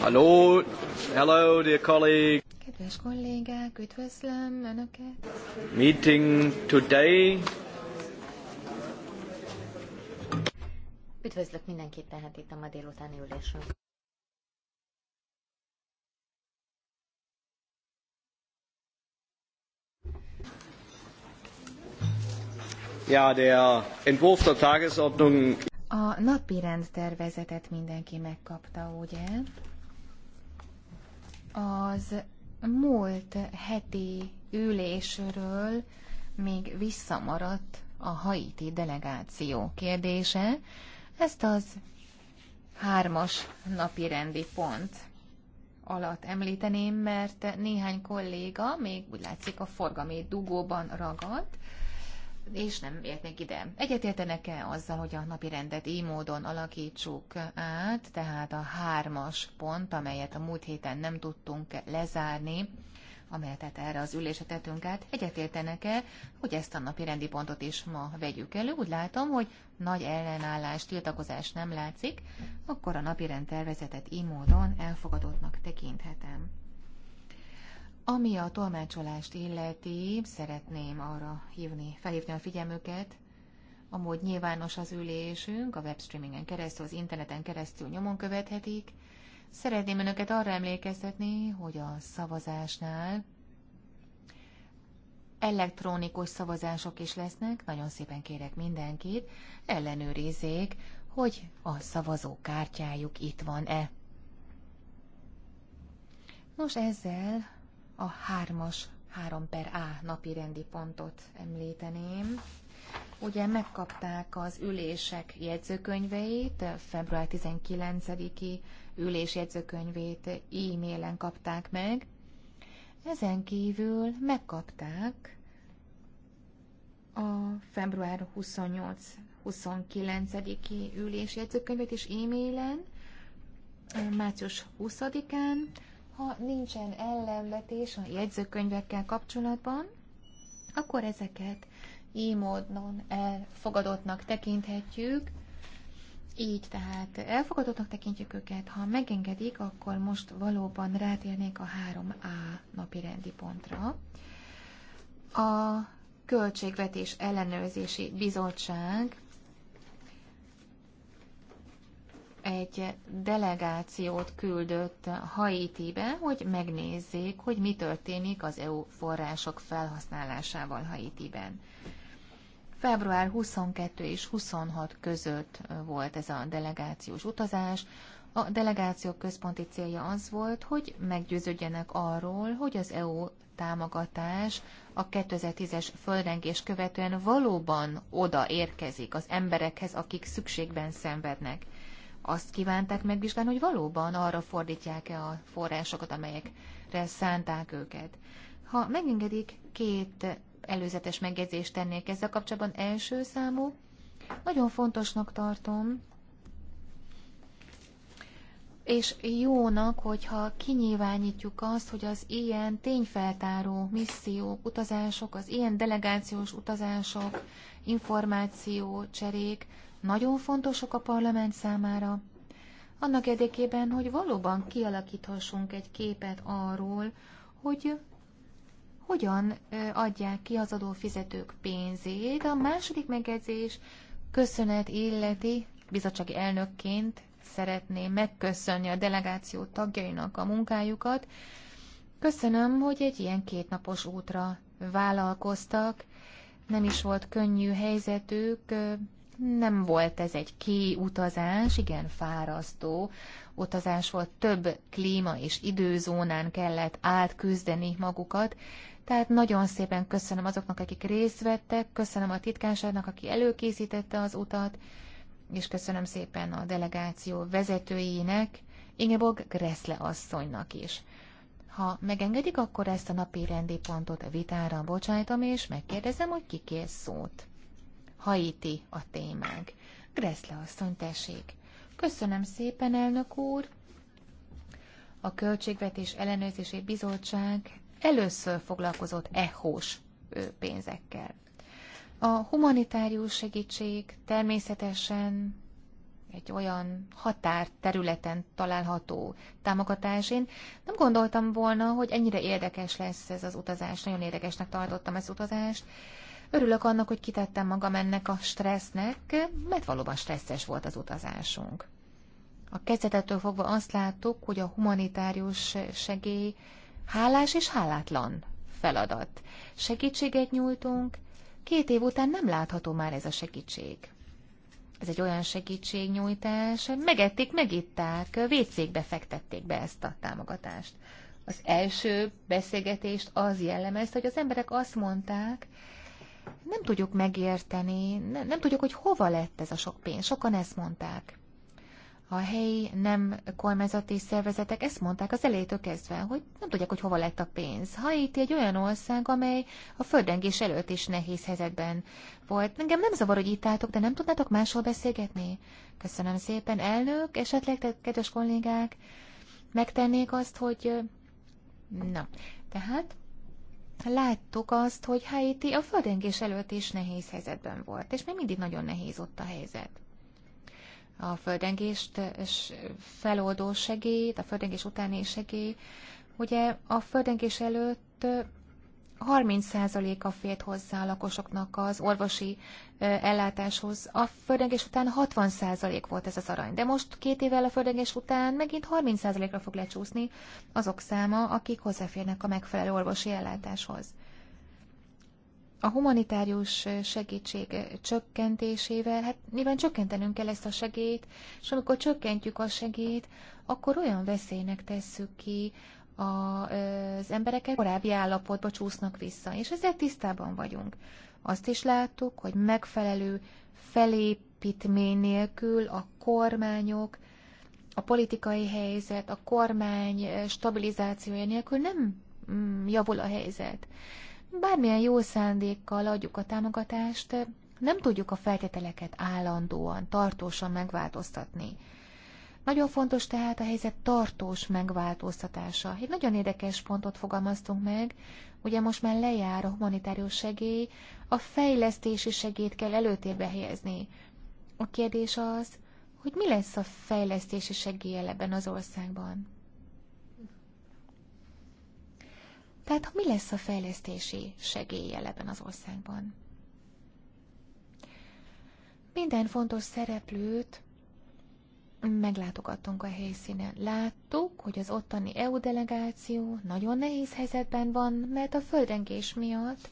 Hello, hello, dear colleague. Kedves kollégák, üdvözlöm Önöket. Meeting today. Üdvözlök mindenkit tehát itt a ma délutáni ülésünk. Ja, der Entwurf der Tagesordnung a napi tervezetet mindenki megkapta, ugye? Az múlt heti ülésről még visszamaradt a haiti delegáció kérdése. Ezt az hármas napi rendi pont alatt említeném, mert néhány kolléga még úgy látszik a forgalmi dugóban ragadt, és nem értnek ide. Egyetértenek-e azzal, hogy a napi rendet így módon alakítsuk át, tehát a hármas pont, amelyet a múlt héten nem tudtunk lezárni, amelyet tehát erre az ülésre tettünk át, egyetértenek-e, hogy ezt a napi rendi pontot is ma vegyük elő? Úgy látom, hogy nagy ellenállás, tiltakozás nem látszik, akkor a napi rend tervezetet így módon elfogadottnak tekinthetem. Ami a tolmácsolást illeti, szeretném arra hívni, felhívni a figyelmüket, amúgy nyilvános az ülésünk, a webstreamingen keresztül, az interneten keresztül nyomon követhetik. Szeretném önöket arra emlékeztetni, hogy a szavazásnál elektronikus szavazások is lesznek, nagyon szépen kérek mindenkit, ellenőrizzék, hogy a kártyájuk itt van-e. Nos, ezzel a hármas, 3 per A napi rendi pontot említeném. Ugye megkapták az ülések jegyzőkönyveit, február 19-i ülés jegyzőkönyvét e-mailen kapták meg. Ezen kívül megkapták a február 28-29-i ülés jegyzőkönyvét is e-mailen, március 20-án, ha nincsen ellenvetés a jegyzőkönyvekkel kapcsolatban, akkor ezeket így módon elfogadottnak tekinthetjük. Így tehát elfogadottnak tekintjük őket. Ha megengedik, akkor most valóban rátérnék a 3A napi rendi pontra. A Költségvetés Ellenőrzési Bizottság egy delegációt küldött Haitibe, hogy megnézzék, hogy mi történik az EU források felhasználásával Haitiben. Február 22 és 26 között volt ez a delegációs utazás. A delegáció központi célja az volt, hogy meggyőződjenek arról, hogy az EU támogatás a 2010-es földrengés követően valóban oda érkezik az emberekhez, akik szükségben szenvednek azt kívánták megvizsgálni, hogy valóban arra fordítják-e a forrásokat, amelyekre szánták őket. Ha megengedik, két előzetes megjegyzést tennék ezzel kapcsolatban. Első számú, nagyon fontosnak tartom, és jónak, hogyha kinyilvánítjuk azt, hogy az ilyen tényfeltáró missziók, utazások, az ilyen delegációs utazások, információ, cserék nagyon fontosak a parlament számára, annak érdekében, hogy valóban kialakíthassunk egy képet arról, hogy hogyan adják ki az adófizetők pénzét. A második megjegyzés köszönet illeti bizottsági elnökként szeretném megköszönni a delegáció tagjainak a munkájukat. Köszönöm, hogy egy ilyen kétnapos útra vállalkoztak. Nem is volt könnyű helyzetük, nem volt ez egy kiutazás, igen fárasztó utazás volt, több klíma és időzónán kellett átküzdeni magukat, tehát nagyon szépen köszönöm azoknak, akik részt vettek, köszönöm a titkárságnak, aki előkészítette az utat, és köszönöm szépen a delegáció vezetőjének, Ingeborg Gressle asszonynak is. Ha megengedik, akkor ezt a napi rendi pontot a vitára bocsájtom, és megkérdezem, hogy ki kész szót. Haiti a témánk. Greszle asszony, tessék. Köszönöm szépen, elnök úr. A Költségvetés Ellenőrzési Bizottság először foglalkozott EHOS pénzekkel. A humanitárius segítség természetesen egy olyan határterületen található támogatásén. nem gondoltam volna, hogy ennyire érdekes lesz ez az utazás. Nagyon érdekesnek tartottam ezt utazást. Örülök annak, hogy kitettem magam ennek a stressznek, mert valóban stresszes volt az utazásunk. A kezdetettől fogva azt láttuk, hogy a humanitárius segély hálás és hálátlan feladat. Segítséget nyújtunk, két év után nem látható már ez a segítség. Ez egy olyan segítségnyújtás, megették, megitták, vécékbe fektették be ezt a támogatást. Az első beszélgetést az jellemezte, hogy az emberek azt mondták, nem tudjuk megérteni, ne, nem tudjuk, hogy hova lett ez a sok pénz. Sokan ezt mondták. A helyi nem kormányzati szervezetek ezt mondták az elejétől kezdve, hogy nem tudják, hogy hova lett a pénz. Haiti egy olyan ország, amely a földrengés előtt is nehéz helyzetben volt. Engem nem zavar, hogy itt álltok, de nem tudnátok máshol beszélgetni? Köszönöm szépen, elnök, esetleg, te, kedves kollégák, megtennék azt, hogy... Na, tehát láttuk azt, hogy Haiti a földrengés előtt is nehéz helyzetben volt, és még mindig nagyon nehéz ott a helyzet. A földrengést feloldó segélyt, a földrengés utáni segély, ugye a földrengés előtt 30%-a fért hozzá a lakosoknak az orvosi ellátáshoz. A földrengés után 60% volt ez az arány, de most két évvel a földrengés után megint 30%-ra fog lecsúszni azok száma, akik hozzáférnek a megfelelő orvosi ellátáshoz. A humanitárius segítség csökkentésével, hát nyilván csökkentenünk kell ezt a segélyt, és amikor csökkentjük a segélyt, akkor olyan veszélynek tesszük ki az embereket korábbi állapotba csúsznak vissza, és ezzel tisztában vagyunk. Azt is láttuk, hogy megfelelő felépítmény nélkül a kormányok, a politikai helyzet, a kormány stabilizációja nélkül nem mm, javul a helyzet. Bármilyen jó szándékkal adjuk a támogatást, nem tudjuk a feltételeket állandóan, tartósan megváltoztatni. Nagyon fontos tehát a helyzet tartós megváltoztatása. Egy nagyon érdekes pontot fogalmaztunk meg, ugye most már lejár a humanitárius segély, a fejlesztési segélyt kell előtérbe helyezni. A kérdés az, hogy mi lesz a fejlesztési segélye ebben az országban. Tehát mi lesz a fejlesztési segélye ebben az országban? Minden fontos szereplőt meglátogattunk a helyszínen. Láttuk, hogy az ottani EU delegáció nagyon nehéz helyzetben van, mert a földrengés miatt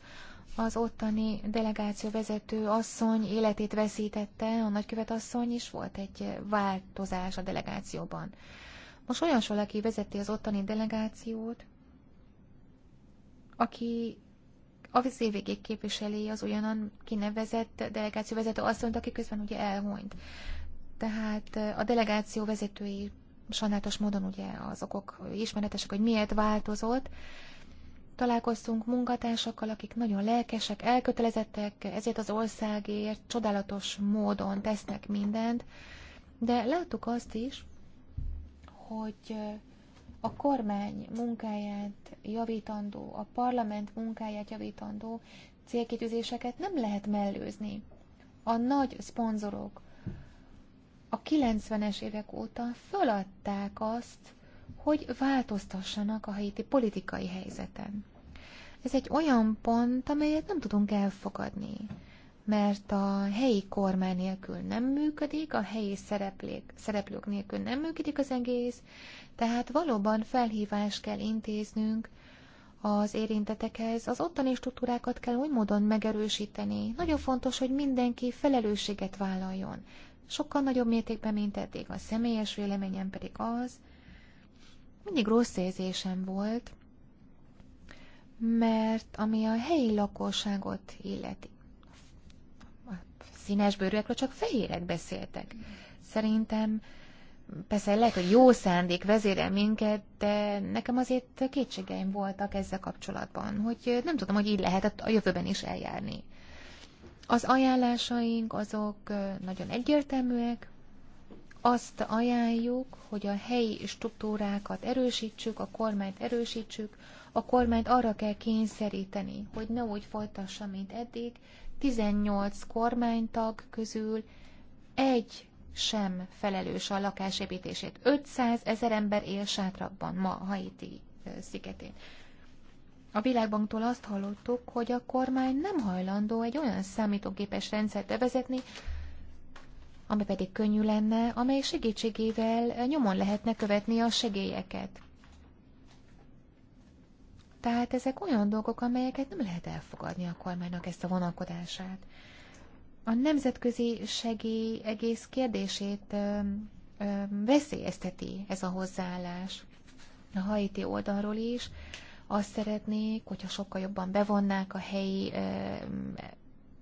az ottani delegáció vezető asszony életét veszítette, a nagykövet asszony is volt egy változás a delegációban. Most olyan aki vezeti az ottani delegációt, aki a végig képviseli az olyan kinevezett delegáció vezető asszonyt, aki közben ugye elhunyt. Tehát a delegáció vezetői sajnálatos módon ugye az okok ismeretesek, hogy miért változott. Találkoztunk munkatársakkal, akik nagyon lelkesek, elkötelezettek, ezért az országért csodálatos módon tesznek mindent, de láttuk azt is, hogy a kormány munkáját javítandó, a parlament munkáját javítandó célkitűzéseket nem lehet mellőzni. A nagy szponzorok, a 90-es évek óta föladták azt, hogy változtassanak a haiti politikai helyzeten. Ez egy olyan pont, amelyet nem tudunk elfogadni, mert a helyi kormány nélkül nem működik, a helyi szereplők, szereplők nélkül nem működik az egész, tehát valóban felhívást kell intéznünk az érintetekhez, az ottani struktúrákat kell úgy módon megerősíteni. Nagyon fontos, hogy mindenki felelősséget vállaljon sokkal nagyobb mértékben, mint eddig. A személyes véleményem pedig az, mindig rossz érzésem volt, mert ami a helyi lakosságot illeti, a bőrűekről csak fehérek beszéltek. Szerintem persze lehet, hogy jó szándék vezérel minket, de nekem azért kétségeim voltak ezzel kapcsolatban, hogy nem tudom, hogy így lehet a jövőben is eljárni. Az ajánlásaink azok nagyon egyértelműek. Azt ajánljuk, hogy a helyi struktúrákat erősítsük, a kormányt erősítsük, a kormányt arra kell kényszeríteni, hogy ne úgy folytassa, mint eddig. 18 kormánytag közül egy sem felelős a lakásépítését. 500 ezer ember él sátrakban ma Haiti szigetén. A Világbanktól azt hallottuk, hogy a kormány nem hajlandó egy olyan számítógépes rendszert bevezetni, ami pedig könnyű lenne, amely segítségével nyomon lehetne követni a segélyeket. Tehát ezek olyan dolgok, amelyeket nem lehet elfogadni a kormánynak ezt a vonalkodását. A nemzetközi segély egész kérdését ö, ö, veszélyezteti ez a hozzáállás a haiti oldalról is, azt szeretnék, hogyha sokkal jobban bevonnák a helyi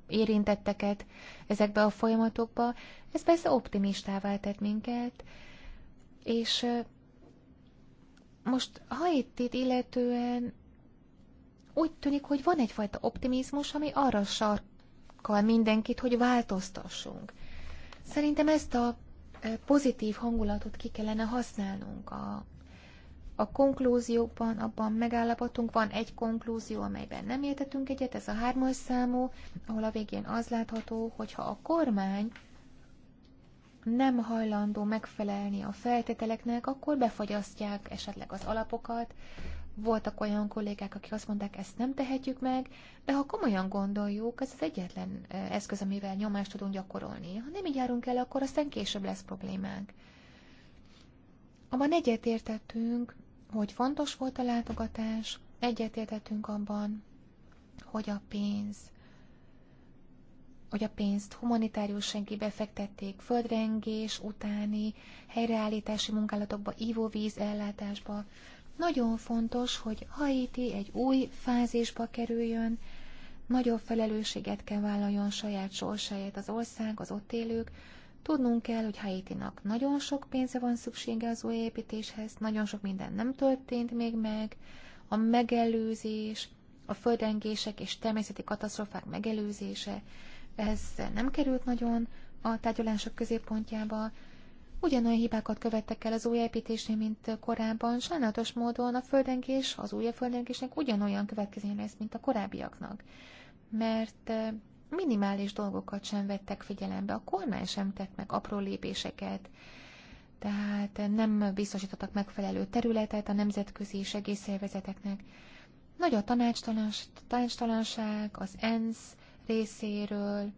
érintetteket ezekbe a folyamatokba. Ez persze optimistává tett minket, és most ha itt itt illetően úgy tűnik, hogy van egyfajta optimizmus, ami arra sarkal mindenkit, hogy változtassunk. Szerintem ezt a pozitív hangulatot ki kellene használnunk a a konklúziókban abban megállapodtunk, van egy konklúzió, amelyben nem értettünk egyet, ez a hármas számú, ahol a végén az látható, hogyha a kormány nem hajlandó megfelelni a feltételeknek, akkor befagyasztják esetleg az alapokat. Voltak olyan kollégák, akik azt mondták, ezt nem tehetjük meg, de ha komolyan gondoljuk, ez az egyetlen eszköz, amivel nyomást tudunk gyakorolni. Ha nem így járunk el, akkor aztán később lesz problémánk. Abban egyetértettünk, hogy fontos volt a látogatás, egyetértettünk abban, hogy a pénz, hogy a pénzt humanitárius senki fektették földrengés utáni helyreállítási munkálatokba, ivóvíz ellátásba. Nagyon fontos, hogy Haiti egy új fázisba kerüljön, nagyobb felelősséget kell vállaljon saját sorsáért az ország, az ott élők, Tudnunk kell, hogy Haitinak nagyon sok pénze van szüksége az új építéshez, nagyon sok minden nem történt még meg, a megelőzés, a földrengések és természeti katasztrofák megelőzése, ez nem került nagyon a tárgyalások középpontjába. Ugyanolyan hibákat követtek el az új építésnél, mint korábban. Sajnálatos módon a földrengés, az új földrengésnek ugyanolyan következménye lesz, mint a korábbiaknak. Mert minimális dolgokat sem vettek figyelembe, a kormány sem tett meg apró lépéseket, tehát nem biztosítottak megfelelő területet a nemzetközi segélyszervezeteknek. Nagy a tanácstalanság az ENSZ részéről,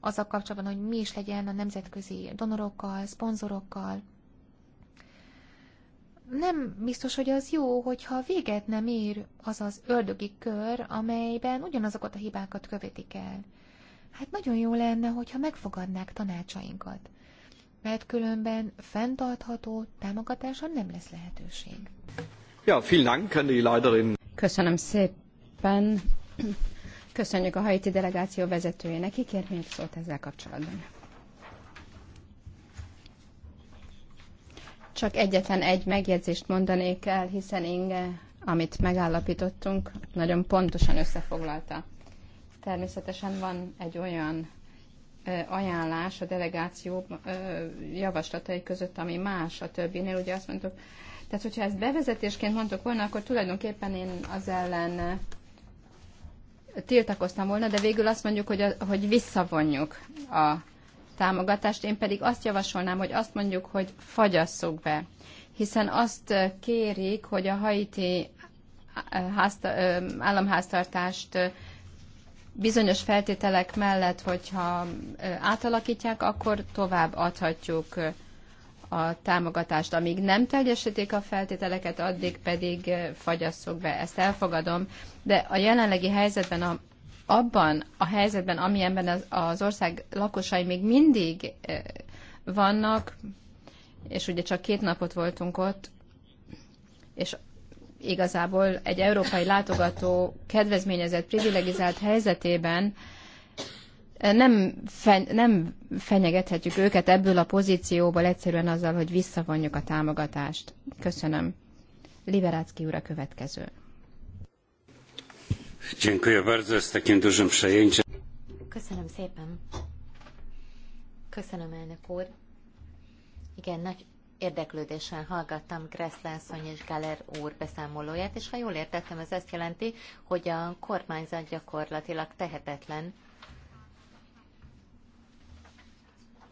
az a kapcsolatban, hogy mi is legyen a nemzetközi donorokkal, szponzorokkal nem biztos, hogy az jó, hogyha véget nem ér az az ördögi kör, amelyben ugyanazokat a hibákat követik el. Hát nagyon jó lenne, hogyha megfogadnák tanácsainkat, mert különben fenntartható támogatása nem lesz lehetőség. Ja, vielen Dank, Leiterin. Köszönöm szépen. Köszönjük a haiti delegáció vezetőjének. Ki kért még szót ezzel kapcsolatban? Csak egyetlen egy megjegyzést mondanék el, hiszen Inge, amit megállapítottunk, nagyon pontosan összefoglalta. Természetesen van egy olyan ajánlás a delegáció javaslatai között, ami más a többinél. Ugye azt mondtuk, tehát hogyha ezt bevezetésként mondtuk volna, akkor tulajdonképpen én az ellen tiltakoztam volna, de végül azt mondjuk, hogy, a, hogy visszavonjuk a támogatást, én pedig azt javasolnám, hogy azt mondjuk, hogy fagyasszuk be. Hiszen azt kérik, hogy a haiti házta, államháztartást bizonyos feltételek mellett, hogyha átalakítják, akkor tovább adhatjuk a támogatást. Amíg nem teljesítik a feltételeket, addig pedig fagyasszuk be. Ezt elfogadom, de a jelenlegi helyzetben a abban a helyzetben, amilyenben az, az ország lakosai még mindig eh, vannak, és ugye csak két napot voltunk ott, és igazából egy európai látogató kedvezményezett, privilegizált helyzetében eh, nem, fe, nem fenyegethetjük őket ebből a pozícióból egyszerűen azzal, hogy visszavonjuk a támogatást. Köszönöm. Liberácki úr a következő. Köszönöm szépen. Köszönöm, elnök úr. Igen, nagy érdeklődéssel hallgattam Gresszlászony és Galler úr beszámolóját, és ha jól értettem, ez azt jelenti, hogy a kormányzat gyakorlatilag tehetetlen.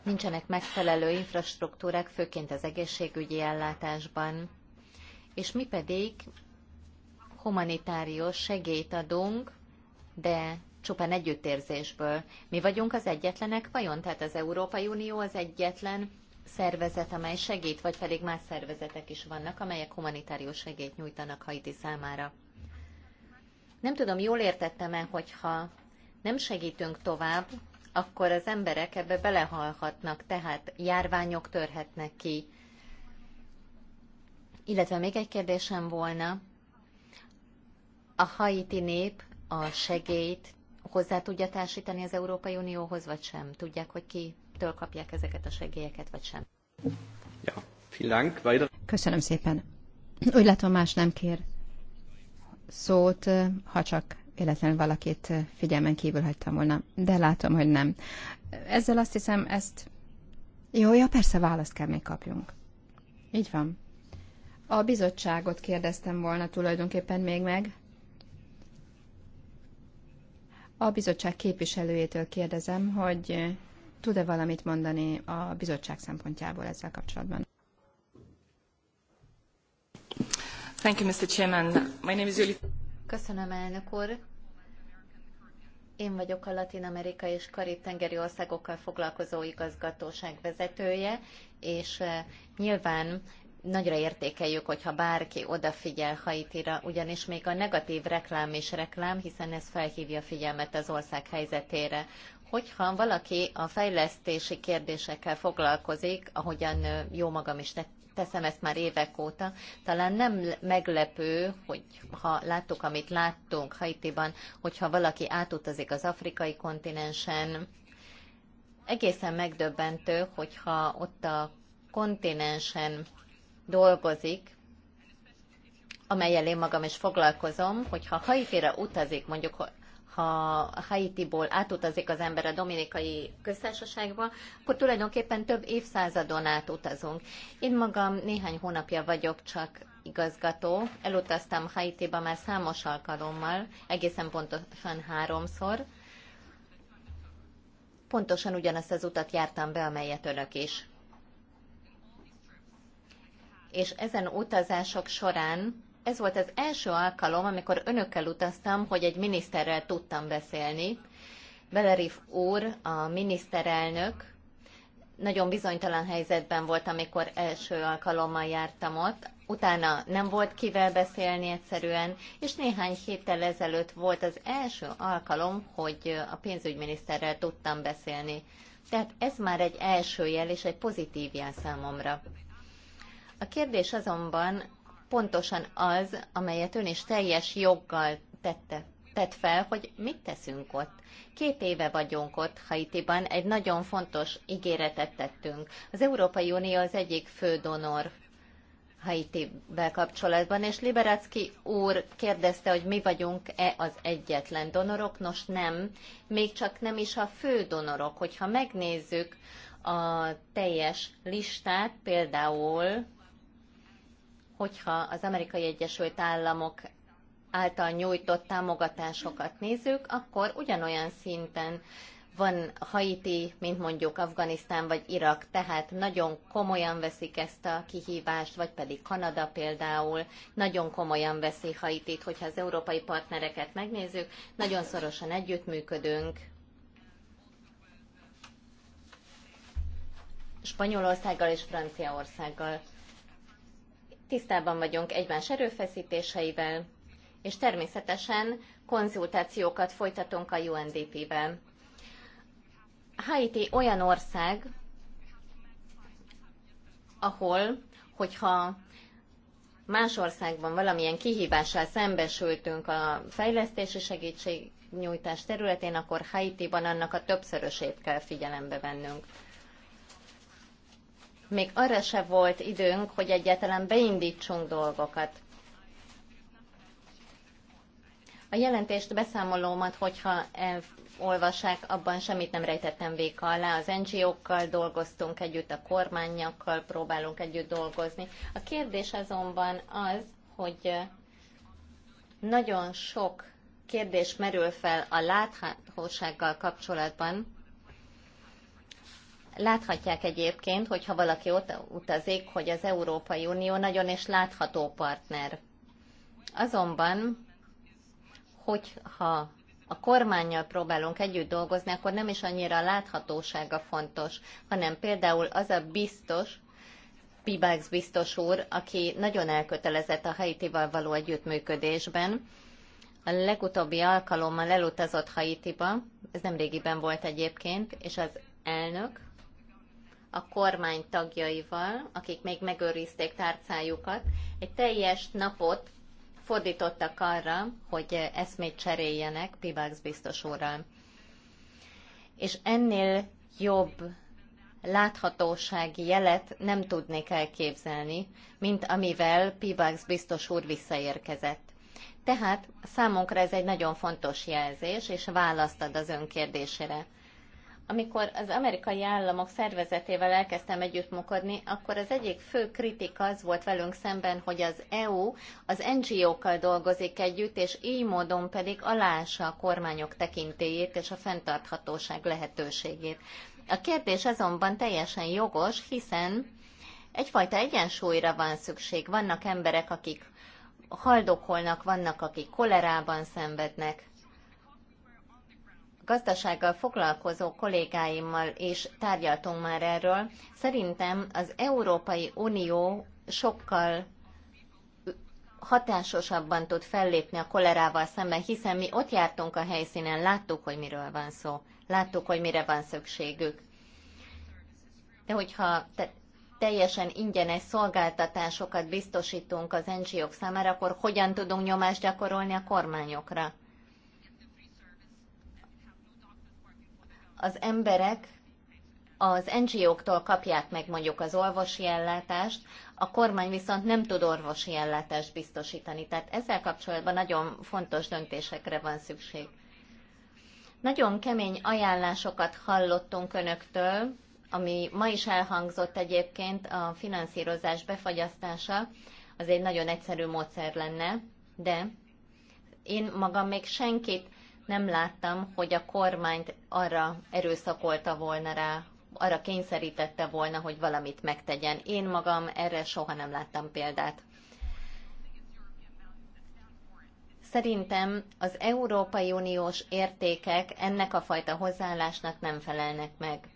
Nincsenek megfelelő infrastruktúrák, főként az egészségügyi ellátásban, és mi pedig humanitárius segélyt adunk, de csupán együttérzésből. Mi vagyunk az egyetlenek vajon? Tehát az Európai Unió az egyetlen szervezet, amely segít, vagy pedig más szervezetek is vannak, amelyek humanitárius segélyt nyújtanak Haiti számára. Nem tudom, jól értettem-e, hogyha nem segítünk tovább, akkor az emberek ebbe belehalhatnak, tehát járványok törhetnek ki. Illetve még egy kérdésem volna, a haiti nép a segélyt hozzá tudja társítani az Európai Unióhoz, vagy sem? Tudják, hogy kitől kapják ezeket a segélyeket, vagy sem? Ja, vielen Dank. Köszönöm szépen. Úgy látom, más nem kér szót, ha csak életlenül valakit figyelmen kívül hagytam volna. De látom, hogy nem. Ezzel azt hiszem, ezt... Jó, ja, persze választ kell még kapjunk. Így van. A bizottságot kérdeztem volna tulajdonképpen még meg, a bizottság képviselőjétől kérdezem, hogy tud-e valamit mondani a bizottság szempontjából ezzel kapcsolatban? Thank you, Mr. Chairman. My name is Julie. Köszönöm, elnök úr. Én vagyok a Latin Amerika és Karib-tengeri országokkal foglalkozó igazgatóság vezetője, és eh, nyilván Nagyra értékeljük, hogyha bárki odafigyel Haitira, ugyanis még a negatív reklám is reklám, hiszen ez felhívja figyelmet az ország helyzetére. Hogyha valaki a fejlesztési kérdésekkel foglalkozik, ahogyan jó magam is teszem ezt már évek óta, talán nem meglepő, hogy ha láttuk, amit láttunk Haitiban, hogyha valaki átutazik az afrikai kontinensen, egészen megdöbbentő, hogyha ott a kontinensen dolgozik, amelyel én magam is foglalkozom, hogyha Haitira utazik, mondjuk ha Haitiból átutazik az ember a Dominikai Köztársaságba, akkor tulajdonképpen több évszázadon át utazunk. Én magam néhány hónapja vagyok csak igazgató, elutaztam Haitiba már számos alkalommal, egészen pontosan háromszor. Pontosan ugyanazt az utat jártam be, amelyet önök is és ezen utazások során ez volt az első alkalom, amikor önökkel utaztam, hogy egy miniszterrel tudtam beszélni. Belerif úr, a miniszterelnök, nagyon bizonytalan helyzetben volt, amikor első alkalommal jártam ott. Utána nem volt kivel beszélni egyszerűen, és néhány héttel ezelőtt volt az első alkalom, hogy a pénzügyminiszterrel tudtam beszélni. Tehát ez már egy első jel és egy pozitív jel számomra. A kérdés azonban pontosan az, amelyet ön is teljes joggal tette tett fel, hogy mit teszünk ott. Két éve vagyunk ott Haitiban, egy nagyon fontos ígéretet tettünk. Az Európai Unió az egyik fő donor Haitivel kapcsolatban, és Liberacki úr kérdezte, hogy mi vagyunk-e az egyetlen donorok. Nos nem, még csak nem is a fő donorok. Hogyha megnézzük a teljes listát, például hogyha az Amerikai Egyesült Államok által nyújtott támogatásokat nézzük, akkor ugyanolyan szinten van Haiti, mint mondjuk Afganisztán vagy Irak, tehát nagyon komolyan veszik ezt a kihívást, vagy pedig Kanada például nagyon komolyan veszi Haitit, hogyha az európai partnereket megnézzük, nagyon szorosan együttműködünk. Spanyolországgal és Franciaországgal. Tisztában vagyunk egymás erőfeszítéseivel, és természetesen konzultációkat folytatunk a UNDP-vel. Haiti olyan ország, ahol, hogyha más országban valamilyen kihívással szembesültünk a fejlesztési segítségnyújtás területén, akkor Haitiban annak a többszörösét kell figyelembe vennünk még arra se volt időnk, hogy egyáltalán beindítsunk dolgokat. A jelentést, beszámolómat, hogyha olvassák, abban semmit nem rejtettem véka alá. Az NGO-kkal dolgoztunk együtt, a kormányokkal próbálunk együtt dolgozni. A kérdés azonban az, hogy nagyon sok kérdés merül fel a láthatósággal kapcsolatban, Láthatják egyébként, hogy ha valaki ott utazik, hogy az Európai Unió nagyon és látható partner. Azonban, hogyha a kormányjal próbálunk együtt dolgozni, akkor nem is annyira a láthatósága fontos, hanem például az a biztos, Pibax biztos úr, aki nagyon elkötelezett a Haitival való együttműködésben. A legutóbbi alkalommal elutazott Haitiba, ez nem régiben volt egyébként, és az elnök a kormány tagjaival, akik még megőrizték tárcájukat, egy teljes napot fordítottak arra, hogy eszmét cseréljenek Pivax biztos úrral. És ennél jobb láthatósági jelet nem tudnék elképzelni, mint amivel Pibax biztos úr visszaérkezett. Tehát számunkra ez egy nagyon fontos jelzés, és választ ad az önkérdésére amikor az amerikai államok szervezetével elkezdtem együttmunkodni, akkor az egyik fő kritika az volt velünk szemben, hogy az EU az NGO-kkal dolgozik együtt, és így módon pedig alása a kormányok tekintélyét és a fenntarthatóság lehetőségét. A kérdés azonban teljesen jogos, hiszen egyfajta egyensúlyra van szükség. Vannak emberek, akik haldokolnak, vannak, akik kolerában szenvednek, gazdasággal foglalkozó kollégáimmal és tárgyaltunk már erről. Szerintem az Európai Unió sokkal hatásosabban tud fellépni a kolerával szemben, hiszen mi ott jártunk a helyszínen, láttuk, hogy miről van szó, láttuk, hogy mire van szükségük. De hogyha te, teljesen ingyenes szolgáltatásokat biztosítunk az NGO-k számára, akkor hogyan tudunk nyomást gyakorolni a kormányokra? az emberek az NGO-któl kapják meg mondjuk az orvosi ellátást, a kormány viszont nem tud orvosi ellátást biztosítani. Tehát ezzel kapcsolatban nagyon fontos döntésekre van szükség. Nagyon kemény ajánlásokat hallottunk önöktől, ami ma is elhangzott egyébként, a finanszírozás befagyasztása, az egy nagyon egyszerű módszer lenne, de én magam még senkit nem láttam, hogy a kormányt arra erőszakolta volna rá, arra kényszerítette volna, hogy valamit megtegyen. Én magam erre soha nem láttam példát. Szerintem az Európai Uniós értékek ennek a fajta hozzáállásnak nem felelnek meg.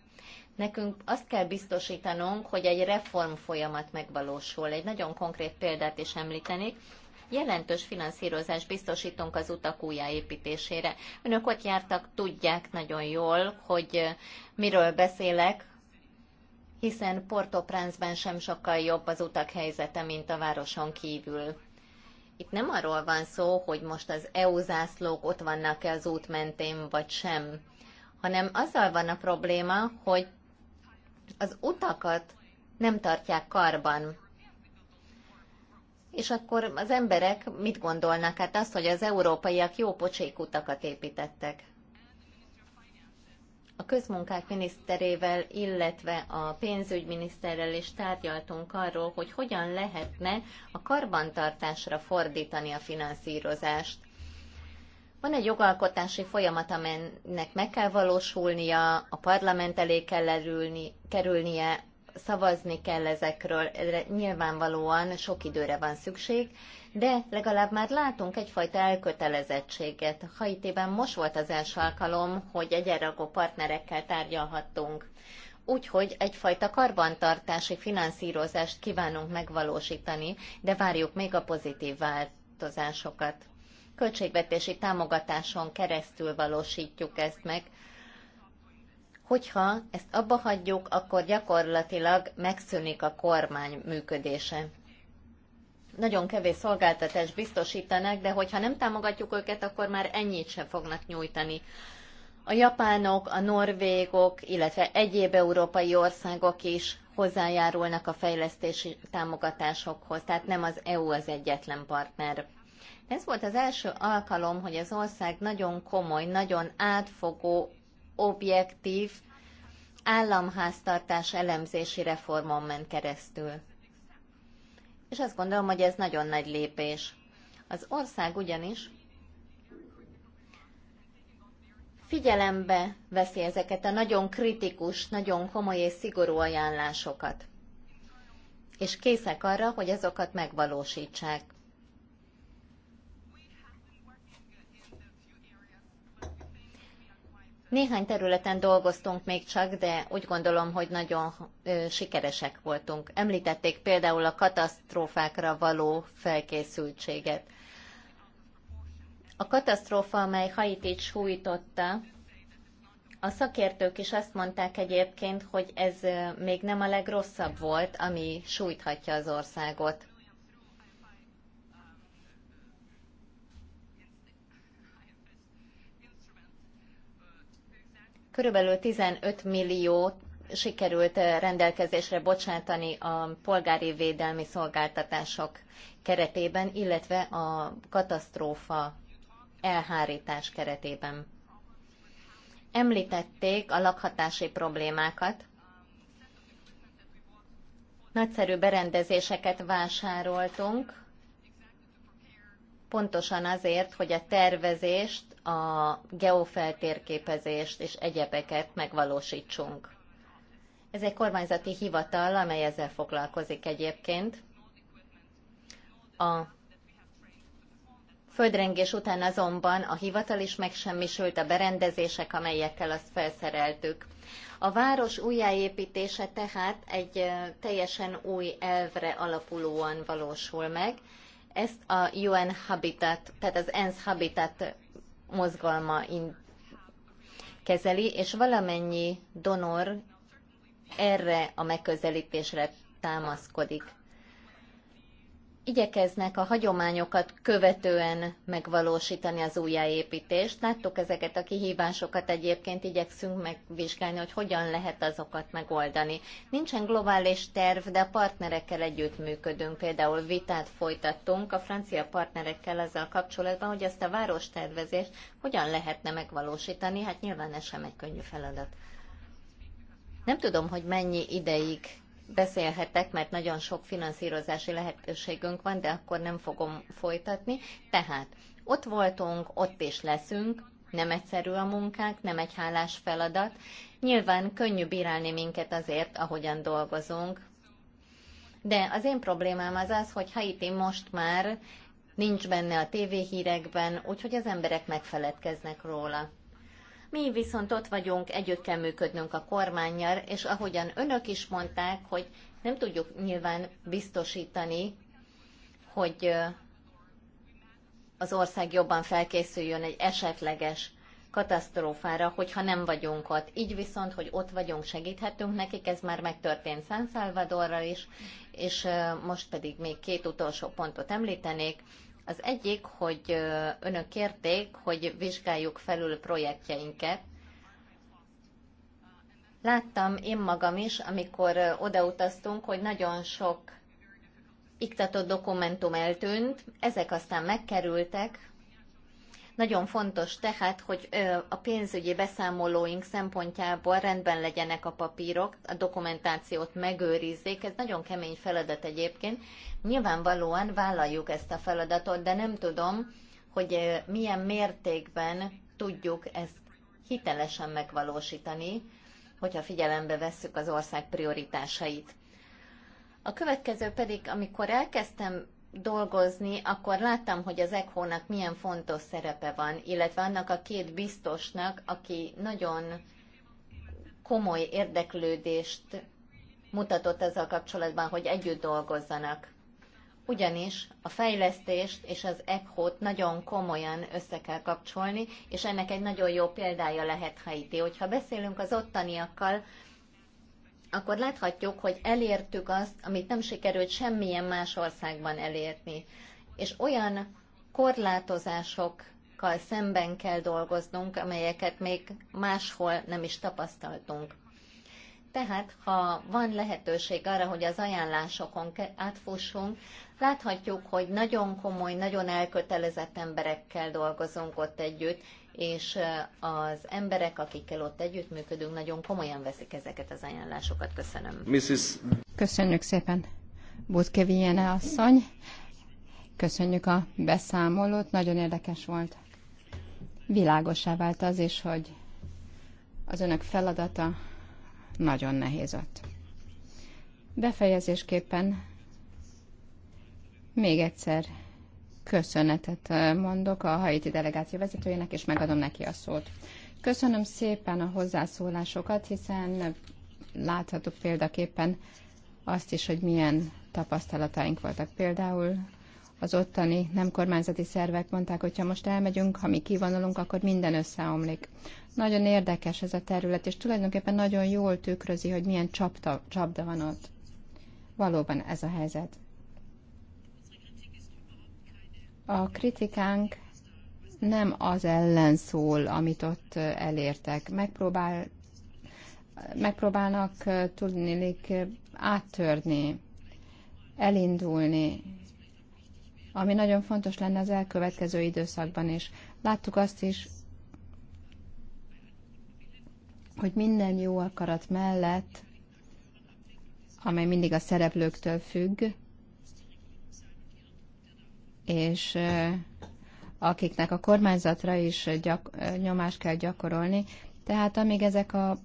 Nekünk azt kell biztosítanunk, hogy egy reform folyamat megvalósul. Egy nagyon konkrét példát is említenék jelentős finanszírozást biztosítunk az utak újjáépítésére. Önök ott jártak, tudják nagyon jól, hogy miről beszélek, hiszen Porto Prince-ben sem sokkal jobb az utak helyzete, mint a városon kívül. Itt nem arról van szó, hogy most az EU zászlók ott vannak-e az út mentén, vagy sem, hanem azzal van a probléma, hogy az utakat nem tartják karban és akkor az emberek mit gondolnak? Hát azt, hogy az európaiak jó pocsékutakat építettek. A közmunkák miniszterével, illetve a pénzügyminiszterrel is tárgyaltunk arról, hogy hogyan lehetne a karbantartásra fordítani a finanszírozást. Van egy jogalkotási folyamat, amelynek meg kell valósulnia, a parlament elé kell erülni, kerülnie, szavazni kell ezekről, nyilvánvalóan sok időre van szükség, de legalább már látunk egyfajta elkötelezettséget. Haitében most volt az első alkalom, hogy egyenragó partnerekkel tárgyalhattunk. Úgyhogy egyfajta karbantartási finanszírozást kívánunk megvalósítani, de várjuk még a pozitív változásokat. Költségvetési támogatáson keresztül valósítjuk ezt meg, Hogyha ezt abba hagyjuk, akkor gyakorlatilag megszűnik a kormány működése. Nagyon kevés szolgáltatást biztosítanak, de hogyha nem támogatjuk őket, akkor már ennyit sem fognak nyújtani. A japánok, a norvégok, illetve egyéb európai országok is hozzájárulnak a fejlesztési támogatásokhoz, tehát nem az EU az egyetlen partner. Ez volt az első alkalom, hogy az ország nagyon komoly, nagyon átfogó objektív államháztartás elemzési reformon ment keresztül. És azt gondolom, hogy ez nagyon nagy lépés. Az ország ugyanis figyelembe veszi ezeket a nagyon kritikus, nagyon komoly és szigorú ajánlásokat, és készek arra, hogy azokat megvalósítsák. Néhány területen dolgoztunk még csak, de úgy gondolom, hogy nagyon sikeresek voltunk. Említették például a katasztrófákra való felkészültséget. A katasztrófa, amely Haitit sújtotta, a szakértők is azt mondták egyébként, hogy ez még nem a legrosszabb volt, ami sújthatja az országot. Körülbelül 15 millió sikerült eh, rendelkezésre bocsátani a polgári védelmi szolgáltatások keretében, illetve a katasztrófa elhárítás keretében. Említették a lakhatási problémákat, nagyszerű berendezéseket vásároltunk, pontosan azért, hogy a tervezést a geofeltérképezést és egyebeket megvalósítsunk. Ez egy kormányzati hivatal, amely ezzel foglalkozik egyébként. A földrengés után azonban a hivatal is megsemmisült, a berendezések, amelyekkel azt felszereltük. A város újjáépítése tehát egy teljesen új elvre alapulóan valósul meg. Ezt a UN Habitat, tehát az ENSZ Habitat mozgalma kezeli, és valamennyi donor erre a megközelítésre támaszkodik igyekeznek a hagyományokat követően megvalósítani az újjáépítést. Láttuk ezeket a kihívásokat egyébként, igyekszünk megvizsgálni, hogy hogyan lehet azokat megoldani. Nincsen globális terv, de a partnerekkel együttműködünk. Például vitát folytattunk a francia partnerekkel azzal kapcsolatban, hogy ezt a várostervezést hogyan lehetne megvalósítani. Hát nyilván ez sem egy könnyű feladat. Nem tudom, hogy mennyi ideig beszélhetek, mert nagyon sok finanszírozási lehetőségünk van, de akkor nem fogom folytatni. Tehát ott voltunk, ott is leszünk, nem egyszerű a munkánk, nem egy hálás feladat. Nyilván könnyű bírálni minket azért, ahogyan dolgozunk. De az én problémám az az, hogy Haiti most már nincs benne a tévéhírekben, úgyhogy az emberek megfeledkeznek róla. Mi viszont ott vagyunk, együtt kell működnünk a kormányjal, és ahogyan önök is mondták, hogy nem tudjuk nyilván biztosítani, hogy az ország jobban felkészüljön egy esetleges katasztrófára, hogyha nem vagyunk ott. Így viszont, hogy ott vagyunk, segíthetünk nekik, ez már megtörtént San Salvadorral is, és most pedig még két utolsó pontot említenék. Az egyik, hogy önök kérték, hogy vizsgáljuk felül projektjeinket. Láttam én magam is, amikor odautaztunk, hogy nagyon sok iktatott dokumentum eltűnt, ezek aztán megkerültek, nagyon fontos tehát, hogy a pénzügyi beszámolóink szempontjából rendben legyenek a papírok, a dokumentációt megőrizzék. Ez nagyon kemény feladat egyébként. Nyilvánvalóan vállaljuk ezt a feladatot, de nem tudom, hogy milyen mértékben tudjuk ezt hitelesen megvalósítani, hogyha figyelembe vesszük az ország prioritásait. A következő pedig, amikor elkezdtem dolgozni, akkor láttam, hogy az ECHO-nak milyen fontos szerepe van, illetve annak a két biztosnak, aki nagyon komoly érdeklődést mutatott ezzel kapcsolatban, hogy együtt dolgozzanak. Ugyanis a fejlesztést és az echo nagyon komolyan össze kell kapcsolni, és ennek egy nagyon jó példája lehet Haiti. Hogyha beszélünk az ottaniakkal, akkor láthatjuk, hogy elértük azt, amit nem sikerült semmilyen más országban elérni. És olyan korlátozásokkal szemben kell dolgoznunk, amelyeket még máshol nem is tapasztaltunk. Tehát, ha van lehetőség arra, hogy az ajánlásokon átfussunk, láthatjuk, hogy nagyon komoly, nagyon elkötelezett emberekkel dolgozunk ott együtt, és az emberek, akikkel ott együttműködünk, nagyon komolyan veszik ezeket az ajánlásokat. Köszönöm. Mrs. Köszönjük szépen. Budkeviene asszony, köszönjük a beszámolót, nagyon érdekes volt. Világosá vált az is, hogy az önök feladata nagyon nehéz ott. Befejezésképpen még egyszer köszönetet eh, mondok a haiti delegáció vezetőjének, és megadom neki a szót. Köszönöm szépen a hozzászólásokat, hiszen látható példaképpen azt is, hogy milyen tapasztalataink voltak. Például az ottani nem kormányzati szervek mondták, hogy ha most elmegyünk, ha mi kivonulunk, akkor minden összeomlik. Nagyon érdekes ez a terület, és tulajdonképpen nagyon jól tükrözi, hogy milyen csapta, csapda van ott. Valóban ez a helyzet. A kritikánk nem az ellen szól, amit ott elértek. Megpróbál, megpróbálnak tudni áttörni, elindulni, ami nagyon fontos lenne az elkövetkező időszakban is. Láttuk azt is, hogy minden jó akarat mellett, amely mindig a szereplőktől függ, és akiknek a kormányzatra is gyak, nyomást kell gyakorolni. Tehát amíg ezek a,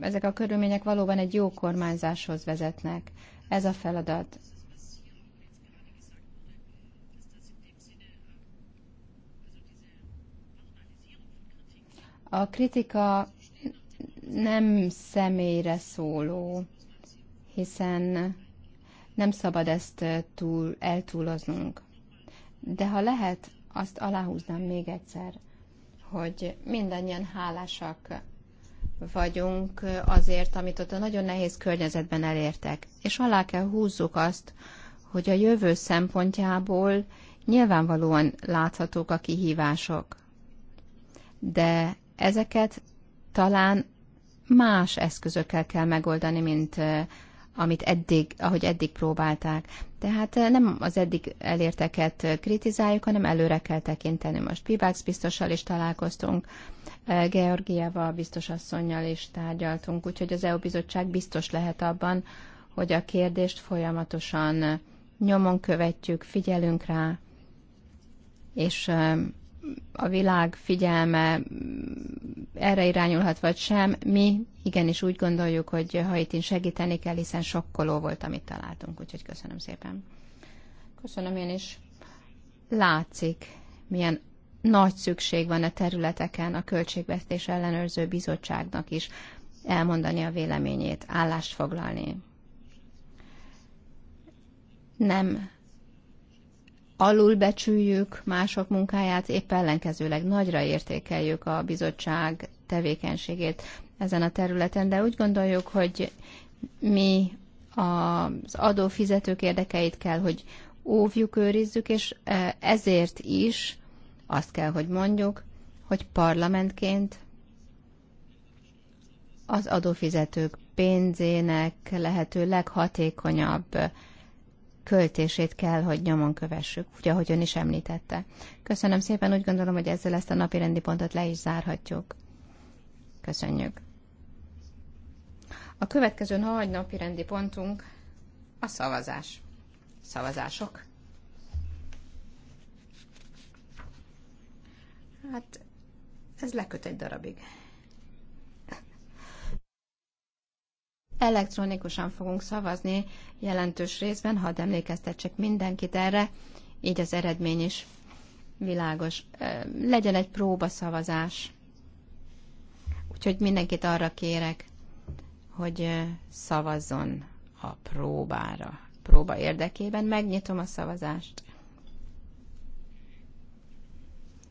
ezek a körülmények valóban egy jó kormányzáshoz vezetnek, ez a feladat. A kritika nem személyre szóló, hiszen nem szabad ezt túl, eltúloznunk. De ha lehet, azt aláhúznám még egyszer, hogy mindannyian hálásak vagyunk azért, amit ott a nagyon nehéz környezetben elértek. És alá kell húzzuk azt, hogy a jövő szempontjából nyilvánvalóan láthatók a kihívások. De ezeket talán más eszközökkel kell megoldani, mint amit eddig, ahogy eddig próbálták. Tehát eh, nem az eddig elérteket eh, kritizáljuk, hanem előre kell tekinteni. Most Pibax biztossal is találkoztunk, eh, Georgiával, asszonynal is tárgyaltunk, úgyhogy az EU bizottság biztos lehet abban, hogy a kérdést folyamatosan nyomon követjük, figyelünk rá, és a világ figyelme erre irányulhat, vagy sem. Mi igenis úgy gondoljuk, hogy Haitin segíteni kell, hiszen sokkoló volt, amit találtunk. Úgyhogy köszönöm szépen. Köszönöm én is. Látszik, milyen nagy szükség van a területeken a Költségvetés Ellenőrző Bizottságnak is elmondani a véleményét, állást foglalni. Nem alulbecsüljük mások munkáját, épp ellenkezőleg nagyra értékeljük a bizottság tevékenységét ezen a területen, de úgy gondoljuk, hogy mi az adófizetők érdekeit kell, hogy óvjuk, őrizzük, és e, ezért is azt kell, hogy mondjuk, hogy parlamentként az adófizetők pénzének lehető leghatékonyabb költését kell, hogy nyomon kövessük, úgy, ahogy ön is említette. Köszönöm szépen, úgy gondolom, hogy ezzel ezt a napi rendi pontot le is zárhatjuk. Köszönjük. A következő nagy napi rendi pontunk a szavazás. Szavazások. Hát ez leköt egy darabig. elektronikusan fogunk szavazni jelentős részben, hadd emlékeztetsek mindenkit erre, így az eredmény is világos. Legyen egy próbaszavazás. Úgyhogy mindenkit arra kérek, hogy szavazzon a próbára. Próba érdekében megnyitom a szavazást.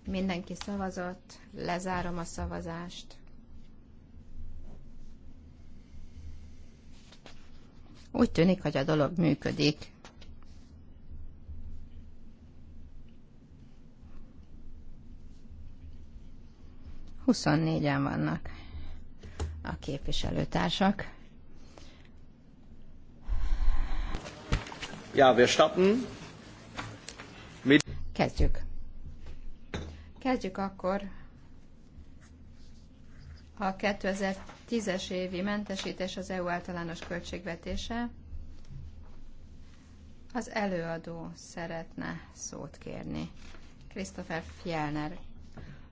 Mindenki szavazott, lezárom a szavazást. Úgy tűnik, hogy a dolog működik. Huszonnégyen vannak a képviselőtársak. Ja, wir starten. Mit... Kezdjük. Kezdjük akkor a 2010-es évi mentesítés az EU általános költségvetése. Az előadó szeretne szót kérni. Christopher Fjellner.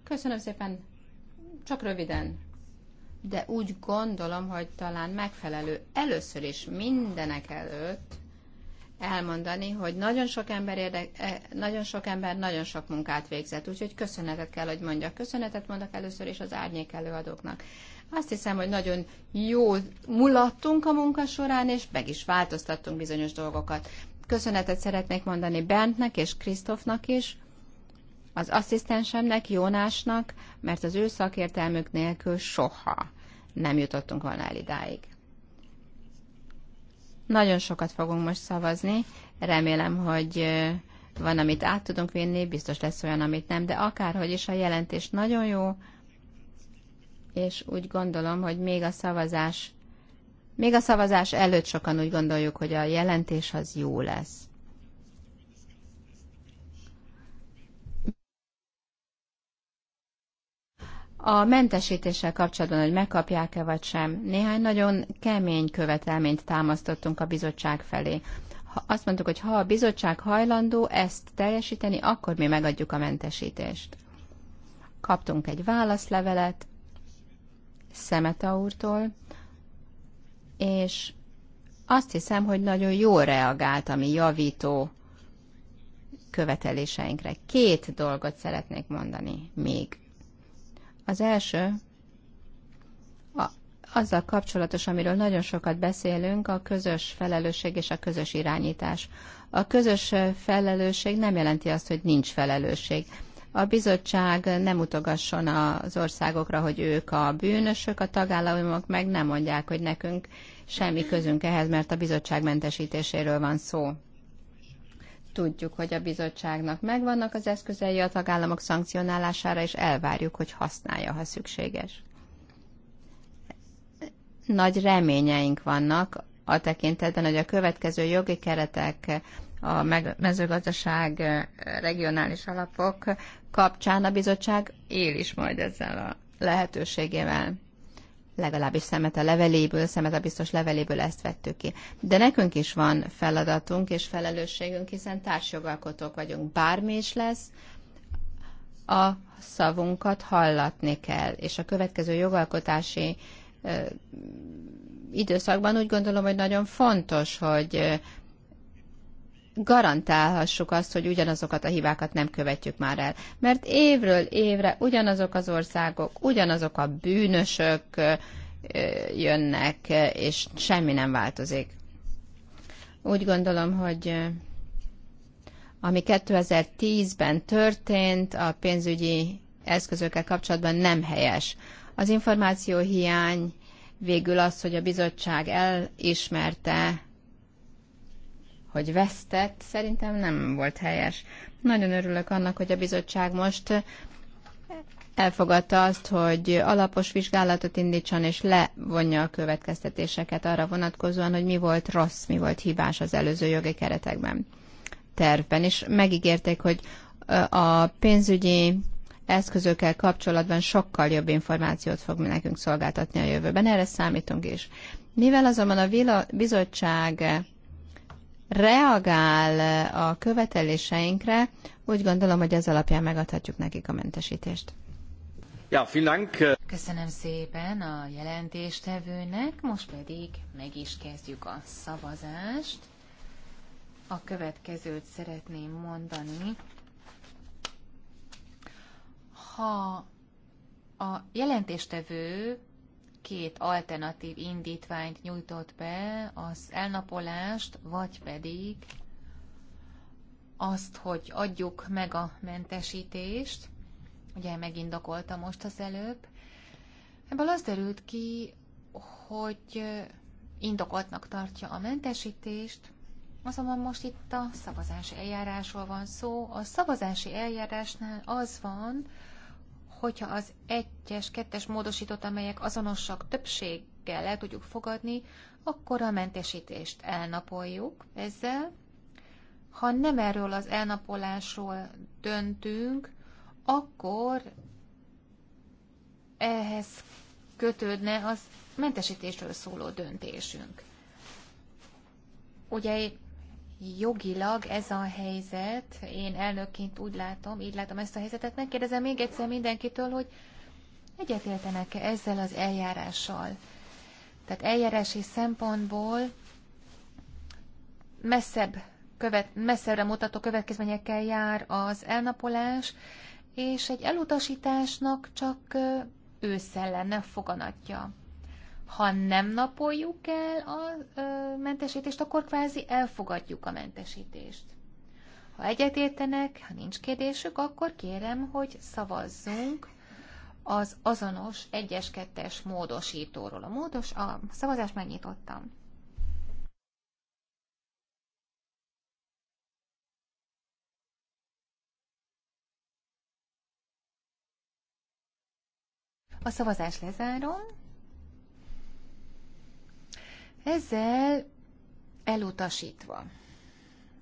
Köszönöm szépen, csak röviden, de úgy gondolom, hogy talán megfelelő először is mindenek előtt elmondani, hogy nagyon sok ember, érdek, eh, nagyon sok ember nagyon sok munkát végzett, úgyhogy köszönetet kell, hogy mondjak. Köszönetet mondok először is az árnyék előadóknak. Azt hiszem, hogy nagyon jó mulattunk a munka során, és meg is változtattunk bizonyos dolgokat. Köszönetet szeretnék mondani Bentnek és Krisztofnak is, az asszisztensemnek, Jónásnak, mert az ő szakértelmük nélkül soha nem jutottunk volna el idáig. Nagyon sokat fogunk most szavazni. Remélem, hogy van, amit át tudunk vinni, biztos lesz olyan, amit nem, de akárhogy is a jelentés nagyon jó, és úgy gondolom, hogy még a szavazás még a szavazás előtt sokan úgy gondoljuk, hogy a jelentés az jó lesz. a mentesítéssel kapcsolatban, hogy megkapják-e vagy sem, néhány nagyon kemény követelményt támasztottunk a bizottság felé. Ha azt mondtuk, hogy ha a bizottság hajlandó ezt teljesíteni, akkor mi megadjuk a mentesítést. Kaptunk egy válaszlevelet Szemeta úrtól, és azt hiszem, hogy nagyon jól reagált a mi javító követeléseinkre. Két dolgot szeretnék mondani még. Az első a, azzal kapcsolatos, amiről nagyon sokat beszélünk, a közös felelősség és a közös irányítás. A közös felelősség nem jelenti azt, hogy nincs felelősség a bizottság nem utogasson az országokra, hogy ők a bűnösök, a tagállamok meg nem mondják, hogy nekünk semmi közünk ehhez, mert a bizottság mentesítéséről van szó. Tudjuk, hogy a bizottságnak megvannak az eszközei a tagállamok szankcionálására, és elvárjuk, hogy használja, ha szükséges. Nagy reményeink vannak a tekintetben, hogy a következő jogi keretek a mezőgazdaság regionális alapok kapcsán a bizottság él is majd ezzel a lehetőségével legalábbis szemet a leveléből, szemet a biztos leveléből ezt vettük ki. De nekünk is van feladatunk és felelősségünk, hiszen társjogalkotók vagyunk. Bármi is lesz, a szavunkat hallatni kell, és a következő jogalkotási ö, időszakban úgy gondolom, hogy nagyon fontos, hogy garantálhassuk azt, hogy ugyanazokat a hibákat nem követjük már el. Mert évről évre ugyanazok az országok, ugyanazok a bűnösök jönnek, és semmi nem változik. Úgy gondolom, hogy ami 2010-ben történt a pénzügyi eszközökkel kapcsolatban nem helyes. Az információ hiány végül az, hogy a bizottság elismerte hogy vesztett, szerintem nem volt helyes. Nagyon örülök annak, hogy a bizottság most elfogadta azt, hogy alapos vizsgálatot indítson és levonja a következtetéseket arra vonatkozóan, hogy mi volt rossz, mi volt hibás az előző jogi keretekben, tervben. És megígérték, hogy a pénzügyi eszközökkel kapcsolatban sokkal jobb információt fog nekünk szolgáltatni a jövőben. Erre számítunk is. Mivel azonban a bizottság reagál a követeléseinkre, úgy gondolom, hogy ez alapján megadhatjuk nekik a mentesítést. Ja, Dank. Köszönöm szépen a jelentéstevőnek, most pedig meg is kezdjük a szavazást. A következőt szeretném mondani. Ha a jelentéstevő két alternatív indítványt nyújtott be, az elnapolást, vagy pedig azt, hogy adjuk meg a mentesítést, ugye megindokolta most az előbb, ebből az derült ki, hogy indokoltnak tartja a mentesítést, azonban most itt a szavazási eljárásról van szó. A szavazási eljárásnál az van, hogyha az egyes, kettes módosított, amelyek azonosak többséggel el tudjuk fogadni, akkor a mentesítést elnapoljuk ezzel. Ha nem erről az elnapolásról döntünk, akkor ehhez kötődne az mentesítésről szóló döntésünk. Ugye jogilag ez a helyzet, én elnökként úgy látom, így látom ezt a helyzetet, megkérdezem még egyszer mindenkitől, hogy egyetértenek-e ezzel az eljárással. Tehát eljárási szempontból messzebb követ, messzebbre mutató következményekkel jár az elnapolás, és egy elutasításnak csak ősszel lenne foganatja. Ha nem napoljuk el a ö, mentesítést, akkor kvázi elfogadjuk a mentesítést. Ha egyetértenek, ha nincs kérdésük, akkor kérem, hogy szavazzunk az azonos 1-es, 2-es módosítóról. A, módos, a szavazást megnyitottam. A szavazás lezárom. Ezzel elutasítva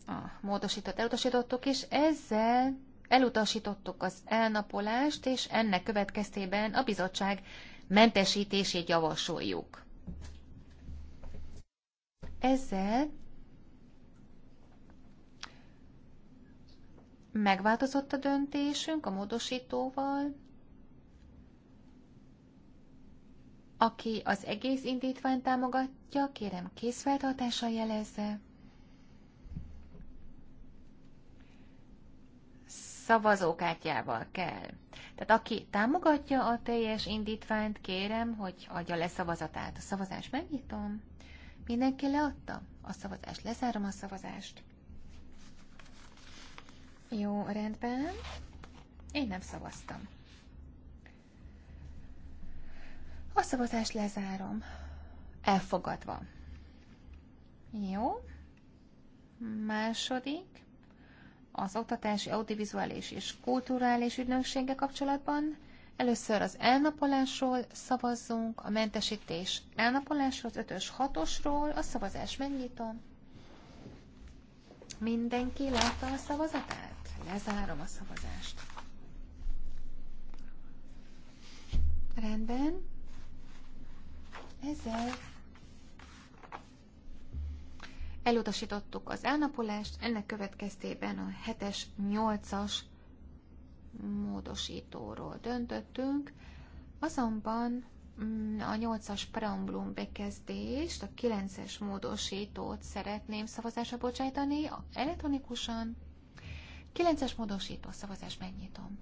a módosított elutasítottuk, és ezzel elutasítottuk az elnapolást, és ennek következtében a bizottság mentesítését javasoljuk. Ezzel megváltozott a döntésünk a módosítóval, aki az egész indítványt támogat támogatja, kérem készfeltartása jelezze. Szavazókártyával kell. Tehát aki támogatja a teljes indítványt, kérem, hogy adja le szavazatát. A szavazás megnyitom. Mindenki leadta? A szavazást lezárom a szavazást. Jó, rendben. Én nem szavaztam. A szavazást lezárom elfogadva. Jó. Második. Az Oktatási, Audiovizuális és Kulturális Ügynöksége kapcsolatban először az elnapolásról szavazzunk, a mentesítés elnapolásról, az 5-ös, 6-osról, a szavazás megnyitom. Mindenki látta a szavazatát? Lezárom a szavazást. Rendben. Ezzel elutasítottuk az elnapolást, ennek következtében a 7-es, 8-as módosítóról döntöttünk, azonban mm, a 8-as preamblum bekezdést, a 9-es módosítót szeretném szavazásra bocsájtani elektronikusan. 9-es módosító szavazás megnyitom.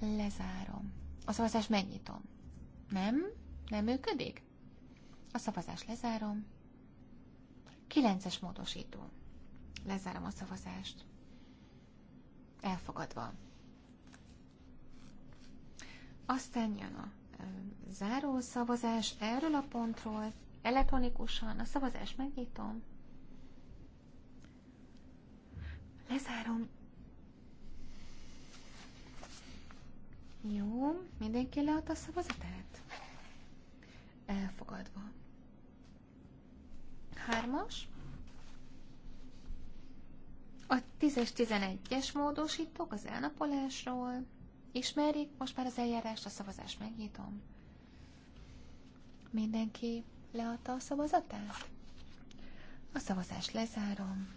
Lezárom. A szavazás megnyitom. Nem? Nem működik? A szavazás lezárom. Kilences módosító. Lezárom a szavazást. Elfogadva. Aztán jön a záró szavazás erről a pontról. Elektronikusan a szavazást megnyitom. Lezárom. Jó, mindenki leadta a szavazatát? Elfogadva. 3-as, A 10-es, 11-es módosítok az elnapolásról. Ismerik most már az eljárást, a szavazást megnyitom. Mindenki leadta a szavazatát? A szavazást lezárom.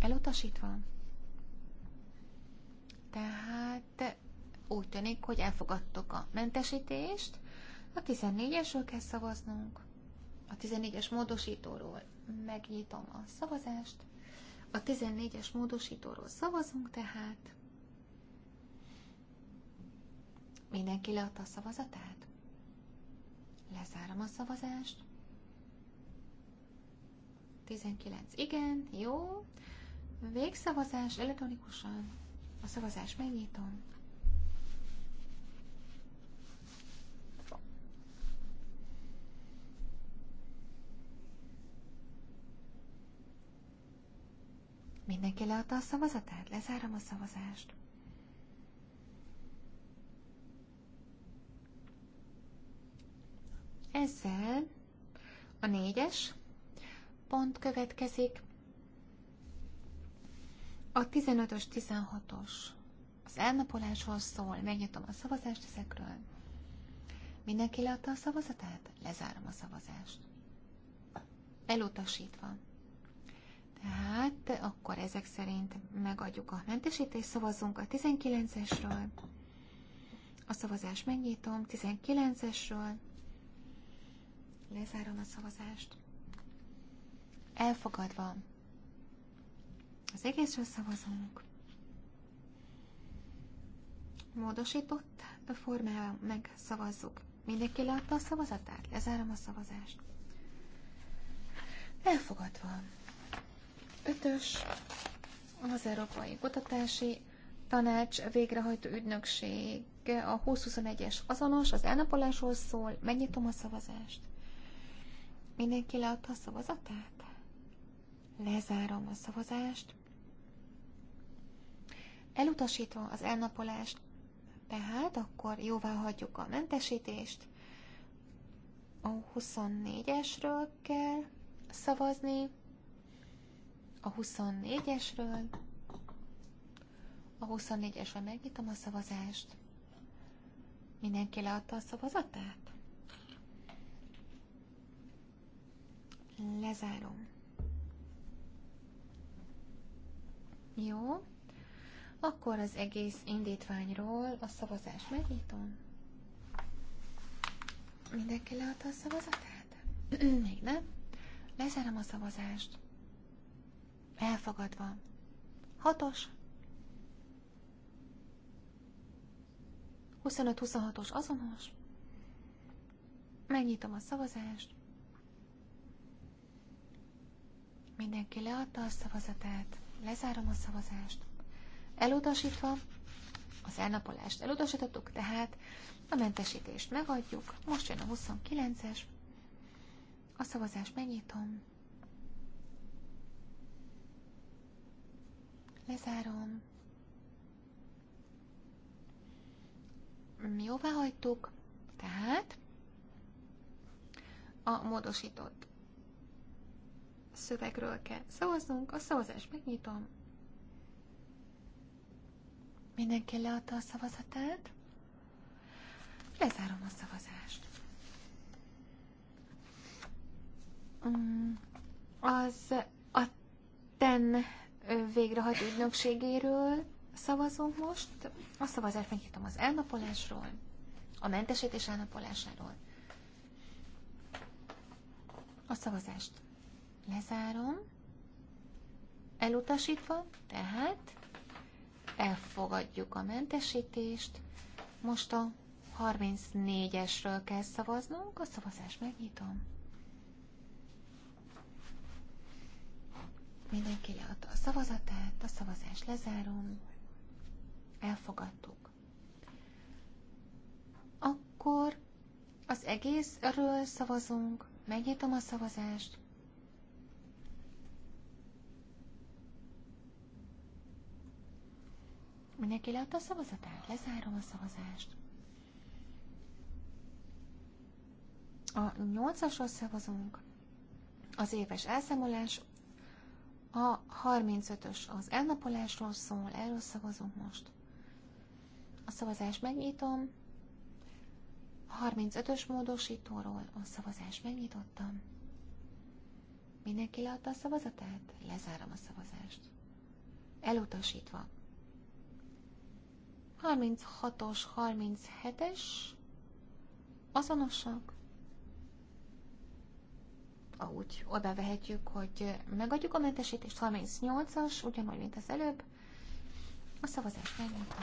Elutasítva. Tehát úgy tűnik, hogy elfogadtok a mentesítést, a 14-esről kell szavaznunk. A 14-es módosítóról megnyitom a szavazást. A 14-es módosítóról szavazunk tehát. Mindenki leadta a szavazatát? Lezárom a szavazást. 19. Igen, jó. Végszavazás elektronikusan. A szavazás megnyitom. Mindenki leadta a szavazatát? Lezárom a szavazást. Ezzel a négyes pont következik. A 15-ös, 16-os az elnapoláshoz szól. Megnyitom a szavazást ezekről. Mindenki leadta a szavazatát? Lezárom a szavazást. Elutasítva. Tehát akkor ezek szerint megadjuk a mentesítést, szavazzunk a 19-esről. A szavazás megnyitom, 19-esről. Lezárom a szavazást. Elfogadva. Az egészről szavazunk. Módosított formában megszavazzuk. Mindenki látta a szavazatát? Lezárom a szavazást. Elfogadva ötös, az Európai Kutatási Tanács végrehajtó ügynökség, a 2021-es azonos, az elnapolásról szól, megnyitom a szavazást. Mindenki leadta a szavazatát? Lezárom a szavazást. Elutasítva az elnapolást, tehát akkor jóvá hagyjuk a mentesítést. A 24-esről kell szavazni a 24-esről. A 24-esről megnyitom a szavazást. Mindenki leadta a szavazatát? Lezárom. Jó. Akkor az egész indítványról a szavazást megnyitom. Mindenki leadta a szavazatát? Még nem. Lezárom a szavazást. Elfogadva. Hatos. 25-26-os azonos. Megnyitom a szavazást. Mindenki leadta a szavazatát. Lezárom a szavazást. Elutasítva, az elnapolást elutasítottuk, tehát a mentesítést megadjuk. Most jön a 29-es. A szavazást megnyitom. Lezárom. Jóvá hagytuk, tehát a módosított szövegről kell szavaznunk. A szavazást megnyitom. Mindenki leadta a szavazatát. Lezárom a szavazást. Mm, az a ten végrehajt ügynökségéről szavazunk most. A szavazást megnyitom az elnapolásról, a mentesítés elnapolásáról. A szavazást lezárom, elutasítva, tehát elfogadjuk a mentesítést. Most a 34-esről kell szavaznunk, a szavazást megnyitom. Mindenki leadta a szavazatát, a szavazás lezárom, elfogadtuk. Akkor az egészről szavazunk, megnyitom a szavazást, Mindenki leadta a szavazatát? Lezárom a szavazást. A nyolcasról szavazunk. Az éves elszámolás a 35-ös az elnapolásról szól, erről szavazunk most. A szavazást megnyitom. A 35-ös módosítóról a szavazást megnyitottam. Mindenki leadta a szavazatát? Lezárom a szavazást. Elutasítva. 36-os, 37-es azonosak úgy oda vehetjük, hogy megadjuk a mentesítést, 38-as, ugyanúgy, mint az előbb. A szavazás megnyitva.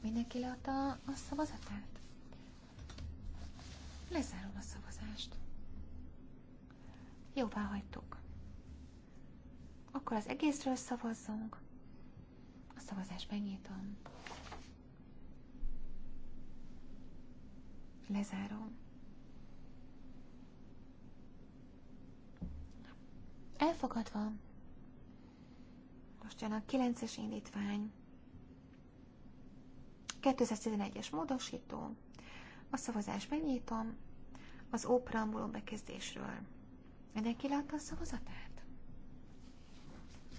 Mindenki leadta a szavazatát? Lezárom a szavazást. Jóvá hagytuk. Akkor az egészről szavazzunk. A szavazás megnyitom. Lezárom. Elfogadva. Most jön a 9-es indítvány. 211-es módosító. A szavazás megnyitom. Az ópreambuló bekezdésről. Mindenki látta a szavazatát?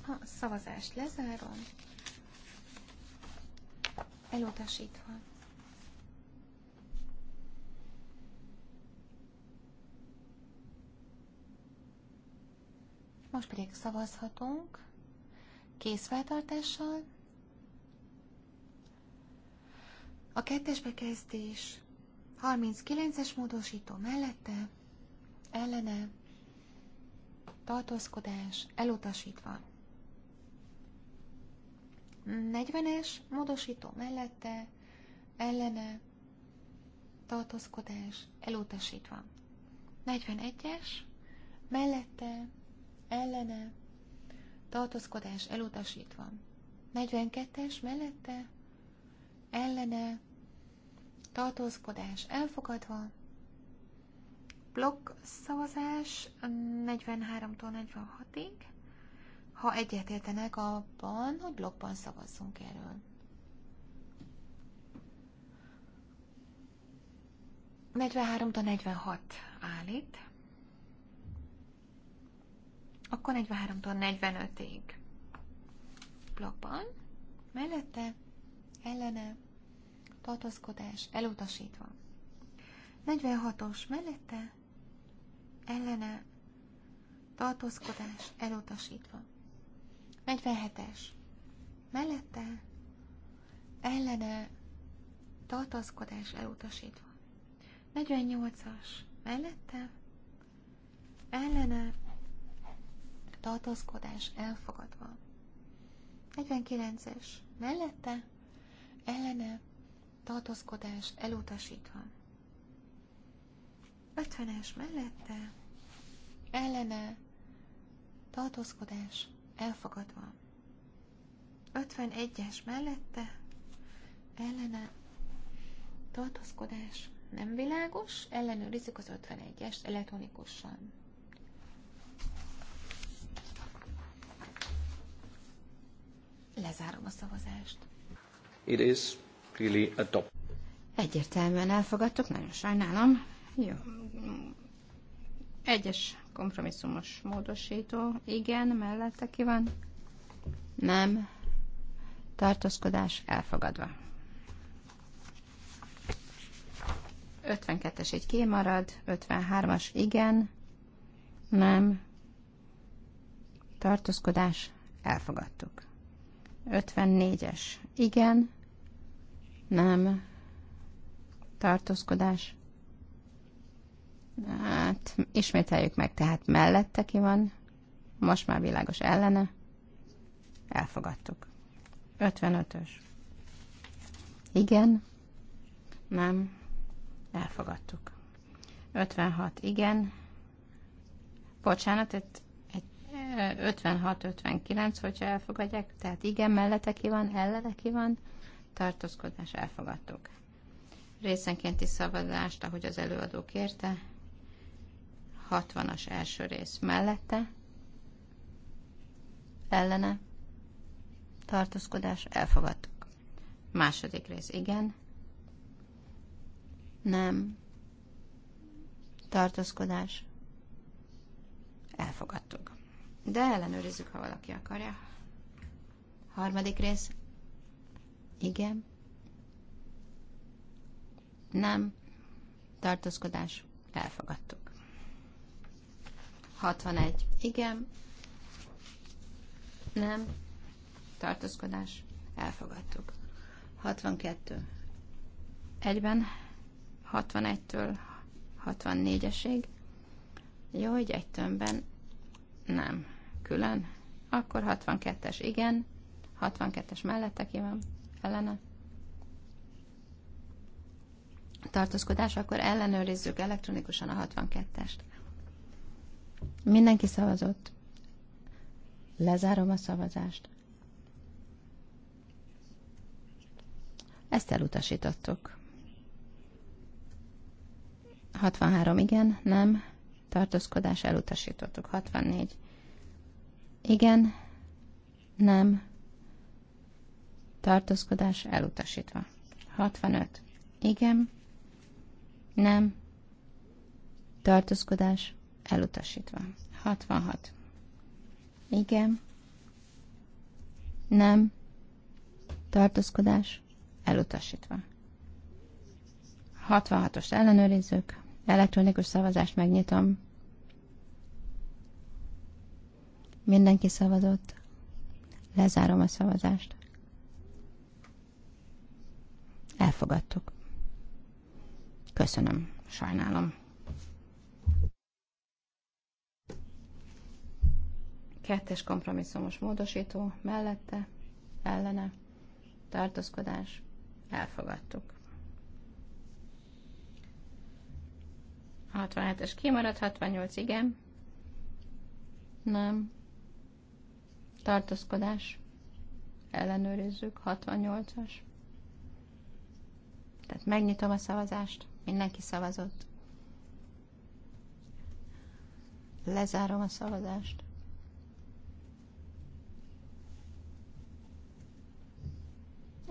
A szavazást lezárom. Elutasítva. Most pedig szavazhatunk készfeltartással. A kettes bekezdés 39-es módosító mellette, ellene, tartózkodás elutasítva. 40-es módosító mellette, ellene, tartózkodás elutasítva. 41-es mellette, ellene, tartózkodás elutasítva. 42-es mellette, ellene, tartózkodás elfogadva, blokk szavazás 43-tól 46-ig, ha egyetértenek abban, hogy blokkban szavazzunk erről. Negyvenháromtól 46 állít. Akkor 43-tól 45-ig blokkban, mellette, ellene, tartózkodás elutasítva. 46-os mellette, ellene, tartózkodás elutasítva. 47-es mellette, ellene, tartózkodás elutasítva. 48-as mellette, ellene, tartózkodás elfogadva. 49-es mellette, ellene, tartózkodás elutasítva. 50-es mellette, ellene, tartózkodás elfogadva. 51-es mellette, ellene, tartózkodás nem világos, ellenőrizzük az 51-est elektronikusan. Lezárom a szavazást. It is really a top. Egyértelműen elfogadtuk, nagyon sajnálom. Jó. Egyes kompromisszumos módosító. Igen, mellette ki van? Nem. Tartózkodás elfogadva. 52-es így kimarad, 53-as igen, nem, tartózkodás elfogadtuk. 54-es. Igen. Nem. Tartózkodás. Hát, ismételjük meg, tehát mellette ki van. Most már világos ellene. Elfogadtuk. 55-ös. Igen. Nem. Elfogadtuk. 56. Igen. Bocsánat, itt 56-59, hogyha elfogadják, tehát igen, mellette ki van, ellene ki van, tartózkodás elfogadtuk. Részenkénti szavazást, ahogy az előadó kérte, 60-as első rész mellette, ellene, tartózkodás elfogadtuk. Második rész igen, nem, tartózkodás elfogadtuk. De ellenőrizzük, ha valaki akarja. Harmadik rész. Igen. Nem. Tartózkodás. Elfogadtuk. 61. Igen. Nem. Tartózkodás. Elfogadtuk. 62. Egyben. 61-től 64-esig. Jó, hogy egy tömbben nem. Külön. Akkor 62-es igen. 62-es mellette ki van? Ellene? Tartózkodás, akkor ellenőrizzük elektronikusan a 62-est. Mindenki szavazott. Lezárom a szavazást. Ezt elutasítottuk. 63 igen, nem, tartózkodás elutasítottuk. 64. Igen, nem, tartózkodás elutasítva. 65. Igen, nem, tartózkodás elutasítva. 66. Igen, nem, tartózkodás elutasítva. 66-ost ellenőrizzük. Elektronikus szavazást megnyitom. Mindenki szavazott. Lezárom a szavazást. Elfogadtuk. Köszönöm. Sajnálom. Kettes kompromisszumos módosító mellette, ellene, tartózkodás, elfogadtuk. 67-es kimarad, 68 igen. Nem. Tartózkodás. Ellenőrizzük. 68-as. Tehát megnyitom a szavazást. Mindenki szavazott. Lezárom a szavazást.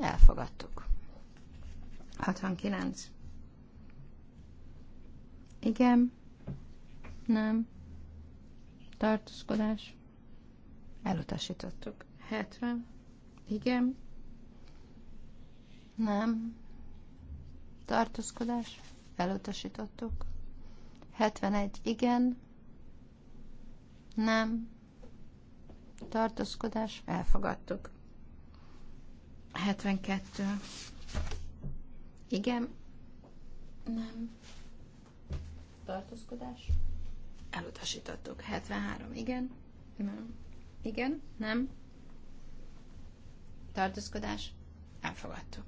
Elfogadtuk. 69. Igen. Nem. Tartózkodás. Elutasítottuk. 70. Igen. Nem. Tartózkodás. Elutasítottuk. 71. Igen. Nem. Tartózkodás. Elfogadtuk. 72. Igen. Nem tartózkodás, elutasítottuk. 73, igen, nem, igen, nem, tartózkodás, elfogadtuk.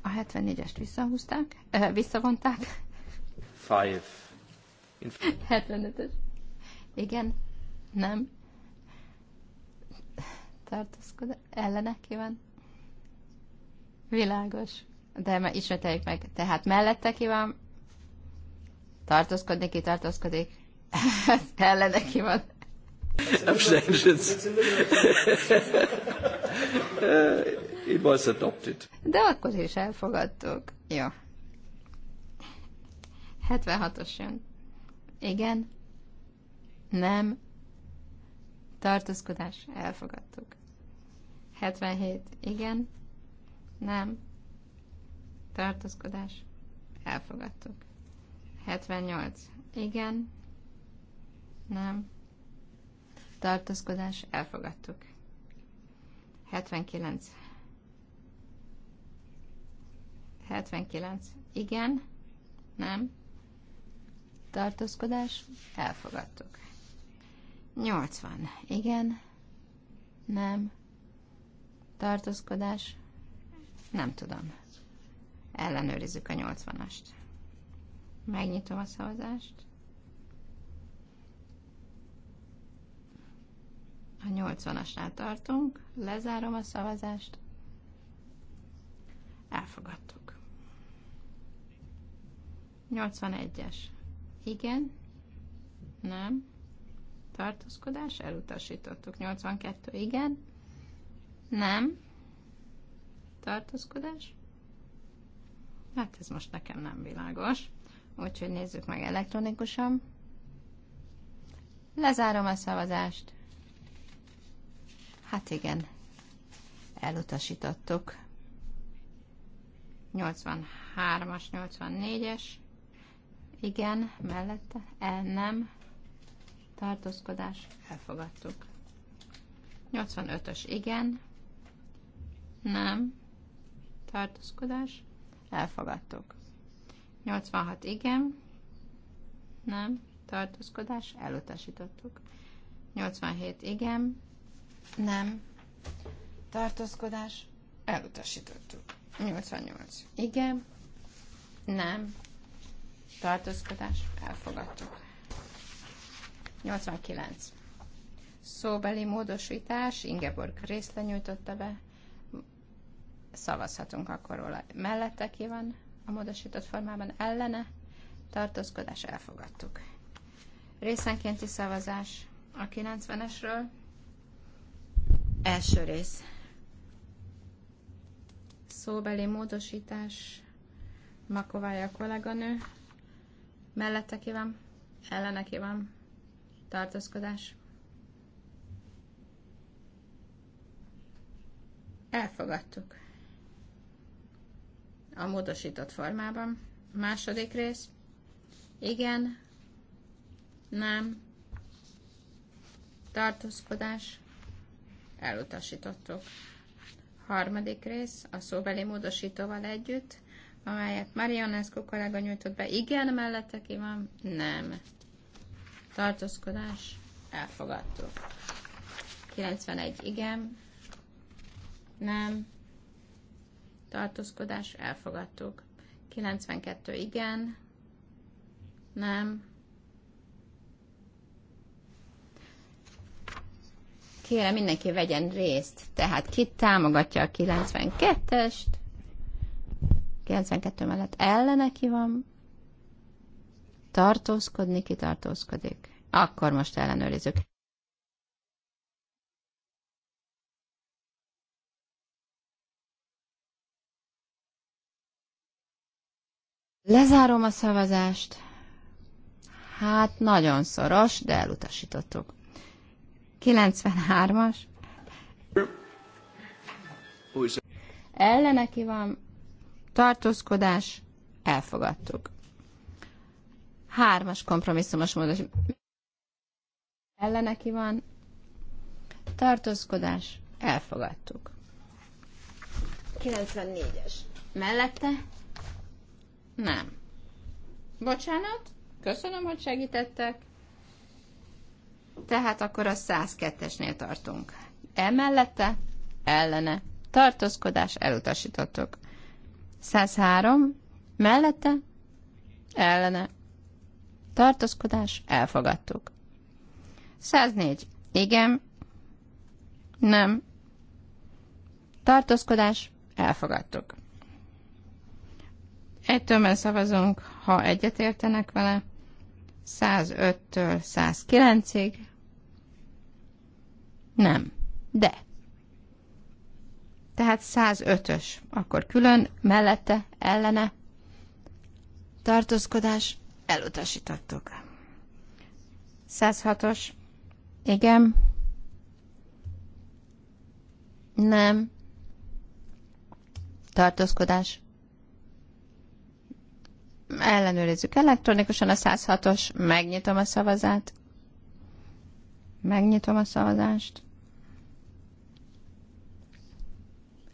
A 74-est visszahúzták, eh, visszavonták. Five. 75-ös. Igen, nem. Tartózkodás, ellene kíván Világos. De ismételjük meg. Tehát mellette ki van, tartózkodni, ki tartózkodik, ellene ki van. It was adopted. De akkor is elfogadtuk. Jó. 76-os jön. Igen. Nem. Tartózkodás. Elfogadtuk. 77. Igen. Nem. Tartózkodás. Elfogadtuk. 78. Igen. Nem. Tartózkodás. Elfogadtuk. 79. 79. Igen. Nem. Tartózkodás. Elfogadtuk. 80. Igen. Nem. Tartózkodás. Nem tudom. Ellenőrizzük a 80-ast. Megnyitom a szavazást. A 80-asnál tartunk, lezárom a szavazást. Elfogadtuk. 81-es. Igen. Nem. Tartózkodás. Elutasítottuk. 82. Igen. Nem tartózkodás. Hát ez most nekem nem világos. Úgyhogy nézzük meg elektronikusan. Lezárom a szavazást. Hát igen, elutasítottuk. 83-as, 84-es. Igen, mellette, el nem. Tartózkodás, elfogadtuk. 85-ös, igen. Nem tartózkodás, elfogadtuk. 86 igen, nem, tartózkodás, elutasítottuk. 87 igen, nem, tartózkodás, elutasítottuk. 88 igen, nem, tartózkodás, elfogadtuk. 89. Szóbeli módosítás, Ingeborg részt nyújtotta be, szavazhatunk akkor róla. Mellette ki van a módosított formában ellene, tartózkodás elfogadtuk. Részenkénti szavazás a 90-esről. Első rész. Szóbeli módosítás. Makovája kolléganő. Mellette ki van, ellene ki van, tartózkodás. Elfogadtuk a módosított formában. Második rész. Igen. Nem. Tartózkodás. Elutasítottuk. Harmadik rész. A szóbeli módosítóval együtt, amelyet Marionescu kollega nyújtott be. Igen, mellette ki van. Nem. Tartózkodás. Elfogadtuk. 91. Igen. Nem tartózkodás, elfogadtuk. 92 igen, nem. Kérem, mindenki vegyen részt. Tehát ki támogatja a 92-est? 92 mellett ellene ki van? Tartózkodni, ki tartózkodik? Akkor most ellenőrizzük. Lezárom a szavazást. Hát nagyon szoros, de elutasítottuk. 93-as. Ellene ki van. Tartózkodás. Elfogadtuk. Hármas kompromisszumos módos. Ellene ki van. Tartózkodás. Elfogadtuk. 94-es. Mellette nem. Bocsánat, köszönöm, hogy segítettek. Tehát akkor a 102-esnél tartunk. Emellette, ellene, tartózkodás elutasítottuk. 103, mellette, ellene, tartózkodás elfogadtuk. 104, igen, nem, tartózkodás elfogadtuk. Egy szavazunk, ha egyetértenek vele. 105-től 109-ig. Nem. De. Tehát 105-ös. Akkor külön, mellette, ellene. Tartózkodás. Elutasítottuk. 106-os. Igen. Nem. Tartózkodás ellenőrizzük elektronikusan a 106-os, megnyitom a szavazát. Megnyitom a szavazást.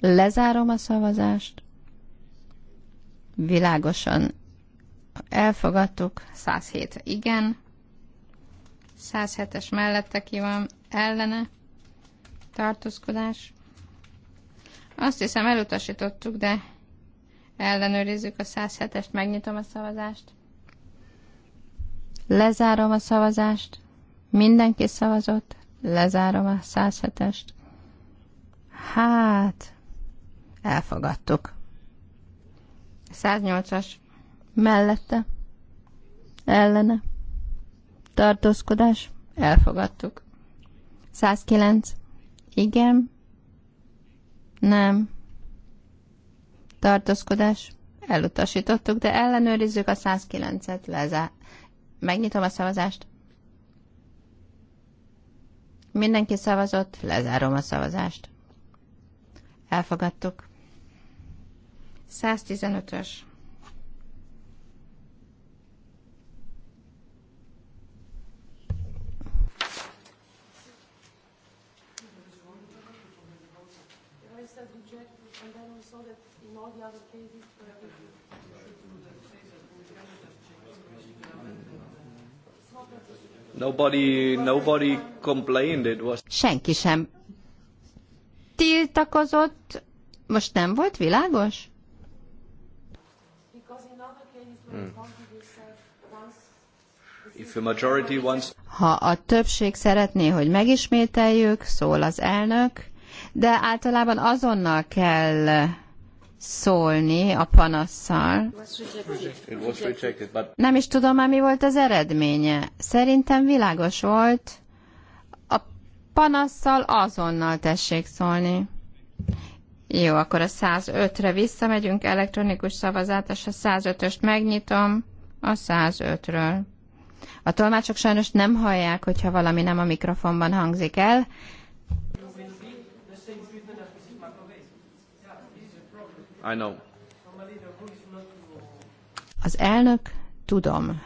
Lezárom a szavazást. Világosan elfogadtuk. 107 igen. 107-es mellette ki van ellene. Tartózkodás. Azt hiszem elutasítottuk, de Ellenőrizzük a 107-est, megnyitom a szavazást. Lezárom a szavazást. Mindenki szavazott. Lezárom a 107-est. Hát, elfogadtuk. 108-as. Mellette. Ellene. Tartózkodás. Elfogadtuk. 109. Igen. Nem tartózkodás, elutasítottuk, de ellenőrizzük a 109-et, lezá... megnyitom a szavazást. Mindenki szavazott, lezárom a szavazást. Elfogadtuk. 115-ös. Nobody, nobody complained. It was... Senki sem tiltakozott. Most nem volt világos? Hmm. If a majority wants... Ha a többség szeretné, hogy megismételjük, szól az elnök, de általában azonnal kell szólni a panasszal. Nem is tudom már, mi volt az eredménye. Szerintem világos volt. A panasszal azonnal tessék szólni. Jó, akkor a 105-re visszamegyünk, elektronikus szavazát, és a 105-öst megnyitom a 105-ről. A tolmácsok sajnos nem hallják, hogyha valami nem a mikrofonban hangzik el, I know. Az elnök, tudom.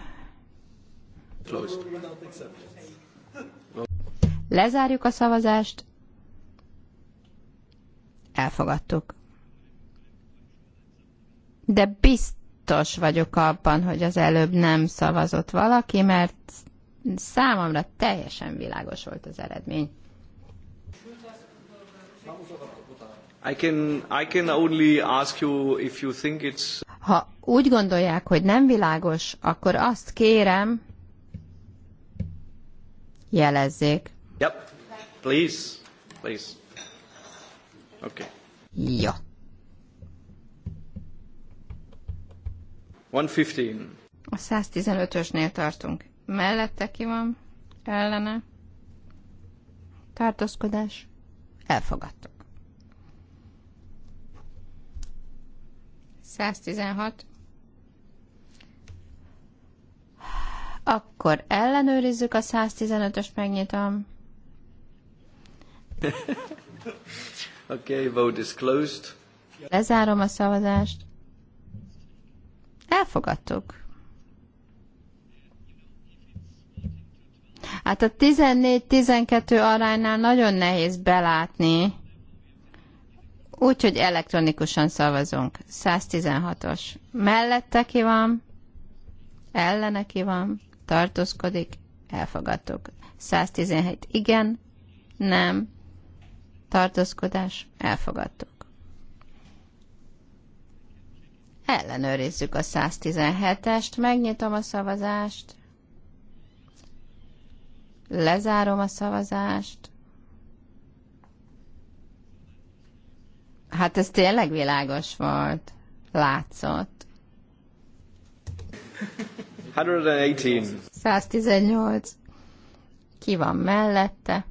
Lezárjuk a szavazást. Elfogadtuk. De biztos vagyok abban, hogy az előbb nem szavazott valaki, mert számomra teljesen világos volt az eredmény. Ha úgy gondolják, hogy nem világos, akkor azt kérem, jelezzék. Yep. Please. Please. Okay. Ja. 115. A 115-ösnél tartunk. Mellette ki van? Ellene? Tartózkodás? Elfogadtuk. 116. Akkor ellenőrizzük a 115 ös megnyitom. okay, vote is closed. Lezárom a szavazást. Elfogadtuk. Hát a 14-12 aránynál nagyon nehéz belátni Úgyhogy elektronikusan szavazunk. 116-os. Mellette ki van, ellene ki van, tartózkodik, elfogadtuk. 117 igen, nem, tartózkodás, elfogadtuk. Ellenőrizzük a 117-est, megnyitom a szavazást, lezárom a szavazást, Hát ez tényleg világos volt. Látszott. 118. 118. Ki van mellette?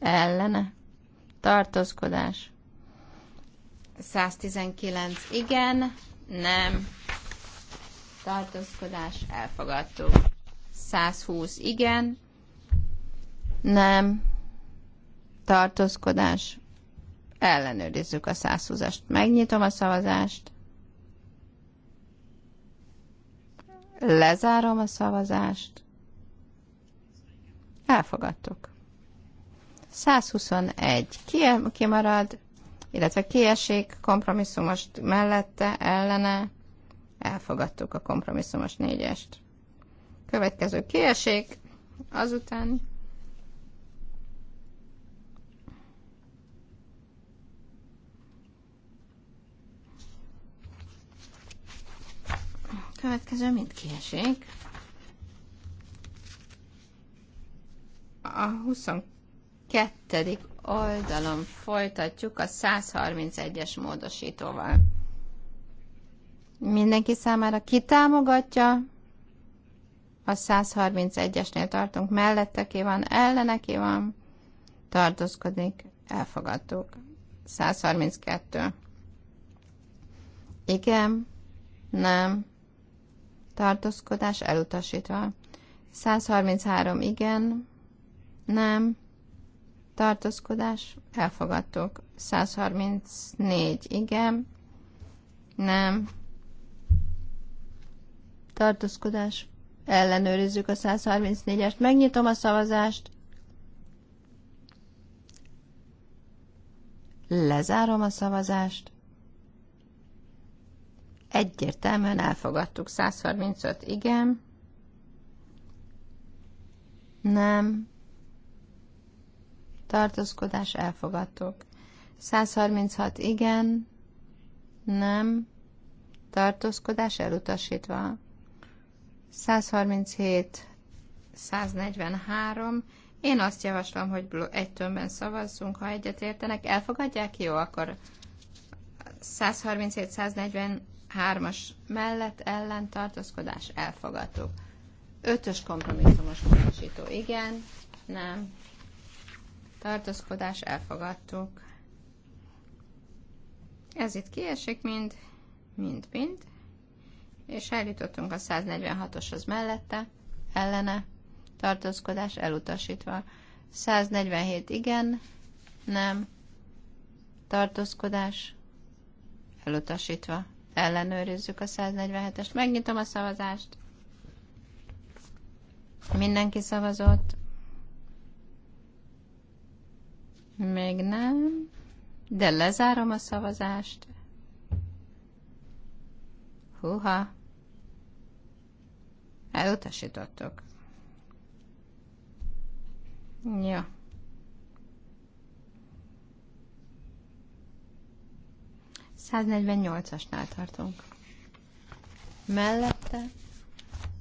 Ellene? Tartózkodás? 119. Igen, nem. Tartózkodás, elfogadtuk. 120. Igen, nem. Tartózkodás, Ellenőrizzük a 120-ast. Megnyitom a szavazást. Lezárom a szavazást. Elfogadtuk. 121 ki marad? illetve kiesik, kompromisszumos mellette, ellene, elfogadtuk a kompromisszumos négyest. Következő kiesik, azután következő mind kiesik. A 22. oldalon folytatjuk a 131-es módosítóval. Mindenki számára kitámogatja. A 131-esnél tartunk, mellette ki van, ellene ki van, tartózkodik, elfogadtuk. 132. Igen, nem, tartózkodás elutasítva. 133 igen, nem, tartózkodás elfogadtuk. 134 igen, nem, tartózkodás ellenőrizzük a 134-est. Megnyitom a szavazást. Lezárom a szavazást. Egyértelműen elfogadtuk. 135 igen. Nem. Tartózkodás elfogadtuk. 136 igen. Nem. Tartózkodás elutasítva. 137, 143. Én azt javaslom, hogy egy tömbben szavazzunk, ha egyet értenek. Elfogadják? Jó, akkor 137, 140, hármas mellett ellen tartózkodás elfogadtuk. Ötös kompromisszumos módosító igen, nem. Tartózkodás elfogadtuk. Ez itt kiesik mind, mind, mind. És eljutottunk a 146-oshoz mellette, ellene, tartózkodás elutasítva. 147 igen, nem, tartózkodás elutasítva. Ellenőrizzük a 147-est. Megnyitom a szavazást. Mindenki szavazott. Még nem. De lezárom a szavazást. Húha. Elutasítottuk. Ja. 148-asnál tartunk. Mellette,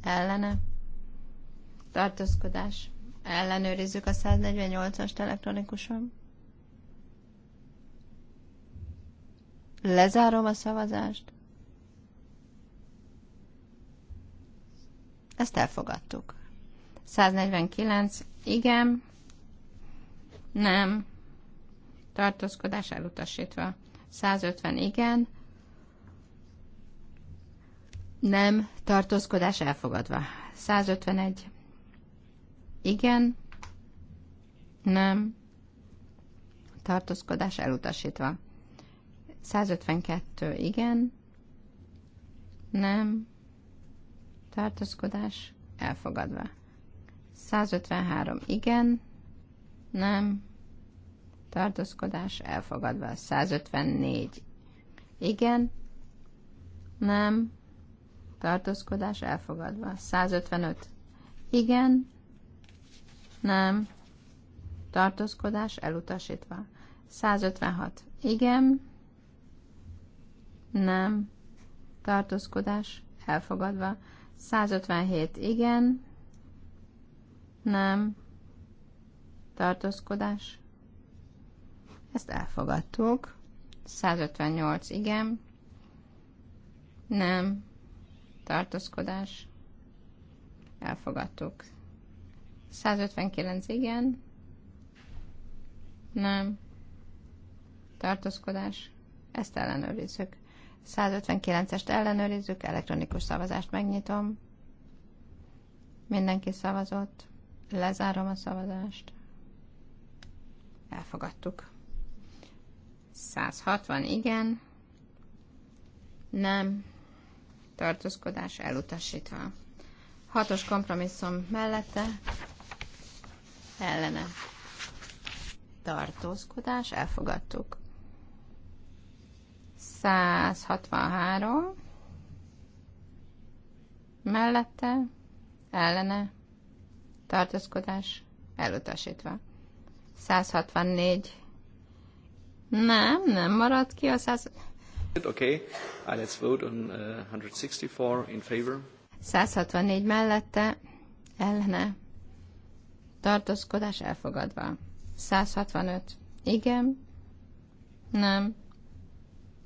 ellene, tartózkodás. Ellenőrizzük a 148-ast elektronikusan. Lezárom a szavazást. Ezt elfogadtuk. 149, igen, nem, tartózkodás elutasítva. 150 igen, nem, tartózkodás elfogadva. 151. Igen, nem, tartózkodás elutasítva. 152. Igen, nem, tartózkodás elfogadva. 153. Igen, nem, tartózkodás elfogadva. 154. Igen, nem, tartózkodás elfogadva. 155. Igen, nem, tartózkodás elutasítva. 156. Igen, nem, tartózkodás elfogadva. 157. Igen, nem, tartózkodás ezt elfogadtuk. 158 igen. Nem. Tartózkodás. Elfogadtuk. 159 igen. Nem. Tartózkodás. Ezt ellenőrizzük. 159-est ellenőrizzük, elektronikus szavazást megnyitom. Mindenki szavazott. Lezárom a szavazást. Elfogadtuk. 160, igen. Nem. Tartózkodás elutasítva. Hatos kompromisszum mellette. Ellene. Tartózkodás elfogadtuk. 163. Mellette. Ellene. Tartózkodás elutasítva. 164 nem, nem maradt ki a 100... Okay, uh, let's vote on 164 uh, in favor. 164 mellette, ellene, tartózkodás elfogadva. 165. Igen, nem,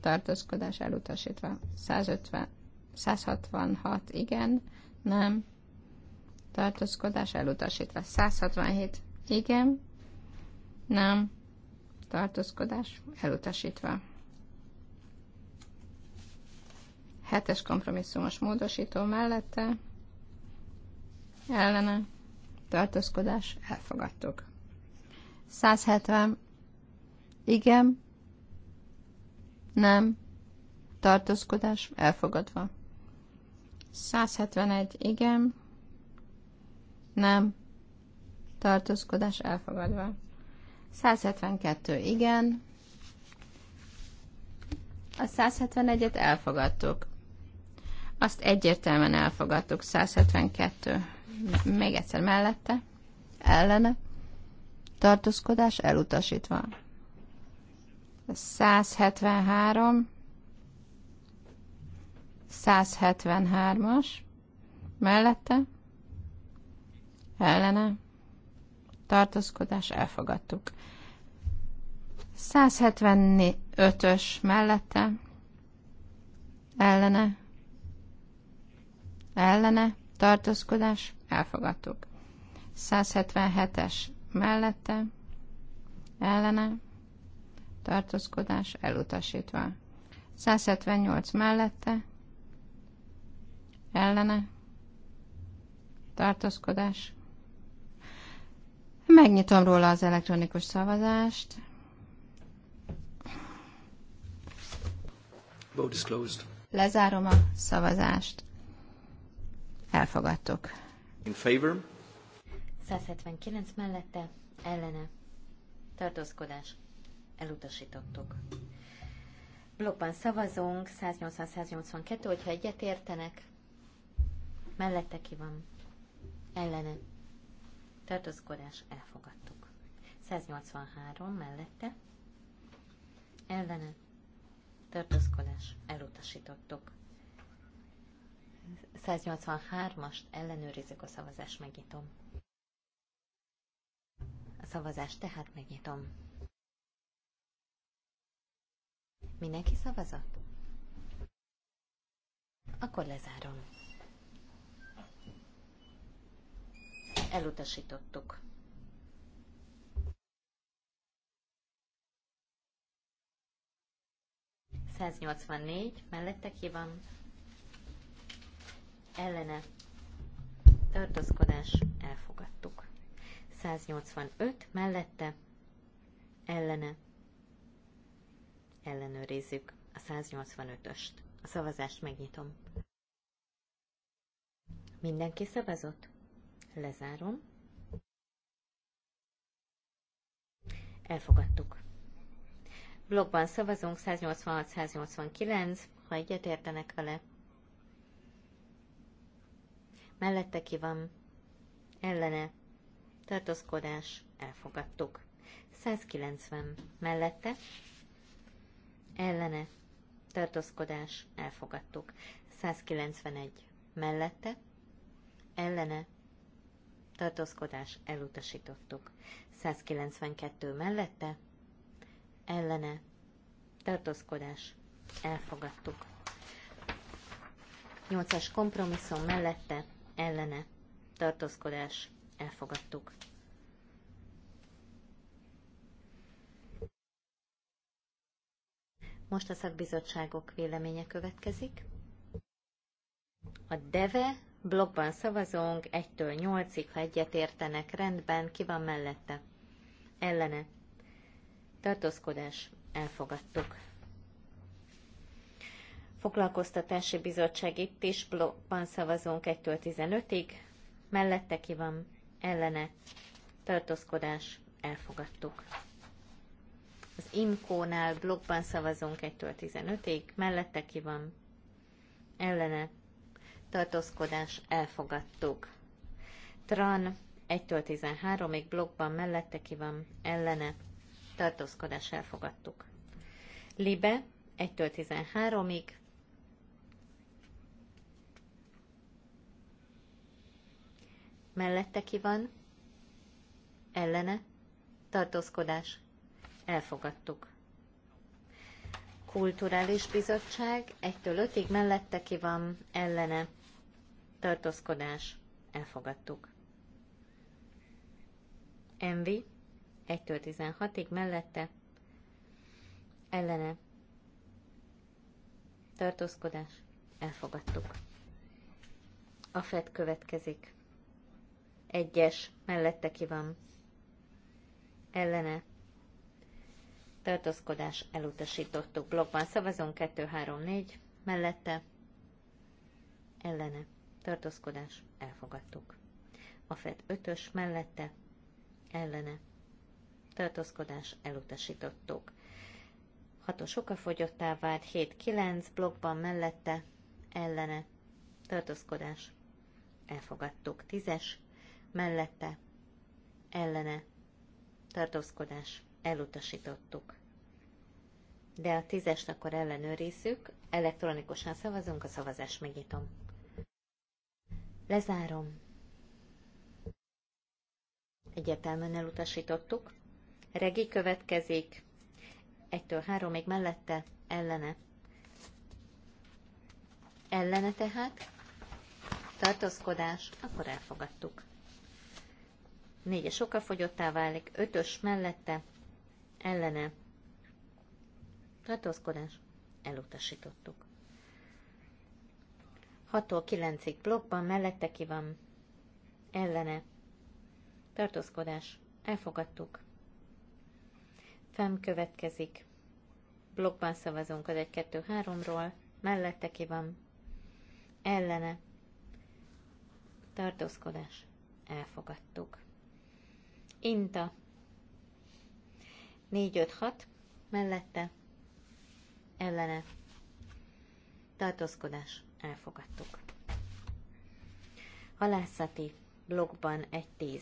tartózkodás elutasítva. 150, 166. Igen, nem, tartózkodás elutasítva. 167. Igen, nem, tartózkodás elutasítva. Hetes kompromisszumos módosító mellette ellene tartózkodás elfogadtuk. 170 igen, nem, tartózkodás elfogadva. 171 igen, nem, tartózkodás elfogadva. 172 igen. A 171-et elfogadtuk. Azt egyértelműen elfogadtuk. 172. Még egyszer mellette. Ellene. Tartózkodás elutasítva. 173. 173-as. Mellette. Ellene. Tartózkodás elfogadtuk. 175-ös mellette, ellene, ellene, tartózkodás, elfogadtuk. 177-es mellette, ellene, tartózkodás, elutasítva. 178 mellette, ellene, tartózkodás. Megnyitom róla az elektronikus szavazást. Vote is closed. Lezárom a szavazást. Elfogadtok. In favor. 179 mellette, ellene. Tartózkodás. Elutasítottuk. Blokkban szavazunk, 180-182, hogyha egyet értenek. Mellette ki van. Ellene. Tartózkodás. Elfogadtuk. 183 mellette. Ellene tartózkodás elutasítottuk. 183-ast ellenőrizzük a szavazást, megnyitom. A szavazást tehát megnyitom. Mindenki szavazott? Akkor lezárom. Elutasítottuk. 184, mellette ki van, ellene, tartózkodás, elfogadtuk. 185, mellette, ellene, ellenőrizzük a 185-öst. A szavazást megnyitom. Mindenki szavazott? Lezárom. Elfogadtuk. Blogban szavazunk 186-189, ha egyetértenek vele. Mellette ki van? Ellene. Tartózkodás. Elfogadtuk. 190. Mellette? Ellene. Tartózkodás. Elfogadtuk. 191. Mellette? Ellene. Tartózkodás. Elutasítottuk. 192 mellette? ellene tartózkodás elfogadtuk. 8-as kompromisszum mellette ellene tartózkodás elfogadtuk. Most a szakbizottságok véleménye következik. A DEVE blogban szavazunk 1-től 8-ig, ha egyet értenek rendben, ki van mellette? Ellene tartózkodás elfogadtuk. Foglalkoztatási bizottság itt is blokkban szavazunk 1-től 15-ig, mellette ki van, ellene, tartózkodás elfogadtuk. Az IMKO-nál blokkban szavazunk 1-től 15-ig, mellette ki van, ellene, tartózkodás elfogadtuk. Tran 1-től 13-ig blokkban mellette ki van, ellene, tartózkodás elfogadtuk. Libe 1-től 13-ig, mellette ki van, ellene, tartózkodás, elfogadtuk. Kulturális bizottság 1-től 5-ig mellette ki van, ellene, tartózkodás, elfogadtuk. Envi 1-től 16-ig mellette ellene tartózkodás elfogadtuk. A FED következik. Egyes mellette ki van ellene tartózkodás elutasítottuk. Blokkban szavazunk 2-3-4 mellette ellene tartózkodás elfogadtuk. A FED 5-ös mellette ellene tartózkodás elutasítottuk. 6-os okafogyottá vált, 7-9 blokkban mellette, ellene, tartózkodás, elfogadtuk. 10 mellette, ellene, tartózkodás, elutasítottuk. De a tízest akkor ellenőrizzük, elektronikusan szavazunk, a szavazást megnyitom. Lezárom. Egyértelműen elutasítottuk. Regi következik. Egytől három még mellette, ellene. Ellene tehát. Tartózkodás, akkor elfogadtuk. Négyes oka fogyottá válik, ötös mellette, ellene. Tartózkodás, elutasítottuk. 6-tól 9-ig blokkban mellette ki van, ellene. Tartózkodás, elfogadtuk. Fem következik. Blokkban szavazunk az 1-2-3-ról. Mellette ki van. Ellene. Tartózkodás. Elfogadtuk. Inta. 4-5-6. Mellette. Ellene. Tartózkodás. Elfogadtuk. Halászati. Blokkban 1-10.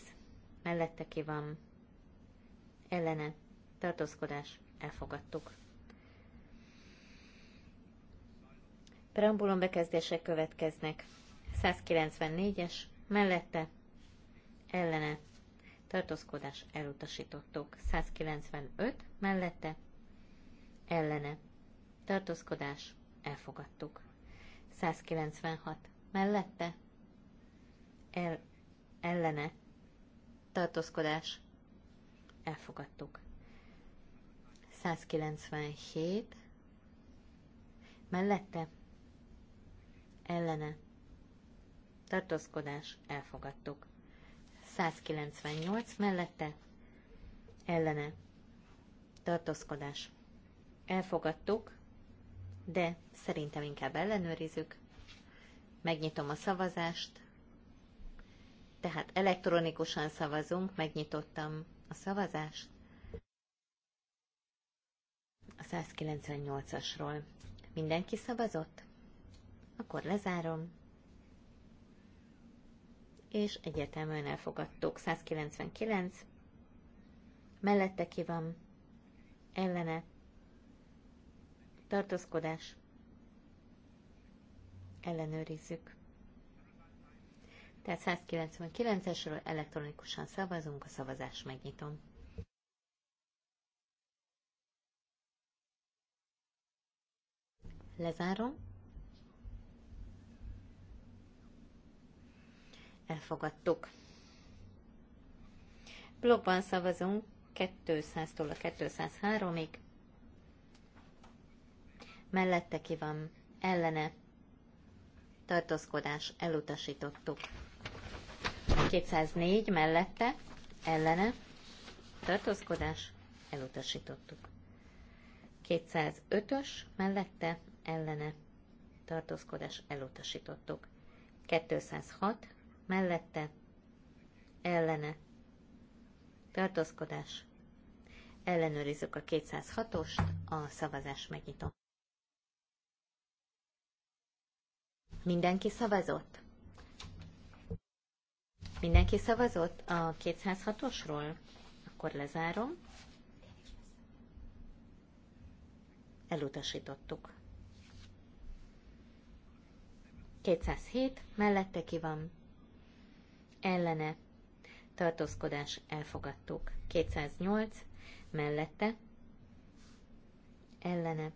Mellette ki van. Ellene tartózkodás, elfogadtuk. Preambulum bekezdések következnek. 194-es, mellette, ellene, tartózkodás, elutasítottuk. 195, mellette, ellene, tartózkodás, elfogadtuk. 196, mellette, el, ellene, tartózkodás, elfogadtuk. 197 mellette ellene tartózkodás elfogadtuk. 198 mellette ellene tartózkodás elfogadtuk, de szerintem inkább ellenőrizzük. Megnyitom a szavazást, tehát elektronikusan szavazunk, megnyitottam a szavazást a 198-asról. Mindenki szavazott? Akkor lezárom. És egyértelműen elfogadtuk. 199. Mellette ki van? Ellene. Tartózkodás. Ellenőrizzük. Tehát 199-esről elektronikusan szavazunk, a szavazás megnyitom. Lezárom. Elfogadtuk. Blogban szavazunk 200-tól a 203-ig. Mellette ki van ellene. Tartózkodás elutasítottuk. 204 mellette ellene. Tartózkodás elutasítottuk. 205-ös mellette ellene tartózkodás elutasítottuk. 206 mellette ellene tartózkodás ellenőrizzük a 206-ost, a szavazás megnyitom. Mindenki szavazott? Mindenki szavazott a 206-osról? Akkor lezárom. Elutasítottuk. 207 mellette ki van, ellene, tartózkodás elfogadtuk. 208 mellette, ellene,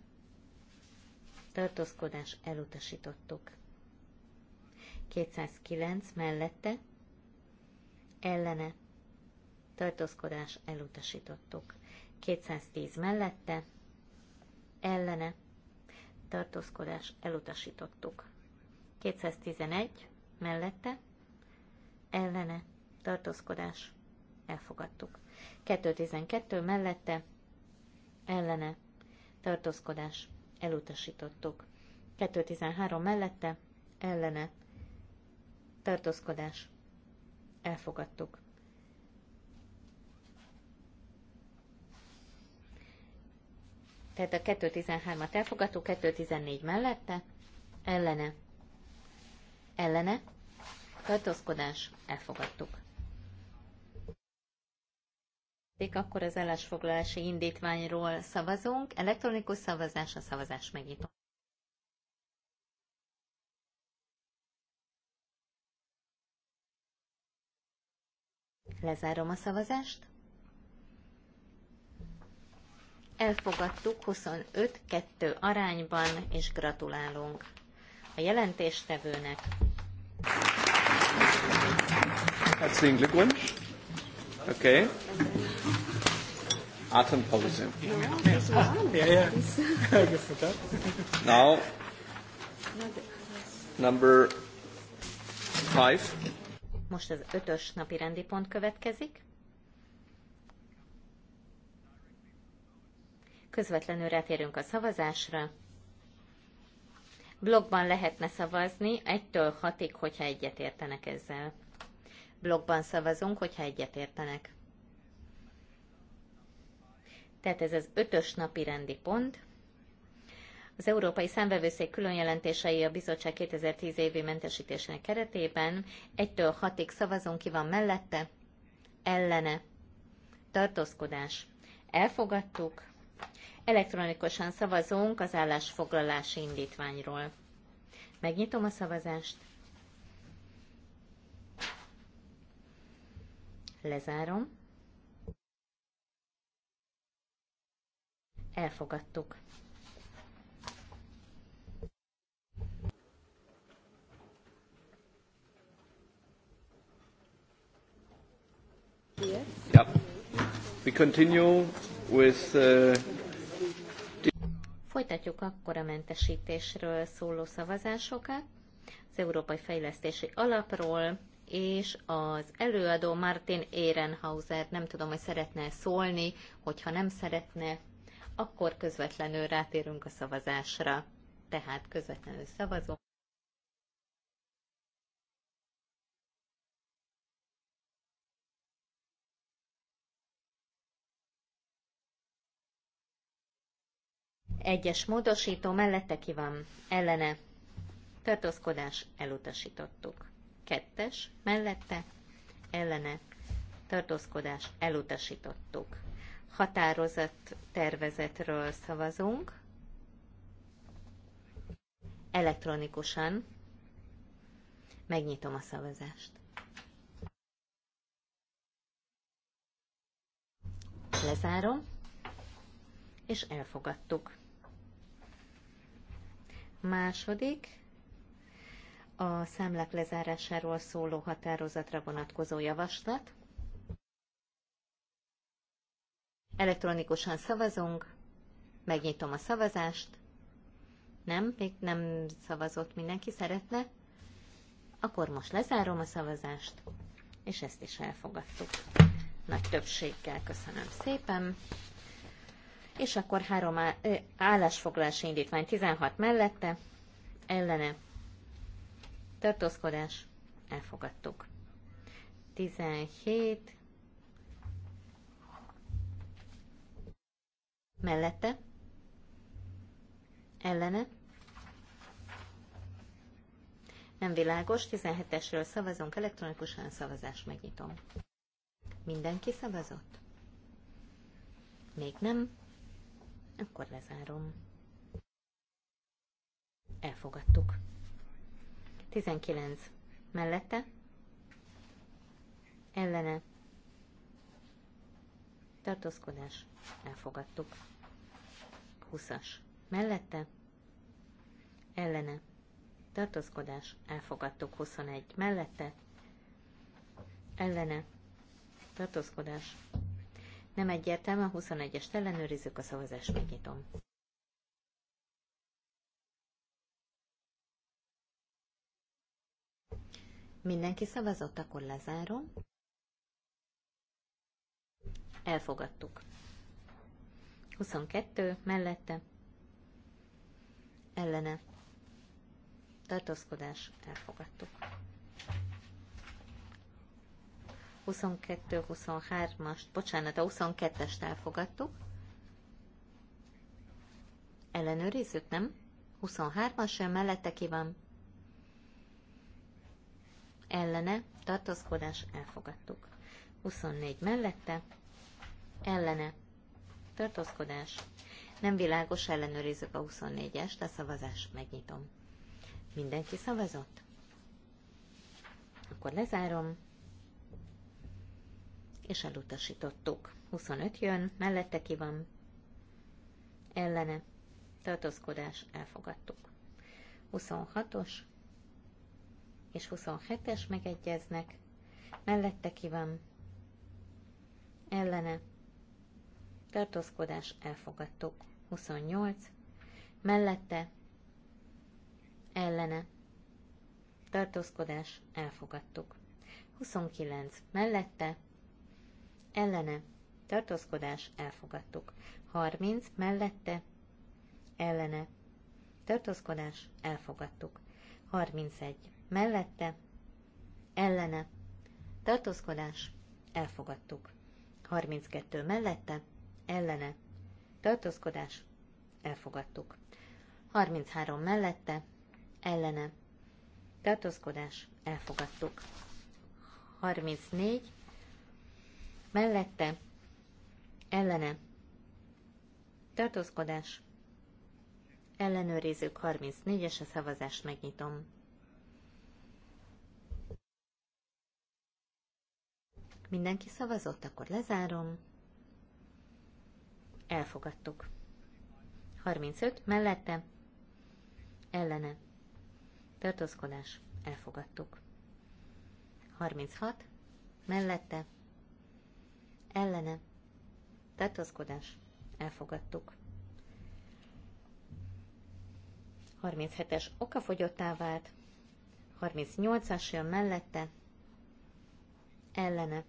tartózkodás elutasítottuk. 209 mellette, ellene, tartózkodás elutasítottuk. 210 mellette, ellene, tartózkodás elutasítottuk. 211 mellette ellene tartózkodás elfogadtuk. 212 mellette ellene tartózkodás elutasítottuk. 213 mellette ellene tartózkodás elfogadtuk. Tehát a 213-at elfogadtuk, 214 mellette ellene ellene, tartózkodás, elfogadtuk. Akkor az állásfoglalási indítványról szavazunk. Elektronikus szavazás, a szavazás megnyitom. Lezárom a szavazást. Elfogadtuk 25-2 arányban, és gratulálunk a jelentéstevőnek. Herzlichen Glückwunsch. Okay. Atempause. Now, number five. Most az ötös napi rendi pont következik. Közvetlenül rátérünk a szavazásra. Blogban lehetne szavazni, egytől hatig, hogyha egyet hogyha egyetértenek ezzel. Blogban szavazunk, hogyha egyetértenek. Tehát ez az ötös napi rendi pont. Az Európai Számvevőszék különjelentései a bizottság 2010 évi mentesítésének keretében Egytől hatig szavazunk, ki van mellette, ellene, tartózkodás. Elfogadtuk. Elektronikusan szavazunk az állásfoglalási indítványról. Megnyitom a szavazást. Lezárom. Elfogadtuk. Yeah. We continue with uh, Folytatjuk akkor a mentesítésről szóló szavazásokat, az Európai Fejlesztési Alapról, és az előadó Martin Ehrenhauser, nem tudom, hogy szeretne -e szólni, hogyha nem szeretne, akkor közvetlenül rátérünk a szavazásra. Tehát közvetlenül szavazunk. egyes módosító mellette ki van, ellene, tartózkodás, elutasítottuk. Kettes, mellette, ellene, tartózkodás, elutasítottuk. Határozat tervezetről szavazunk. Elektronikusan megnyitom a szavazást. Lezárom, és elfogadtuk. Második, a számlák lezárásáról szóló határozatra vonatkozó javaslat. Elektronikusan szavazunk, megnyitom a szavazást. Nem, még nem szavazott mindenki, szeretne. Akkor most lezárom a szavazást, és ezt is elfogadtuk. Nagy többséggel köszönöm szépen és akkor három állásfoglalási indítvány 16 mellette, ellene, tartózkodás, elfogadtuk. 17 mellette, ellene, nem világos, 17-esről szavazunk elektronikusan, szavazást megnyitom. Mindenki szavazott? Még nem. Akkor lezárom. Elfogadtuk. 19. Mellette? Ellene? Tartózkodás. Elfogadtuk. 20-as. Mellette? Ellene? Tartózkodás. Elfogadtuk. 21. Mellette? Ellene? Tartózkodás. Nem egyértelmű, a 21-est ellenőrizzük, a szavazást megnyitom. Mindenki szavazott, akkor lezárom. Elfogadtuk. 22 mellette ellene tartózkodás elfogadtuk. 22 23 as bocsánat, a 22-est elfogadtuk. Ellenőrizzük, nem? 23-as sem mellette ki van. Ellene, tartózkodás, elfogadtuk. 24 mellette, ellene, tartózkodás. Nem világos, ellenőrizzük a 24-est, a szavazás megnyitom. Mindenki szavazott? Akkor lezárom és elutasítottuk. 25 jön, mellette ki van, ellene, tartózkodás, elfogadtuk. 26-os és 27-es megegyeznek, mellette ki van, ellene, tartózkodás, elfogadtuk. 28, mellette, ellene, tartózkodás, elfogadtuk. 29, mellette, ellene, tartózkodás, elfogadtuk. 30 mellette, ellene, tartózkodás, elfogadtuk. 31 mellette, ellene, tartózkodás, elfogadtuk. 32 mellette, ellene, tartózkodás, elfogadtuk. 33 mellette, ellene, tartózkodás, elfogadtuk. 34 mellette, ellene, tartózkodás, ellenőrizők 34-es a szavazást megnyitom. Mindenki szavazott, akkor lezárom. Elfogadtuk. 35 mellette, ellene, tartózkodás, elfogadtuk. 36 mellette, ellene tartózkodás elfogadtuk. 37-es okafogyottá vált, 38-as jön mellette, ellene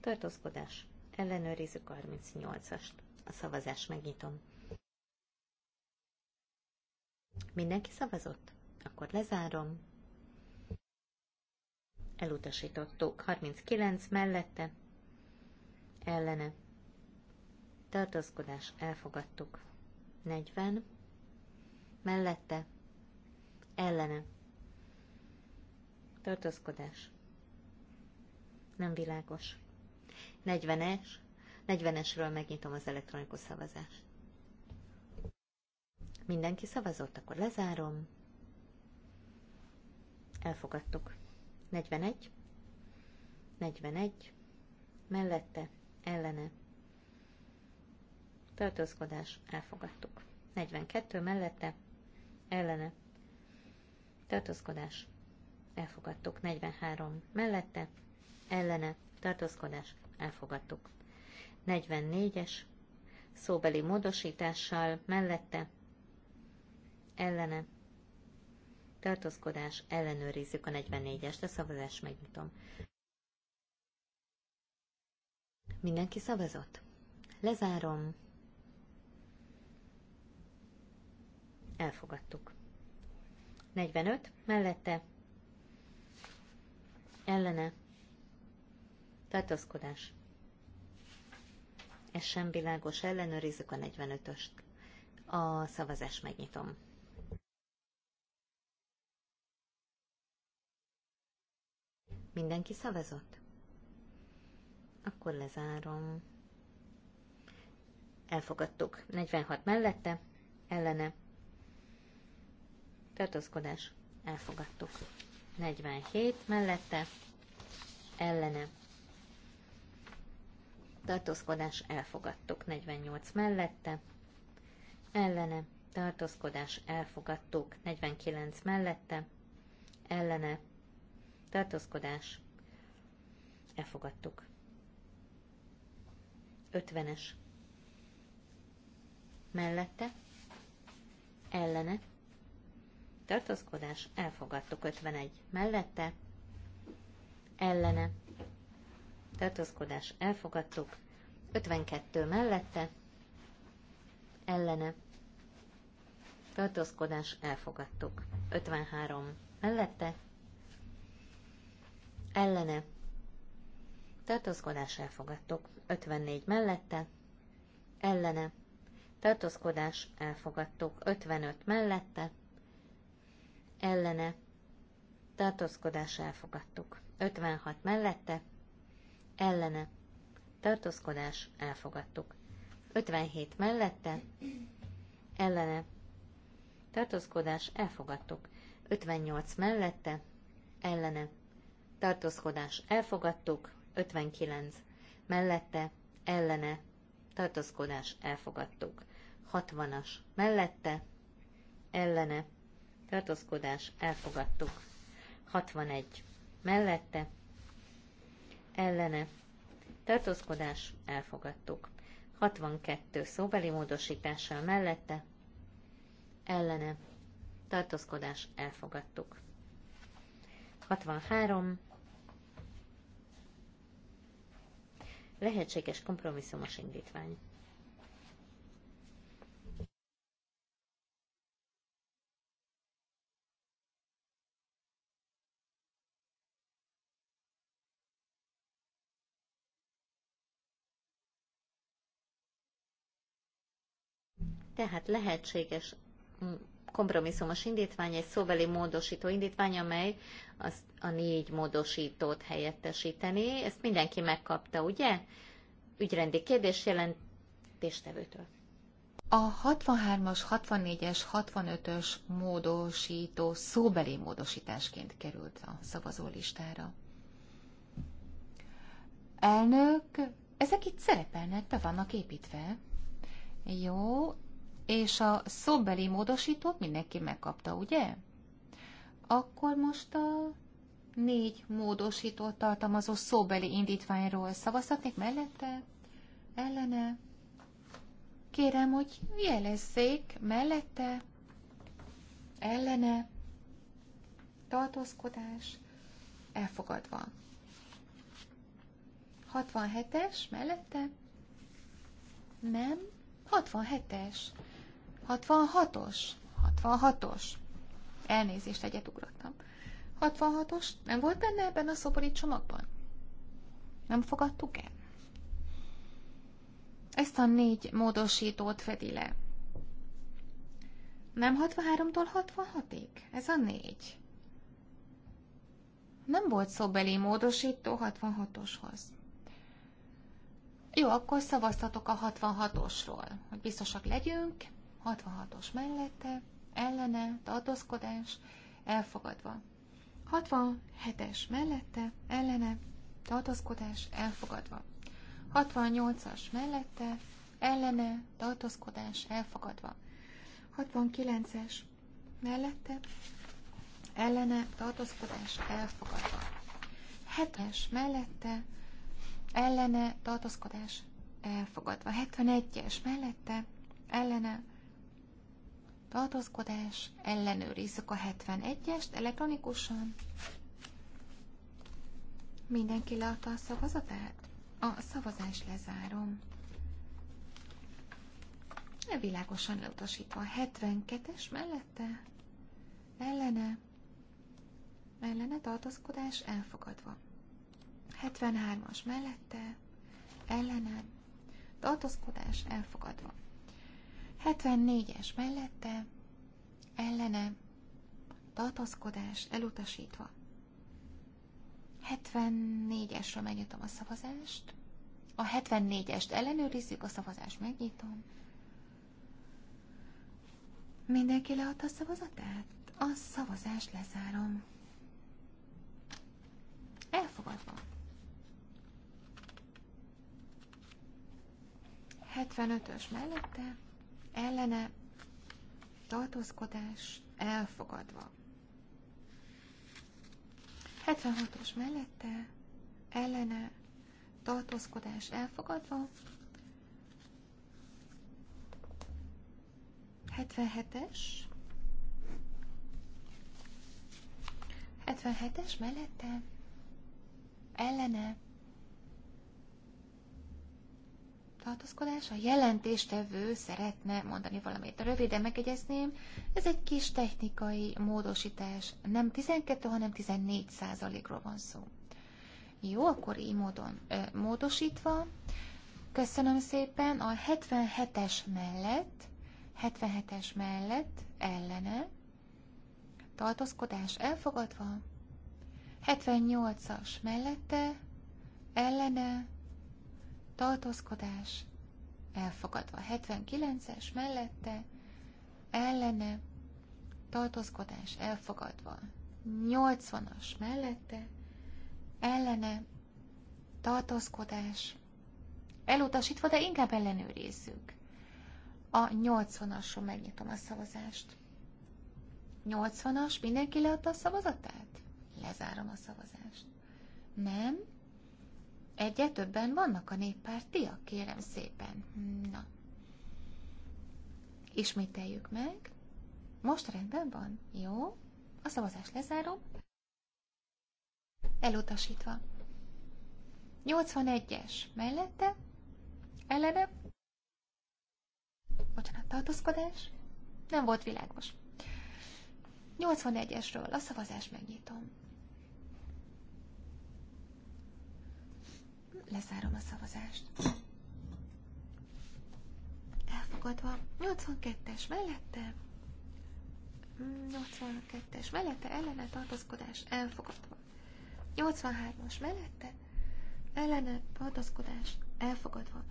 tartózkodás ellenőrizzük 38-ast. A szavazást megnyitom. Mindenki szavazott? Akkor lezárom. Elutasítottuk. 39 mellette, ellene. Tartózkodás elfogadtuk. 40 mellette ellene. Tartózkodás. Nem világos. 40-es. 40-esről megnyitom az elektronikus szavazást. Mindenki szavazott, akkor lezárom. Elfogadtuk. 41. 41. Mellette ellene. Tartózkodás, elfogadtuk. 42 mellette, ellene. Tartózkodás, elfogadtuk. 43 mellette, ellene. Tartózkodás, elfogadtuk. 44-es, szóbeli módosítással, mellette, ellene. Tartózkodás, ellenőrizzük a 44-est, a szavazást megnyitom. Mindenki szavazott? Lezárom. Elfogadtuk. 45 mellette ellene tartózkodás. Ez sem világos, ellenőrizzük a 45-öst. A szavazást megnyitom. Mindenki szavazott? Akkor lezárom. Elfogadtuk. 46 mellette, ellene. Tartózkodás. Elfogadtuk. 47 mellette, ellene. Tartózkodás. Elfogadtuk. 48 mellette, ellene. Tartózkodás. Elfogadtuk. 49 mellette, ellene. Tartózkodás. Elfogadtuk. 50-es. Mellette, ellene, tartózkodás, elfogadtuk 51. Mellette, ellene, tartózkodás, elfogadtuk 52 mellette, ellene, tartózkodás, elfogadtuk 53 mellette, ellene, tartózkodás elfogadtuk. 54 mellette, ellene, tartózkodás elfogadtuk. 55 mellette, ellene, tartózkodás elfogadtuk. 56 mellette, ellene, tartózkodás elfogadtuk. 57 mellette, ellene, tartózkodás elfogadtuk. 58 mellette, ellene, tartózkodás elfogadtuk. 59. Mellette, ellene, tartózkodás, elfogadtuk. 60-as. Mellette, ellene, tartózkodás, elfogadtuk. 61. Mellette, ellene, tartózkodás, elfogadtuk. 62. Szóbeli módosítással mellette, ellene, tartózkodás, elfogadtuk. 63. lehetséges kompromisszumos indítvány. Tehát lehetséges mm, kompromisszumos indítvány, egy szóbeli módosító indítvány, amely az, a négy módosítót helyettesíteni. Ezt mindenki megkapta, ugye? Ügyrendi kérdés jelentéstevőtől. A 63-as, 64-es, 65-ös módosító szóbeli módosításként került a szavazólistára. Elnök, ezek itt szerepelnek, be vannak építve. Jó, és a szóbeli módosítót mindenki megkapta, ugye? Akkor most a négy módosítót tartalmazó szóbeli indítványról szavazhatnék mellette, ellene. Kérem, hogy jelezzék mellette, ellene, tartózkodás, elfogadva. 67-es mellette? Nem. 67-es. 66-os. 66-os. Elnézést, egyet ugrottam. 66-os nem volt benne ebben a szobori csomagban? Nem fogadtuk el? Ezt a négy módosítót fedi le. Nem 63-tól 66-ig? Ez a négy. Nem volt szóbeli módosító 66-oshoz. Jó, akkor szavaztatok a 66-osról, hogy biztosak legyünk. 66-os mellette, ellene, tartózkodás, elfogadva. 67-es mellette, ellene, tartózkodás, elfogadva. 68-as mellette, ellene, tartózkodás, elfogadva. 69-es mellette, ellene, tartózkodás, elfogadva. 7-es mellette, ellene, tartózkodás, elfogadva. 71-es mellette, ellene, tartózkodás, ellenőrizzük a 71-est elektronikusan. Mindenki leadta a szavazatát? A szavazás lezárom. Világosan leutasítva. 72-es mellette? Ellene? Ellene tartózkodás elfogadva. 73-as mellette? Ellene? Tartózkodás elfogadva. 74-es mellette, ellene, tartózkodás elutasítva. 74 esre megnyitom a szavazást. A 74-est ellenőrizzük, a szavazást megnyitom. Mindenki leadta a szavazatát? A szavazást lezárom. Elfogadva. 75-ös mellette ellene tartózkodás elfogadva. 76-os mellette ellene tartózkodás elfogadva. 77-es 77-es mellette ellene tartózkodás. A jelentéstevő szeretne mondani valamit. Röviden megegyezném, ez egy kis technikai módosítás. Nem 12, hanem 14 százalékról van szó. Jó, akkor így módon ö, módosítva. Köszönöm szépen. A 77-es mellett, 77-es mellett ellene, tartózkodás elfogadva, 78-as mellette, ellene, tartózkodás, elfogadva. 79-es mellette, ellene, tartózkodás, elfogadva. 80-as mellette, ellene, tartózkodás, elutasítva, de inkább ellenőrizzük. A 80 ason megnyitom a szavazást. 80-as, mindenki leadta a szavazatát? Lezárom a szavazást. Nem, Egyet többen vannak a néppártiak, kérem szépen. Na. Ismételjük meg. Most rendben van? Jó. A szavazás lezárom. Elutasítva. 81-es mellette. Ellene. Bocsánat, tartózkodás. Nem volt világos. 81-esről a szavazást megnyitom. lezárom a szavazást. Elfogadva 82-es mellette, 82-es mellette ellene tartózkodás elfogadva. 83-as mellette ellene tartózkodás elfogadva.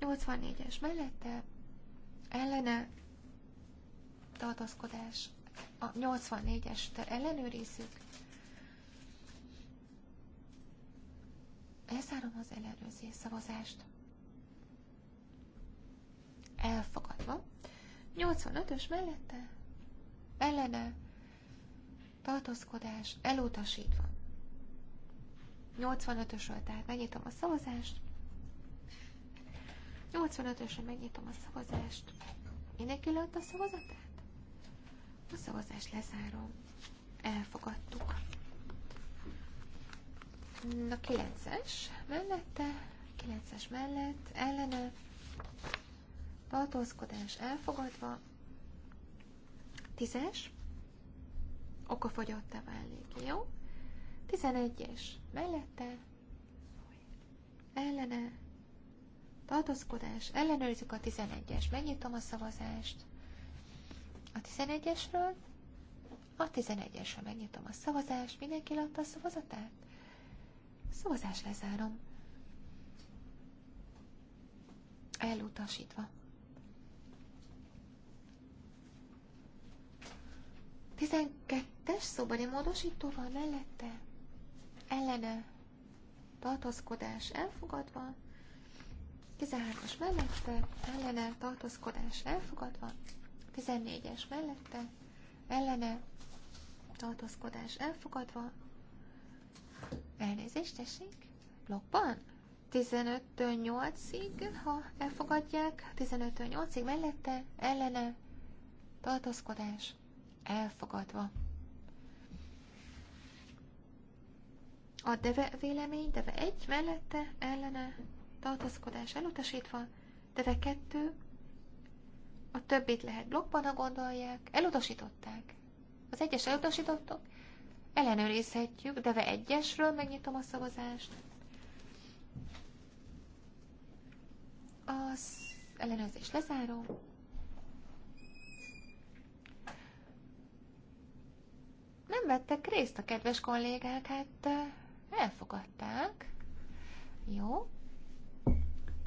84-es mellette ellene tartózkodás a 84-est ellenőrizzük. Lezárom az ellenőrzés szavazást. Elfogadva. 85-ös mellette. Ellene. Tartózkodás elutasítva. 85-ösről, tehát megnyitom a szavazást. 85-ösre megnyitom a szavazást. Mindenki lőtt a szavazatát? A szavazást lezárom. Elfogadtuk. A 9-es mellette, 9-es mellett, ellene, tartózkodás elfogadva, 10-es, okafogyottá válik, jó? 11-es mellette, ellene, tartózkodás, ellenőrizzük a 11-es, megnyitom a szavazást, a 11-esről, a 11-esről megnyitom a szavazást, mindenki látta a szavazatát? Szavazás lezárom. Elutasítva. 12-es szobani van mellette ellene tartózkodás elfogadva, 13-as mellette ellene tartózkodás elfogadva, 14-es mellette ellene tartózkodás elfogadva, Elnézést, tessék. Blokkban? 15-től 8-ig, ha elfogadják. 15-től 8-ig mellette, ellene, tartózkodás, elfogadva. A deve vélemény, deve 1 mellette, ellene, tartózkodás elutasítva, deve 2, a többit lehet blokkban, ha gondolják, elutasították. Az egyes elutasítottak, Ellenőrizhetjük, ve egyesről megnyitom a szavazást. Az ellenőrzés lezárom. Nem vettek részt a kedves kollégák, hát elfogadták. Jó.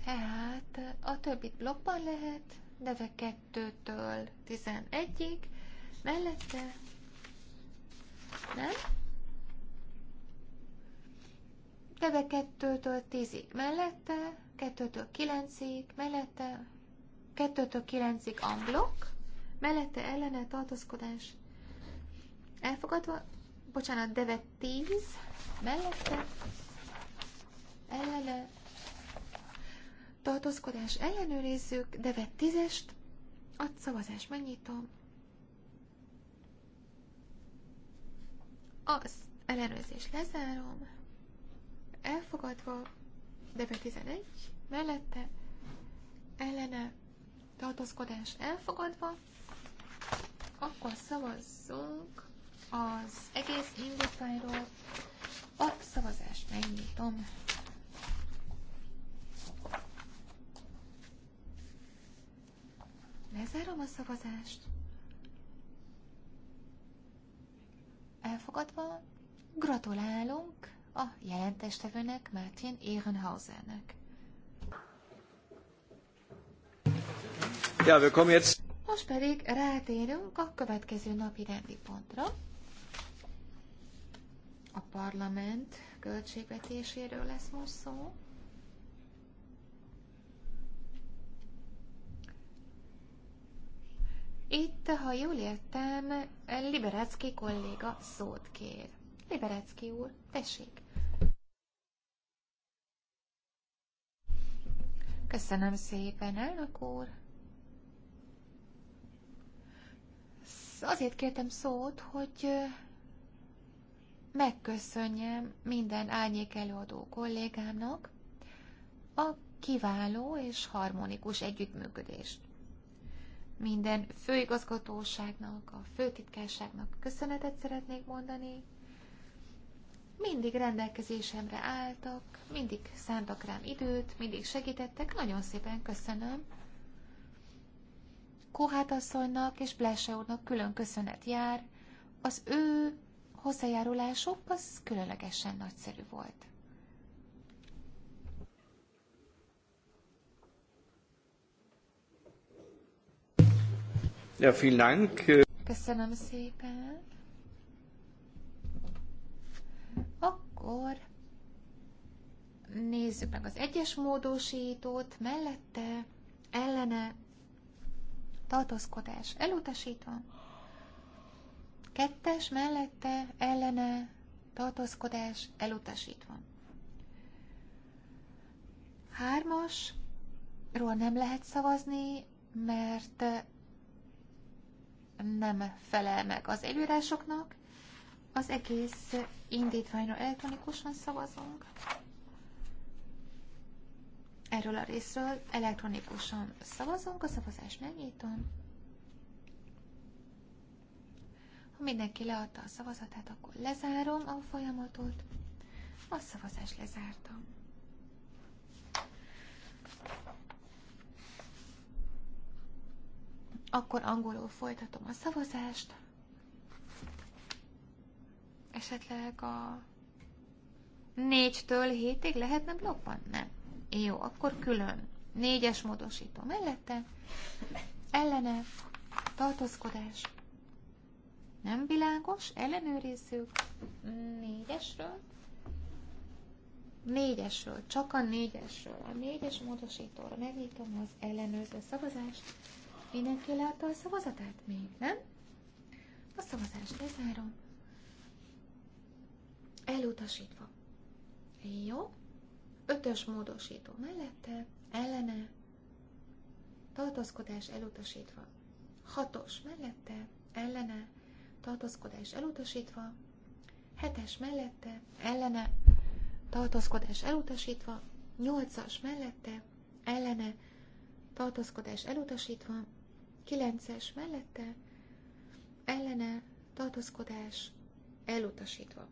Tehát a többit blokkban lehet, neve 2-től 11-ig, mellette nem? Teve 2-től 10-ig mellette, 2-től 9-ig mellette, 2-től 9-ig amblok, mellette ellene tartózkodás elfogadva, bocsánat, deve 10, mellette ellene tartózkodás ellenőrizzük, deve 10-est, a szavazást megnyitom, Az ellenőrzés lezárom. Elfogadva, deve 11, mellette, ellene, tartózkodás elfogadva, akkor szavazzunk az egész indítványról. A szavazást megnyitom. Lezárom a szavazást. elfogadva. Gratulálunk a jelentéstevőnek, Martin Ehrenhausernek. Ja, Most pedig rátérünk a következő napi rendi pontra. A parlament költségvetéséről lesz most szó. Itt, ha jól értem, Liberecki kolléga szót kér. Liberecki úr, tessék! Köszönöm szépen, elnök úr! Azért kértem szót, hogy megköszönjem minden árnyék előadó kollégámnak a kiváló és harmonikus együttműködést minden főigazgatóságnak, a főtitkárságnak köszönetet szeretnék mondani. Mindig rendelkezésemre álltak, mindig szántak rám időt, mindig segítettek, nagyon szépen köszönöm. Kohát asszonynak és Blese úrnak külön köszönet jár, az ő hozzájárulásuk az különlegesen nagyszerű volt. Ja, vielen Dank. Köszönöm szépen. Akkor nézzük meg az egyes módosítót, mellette, ellene, tartózkodás elutasítva, kettes mellette, ellene, tartózkodás elutasítva. Hármas, ról nem lehet szavazni, mert nem felel meg az előírásoknak, az egész indítványra elektronikusan szavazunk. Erről a részről elektronikusan szavazunk, a szavazást megnyitom. Ha mindenki leadta a szavazatát, akkor lezárom a folyamatot. A szavazást lezártam. Akkor angolul folytatom a szavazást. Esetleg a 4-től 7-ig lehetne blokkban? Nem. Jó, akkor külön. Négyes módosító mellette. Ellene. Tartózkodás. Nem világos. Ellenőrizzük. Négyesről. Négyesről. Csak a négyesről. A négyes módosítóra megnyitom az ellenőrző szavazást. Mindenki leadta a szavazatát még, nem? A szavazást lezárom. Elutasítva. Jó. Ötös módosító mellette, ellene, tartózkodás elutasítva. Hatos mellette, ellene, tartózkodás elutasítva. Hetes mellette, ellene, tartózkodás elutasítva. Nyolcas mellette, ellene, tartózkodás elutasítva. 9-es mellette ellene tartózkodás elutasítva.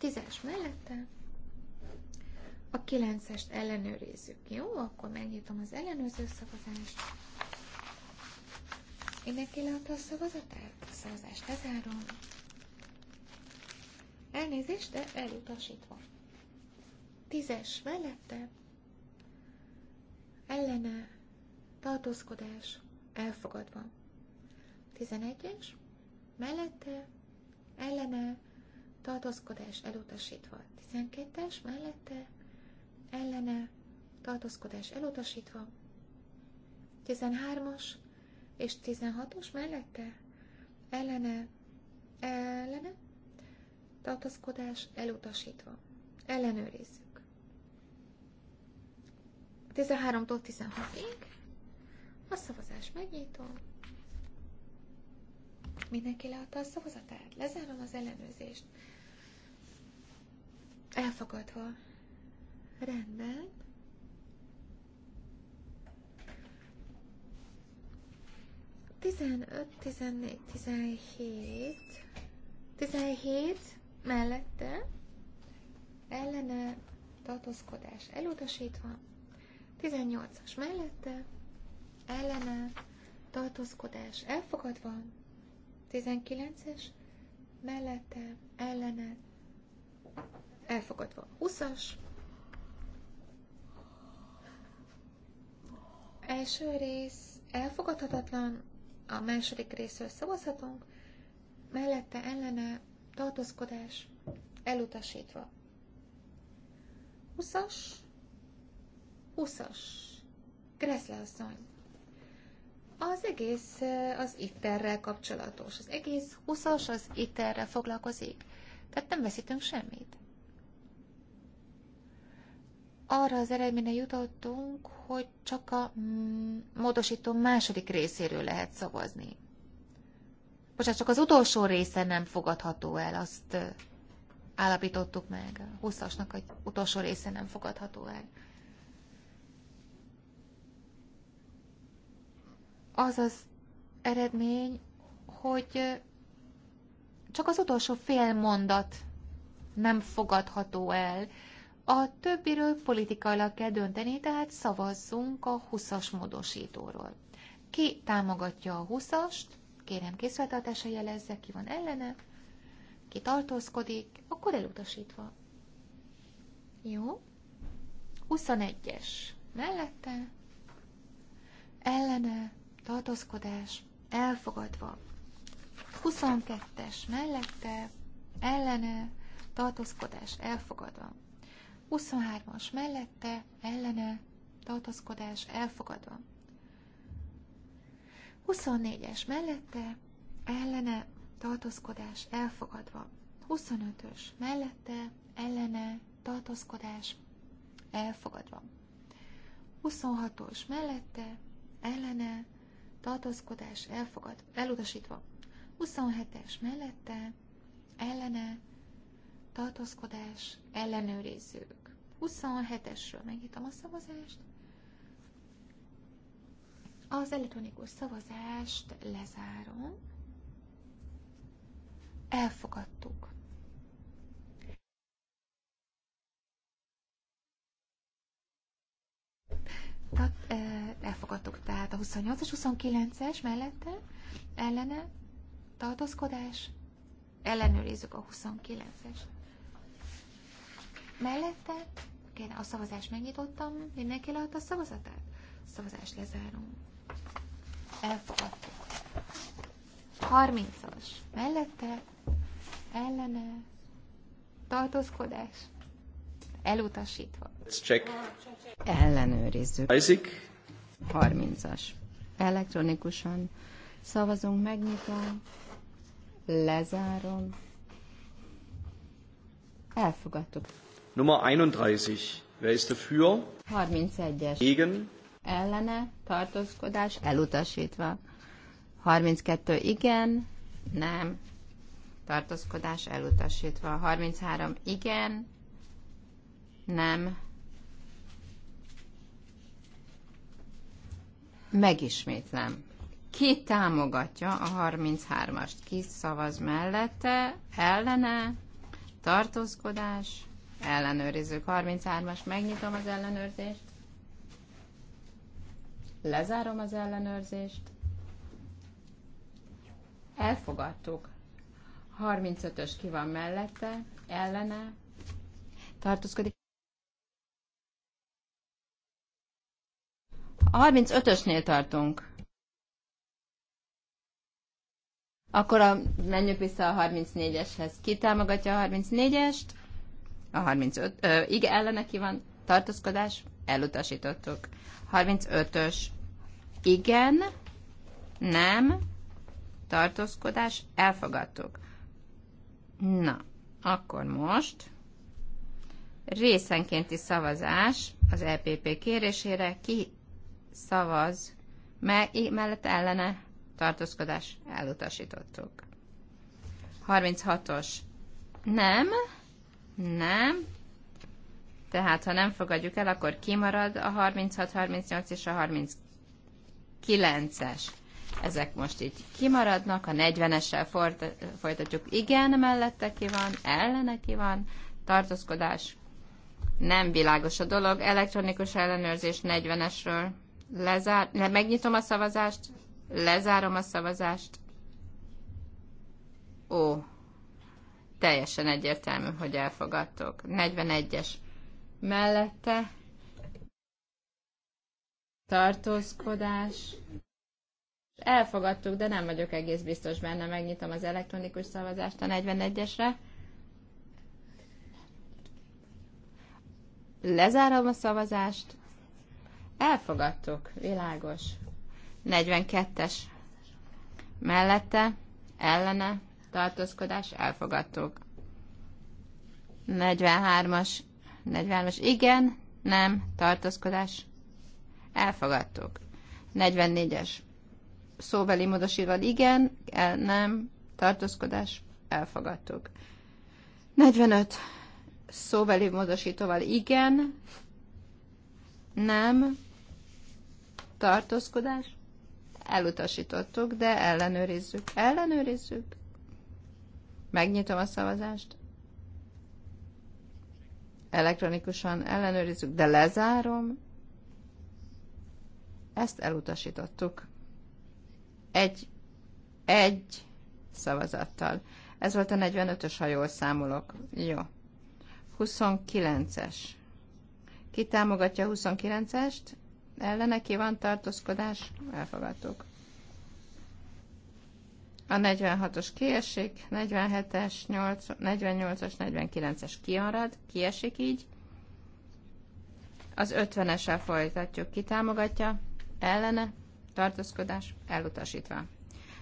10-es mellette a 9-est ellenőrizzük. Jó, akkor megnyitom az ellenőrző szavazást. Mindenki leadta a szavazatát? A szavazást lezárom. Elnézést, de elutasítva. Tízes mellette. Ellene. Tartózkodás elfogadva. 11-es, mellette, ellene, tartózkodás elutasítva. 12-es, mellette, ellene, tartózkodás elutasítva. 13-as és 16-os mellette, ellene, ellene, tartózkodás elutasítva. Ellenőrizzük. 13-tól 16-ig. A szavazás megnyitom. Mindenki leadta a szavazatát. Lezárom az ellenőrzést. Elfogadva. Rendben. Tizenöt, tizennégy, tizenhét. Tizenhét mellette ellene tartózkodás elutasítva. 18-as mellette ellene, tartózkodás elfogadva, 19-es, mellette, ellene, elfogadva, 20-as, első rész elfogadhatatlan, a második részről szavazhatunk, mellette, ellene, tartózkodás elutasítva. 20-as, 20-as, Greszle asszony, az egész az iterrel kapcsolatos. Az egész huszas az iterrel foglalkozik. Tehát nem veszítünk semmit. Arra az eredményre jutottunk, hogy csak a mm, módosító második részéről lehet szavazni. Bocsánat, csak az utolsó része nem fogadható el, azt állapítottuk meg. A 20-asnak az utolsó része nem fogadható el. az az eredmény, hogy csak az utolsó fél mondat nem fogadható el. A többiről politikailag kell dönteni, tehát szavazzunk a 20-as módosítóról. Ki támogatja a 20-ast? Kérem készfeltartása jelezze, ki van ellene, ki tartózkodik, akkor elutasítva. Jó. 21-es mellette, ellene, tartózkodás elfogadva. 22-es mellette, ellene, tartózkodás elfogadva. 23-as mellette, ellene, tartózkodás elfogadva. 24-es mellette, ellene, tartózkodás elfogadva. 25-ös mellette, ellene, tartózkodás elfogadva. 26-os mellette, ellene, tartózkodás elfogad, elutasítva. 27-es mellette, ellene, tartózkodás, ellenőrizzük. 27-esről megnyitom a szavazást. Az elektronikus szavazást lezárom. Elfogadtuk. tehát elfogadtuk. Tehát a 28-as, 29-es mellette ellene tartózkodás, ellenőrizzük a 29-es. Mellette kéne a szavazást megnyitottam, mindenki lehet a szavazatát? A szavazást lezárom. Elfogadtuk. 30-as mellette ellene tartózkodás Elutasítva. Let's check. Ellenőrizzük. Isaac. 30-as. Elektronikusan szavazunk, megnyitom, lezárom. Elfogadtuk. Nummer 31. Wer ist dafür? 31-es. Gegen? Ellene, tartózkodás, elutasítva. 32 igen, nem, tartózkodás elutasítva. 33 igen, nem megismétlem. Ki támogatja a 33-ast? Ki szavaz mellette? Ellene? Tartózkodás? Ellenőrizzük. 33-as, megnyitom az ellenőrzést. Lezárom az ellenőrzést. Elfogadtuk. 35-ös ki van mellette, ellene. Tartózkodik. A 35-ösnél tartunk. Akkor a, menjük vissza a 34-eshez. Ki támogatja a 34-est? A 35. Ö, igen, ellene ki van tartózkodás? Elutasítottuk. 35-ös. Igen. Nem. Tartózkodás. Elfogadtuk. Na, akkor most részenkénti szavazás az EPP kérésére. Ki szavaz, mely mellett ellene tartózkodás elutasítottuk. 36-os. Nem, nem. Tehát, ha nem fogadjuk el, akkor kimarad a 36, 38 és a 39-es. Ezek most így kimaradnak, a 40-essel folytatjuk. Igen, mellette ki van, ellene ki van, tartózkodás. Nem világos a dolog, elektronikus ellenőrzés 40-esről. Lezár, le, megnyitom a szavazást, lezárom a szavazást. Ó, teljesen egyértelmű, hogy elfogadtok. 41-es mellette tartózkodás. Elfogadtuk, de nem vagyok egész biztos benne. Megnyitom az elektronikus szavazást a 41-esre. Lezárom a szavazást. Elfogadtuk, világos. 42-es mellette, ellene, tartózkodás, elfogadtuk. 43-as, 43-as, igen, nem, tartózkodás, elfogadtuk. 44-es, szóbeli módosítva, igen, el, nem, tartózkodás, elfogadtuk. 45, szóbeli módosítóval igen, nem, tartózkodás, elutasítottuk, de ellenőrizzük, ellenőrizzük. Megnyitom a szavazást. Elektronikusan ellenőrizzük, de lezárom. Ezt elutasítottuk. Egy, egy szavazattal. Ez volt a 45-ös, ha jól számolok. Jó. 29-es. Ki támogatja a 29-est? ellene ki van tartózkodás, elfogadtuk. A 46-os kiesik, 47-es, 48-as, 49-es kiarad, kiesik így. Az 50-essel folytatjuk, ki támogatja, ellene, tartózkodás, elutasítva.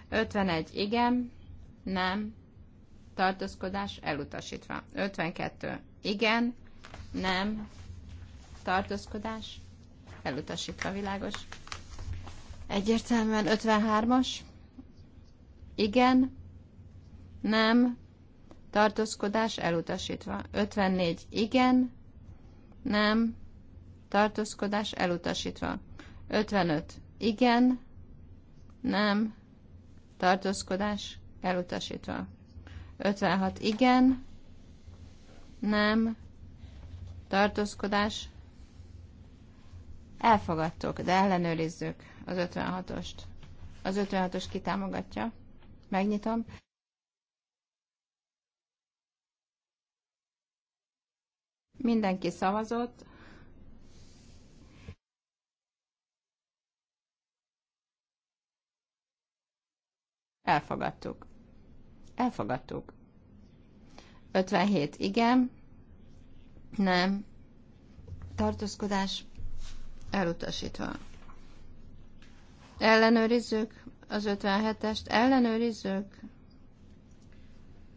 51 igen, nem, tartózkodás, elutasítva. 52 igen, nem, tartózkodás, elutasítva világos. Egyértelműen 53-as. Igen, nem, tartózkodás elutasítva. 54. Igen, nem, tartózkodás elutasítva. 55. Igen, nem, tartózkodás elutasítva. 56. Igen, nem, tartózkodás Elfogadtuk, de ellenőrizzük az 56-ost. Az 56-os kitámogatja. Megnyitom. Mindenki szavazott. Elfogadtuk. Elfogadtuk. 57 igen, nem, tartózkodás, elutasítva. Ellenőrizzük az 57-est, ellenőrizzük.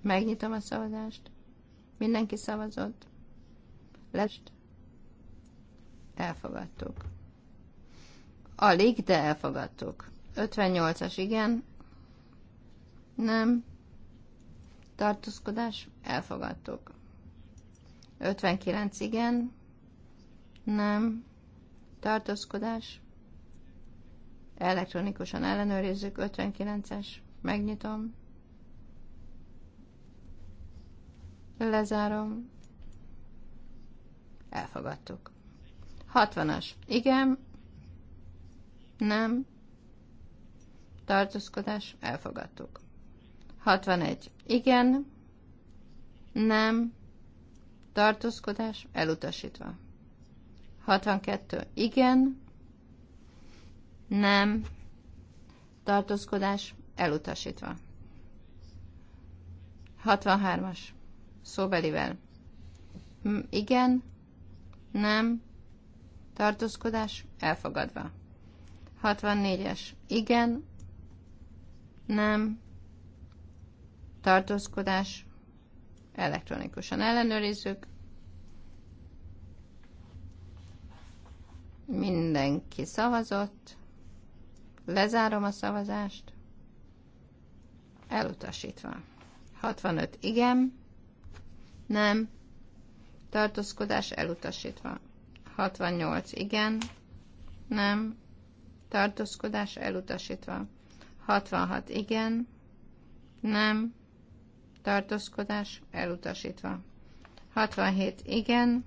Megnyitom a szavazást. Mindenki szavazott. Lest. Elfogadtuk. Alig, de elfogadtuk. 58-as igen. Nem. Tartózkodás. Elfogadtuk. 59 igen. Nem tartózkodás, elektronikusan ellenőrizzük, 59-es, megnyitom, lezárom, elfogadtuk. 60-as, igen, nem, tartózkodás, elfogadtuk. 61, igen, nem, tartózkodás, elutasítva. 62. Igen. Nem. Tartózkodás elutasítva. 63-as. Szóbelivel. Igen. Nem. Tartózkodás elfogadva. 64-es. Igen. Nem. Tartózkodás elektronikusan ellenőrizzük. Mindenki szavazott. Lezárom a szavazást. Elutasítva. 65 igen, nem, tartózkodás elutasítva. 68 igen, nem, tartózkodás elutasítva. 66 igen, nem, tartózkodás elutasítva. 67 igen,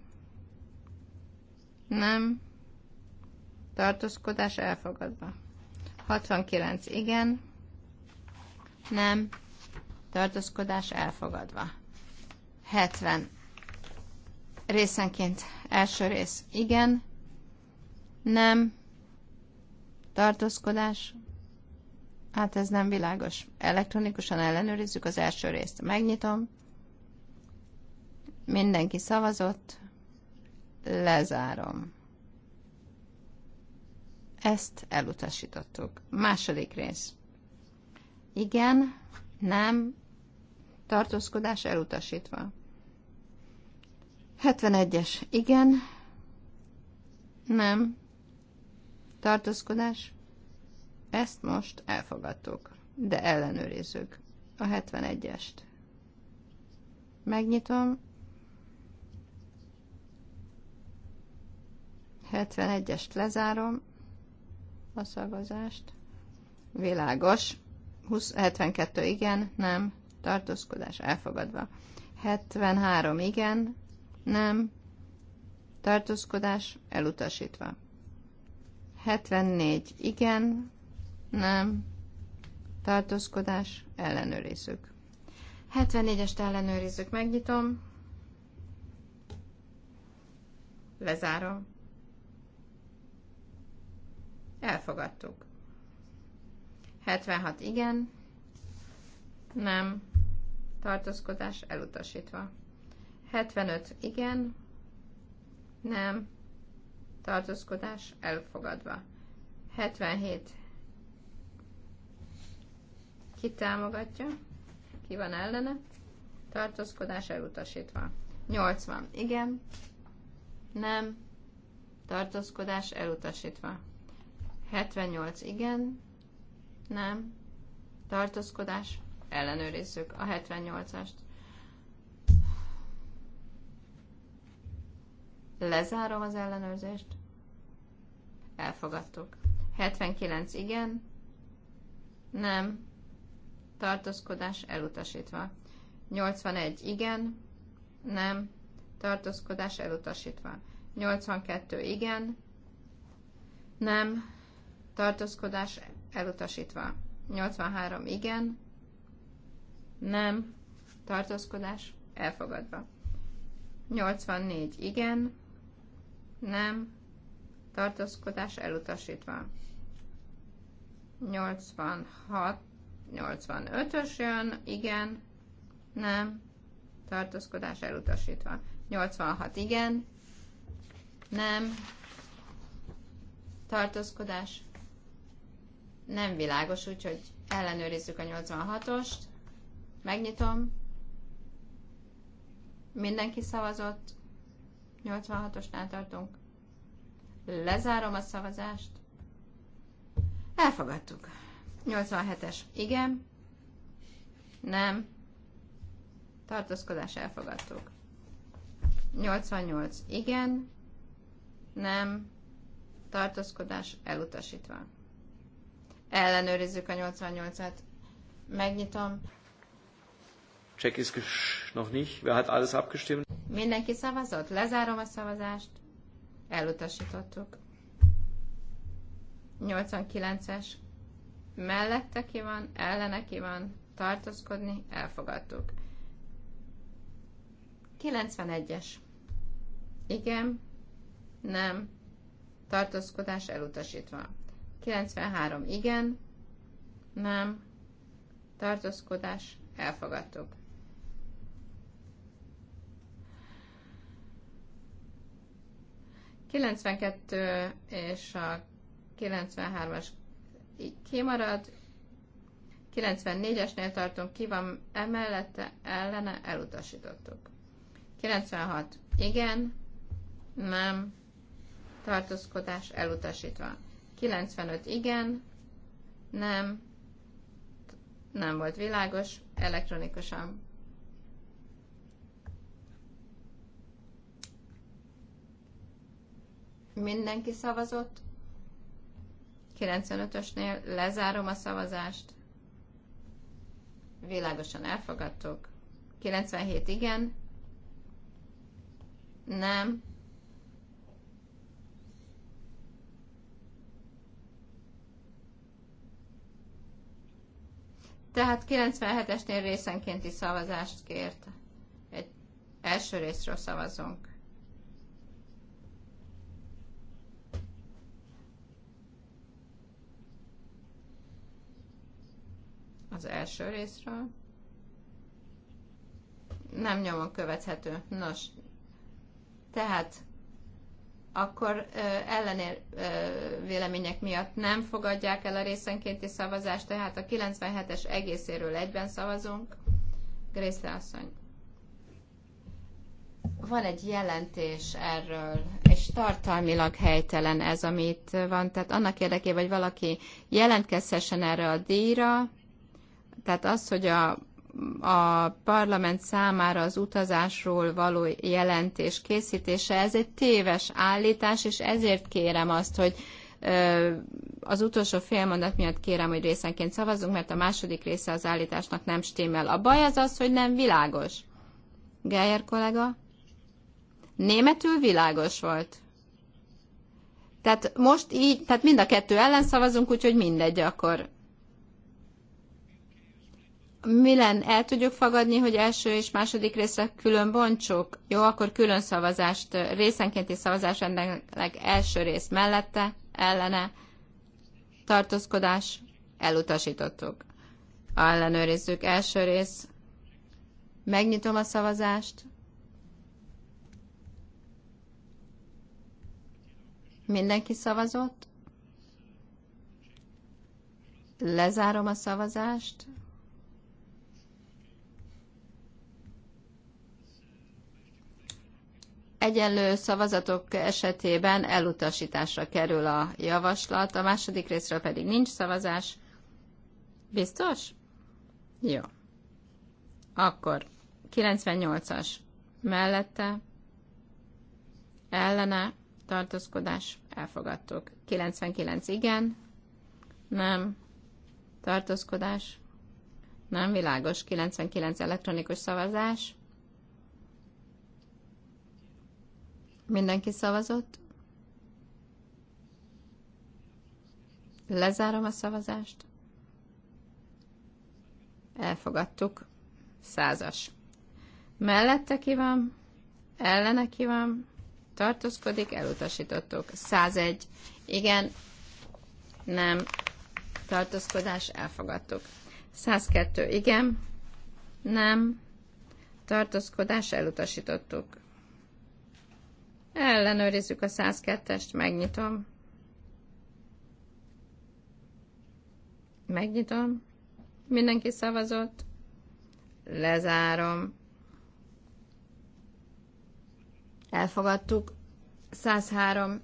nem, tartózkodás elfogadva. 69 igen, nem, tartózkodás elfogadva. 70 részenként első rész igen, nem, tartózkodás, hát ez nem világos. Elektronikusan ellenőrizzük az első részt. Megnyitom, mindenki szavazott, lezárom. Ezt elutasítottuk. Második rész. Igen, nem, tartózkodás elutasítva. 71-es. Igen, nem, tartózkodás. Ezt most elfogadtuk, de ellenőrizzük a 71-est. Megnyitom. 71-est lezárom a szavazást. Világos. 20, 72 igen, nem, tartózkodás elfogadva. 73 igen, nem, tartózkodás elutasítva. 74 igen, nem, tartózkodás ellenőrizzük. 74-est ellenőrizzük, megnyitom, lezárom. Elfogadtuk. 76 igen, nem, tartózkodás elutasítva. 75 igen, nem, tartózkodás elfogadva. 77 ki támogatja, ki van ellene, tartózkodás elutasítva. 80 igen, nem, tartózkodás elutasítva. 78 igen, nem, tartózkodás, ellenőrizzük a 78-ast. Lezárom az ellenőrzést. Elfogadtuk. 79 igen, nem, tartózkodás elutasítva. 81 igen, nem, tartózkodás elutasítva. 82 igen, nem, tartózkodás elutasítva. 83 igen, nem, tartózkodás elfogadva. 84 igen, nem, tartózkodás elutasítva. 86, 85-ös jön, igen, nem, tartózkodás elutasítva. 86 igen, nem, tartózkodás nem világos, úgyhogy ellenőrizzük a 86-ost. Megnyitom. Mindenki szavazott. 86-osnál tartunk. Lezárom a szavazást. Elfogadtuk. 87-es. Igen. Nem. Tartózkodás elfogadtuk. 88. Igen. Nem. Tartózkodás elutasítva. Ellenőrizzük a 88-at. Megnyitom. Check ist noch nicht. Wer hat alles abgestimmt? Mindenki szavazott? Lezárom a szavazást. Elutasítottuk. 89-es. Mellette ki van, ellene ki van, tartózkodni, elfogadtuk. 91-es. Igen, nem, tartózkodás elutasítva. 93 igen, nem, tartózkodás, elfogadtuk. Kilencvenkettő és a 93-as kimarad, 94-esnél tartunk, ki van emellette, ellene, elutasítottuk. 96. Igen, nem, tartózkodás elutasítva. 95 igen, nem, nem volt világos, elektronikusan. Mindenki szavazott. 95-ösnél lezárom a szavazást. Világosan elfogadtuk. 97 igen, nem, Tehát 97-esnél részenkénti szavazást kért. Egy első részről szavazunk. Az első részről. Nem nyomon követhető. Nos, tehát akkor ellenér vélemények miatt nem fogadják el a részenkénti szavazást, tehát a 97-es egészéről egyben szavazunk. Grészle asszony. Van egy jelentés erről, és tartalmilag helytelen ez, amit van. Tehát annak érdekében, hogy valaki jelentkezhessen erre a díjra, tehát az, hogy a a parlament számára az utazásról való jelentés készítése, ez egy téves állítás, és ezért kérem azt, hogy az utolsó félmondat miatt kérem, hogy részenként szavazzunk, mert a második része az állításnak nem stimmel. A baj az az, hogy nem világos. Geyer kollega? Németül világos volt. Tehát most így, tehát mind a kettő ellen szavazunk, úgyhogy mindegy akkor. Milyen el tudjuk fogadni, hogy első és második részre külön bontsuk? Jó, akkor külön szavazást, részenkénti szavazás ennek első rész mellette, ellene, tartózkodás, elutasítottuk. Ellenőrizzük első rész. Megnyitom a szavazást. Mindenki szavazott? Lezárom a szavazást. egyenlő szavazatok esetében elutasításra kerül a javaslat, a második részről pedig nincs szavazás. Biztos? Jó. Akkor 98-as mellette ellene tartózkodás elfogadtuk. 99 igen, nem, tartózkodás, nem világos, 99 elektronikus szavazás, Mindenki szavazott? Lezárom a szavazást. Elfogadtuk. Százas. Mellette ki van? Ellene ki van? Tartózkodik? Elutasítottuk. 101. Igen. Nem. Tartózkodás? Elfogadtuk. 102. Igen. Nem. Tartózkodás? Elutasítottuk. Ellenőrizzük a 102-est, megnyitom. Megnyitom. Mindenki szavazott. Lezárom. Elfogadtuk. 103.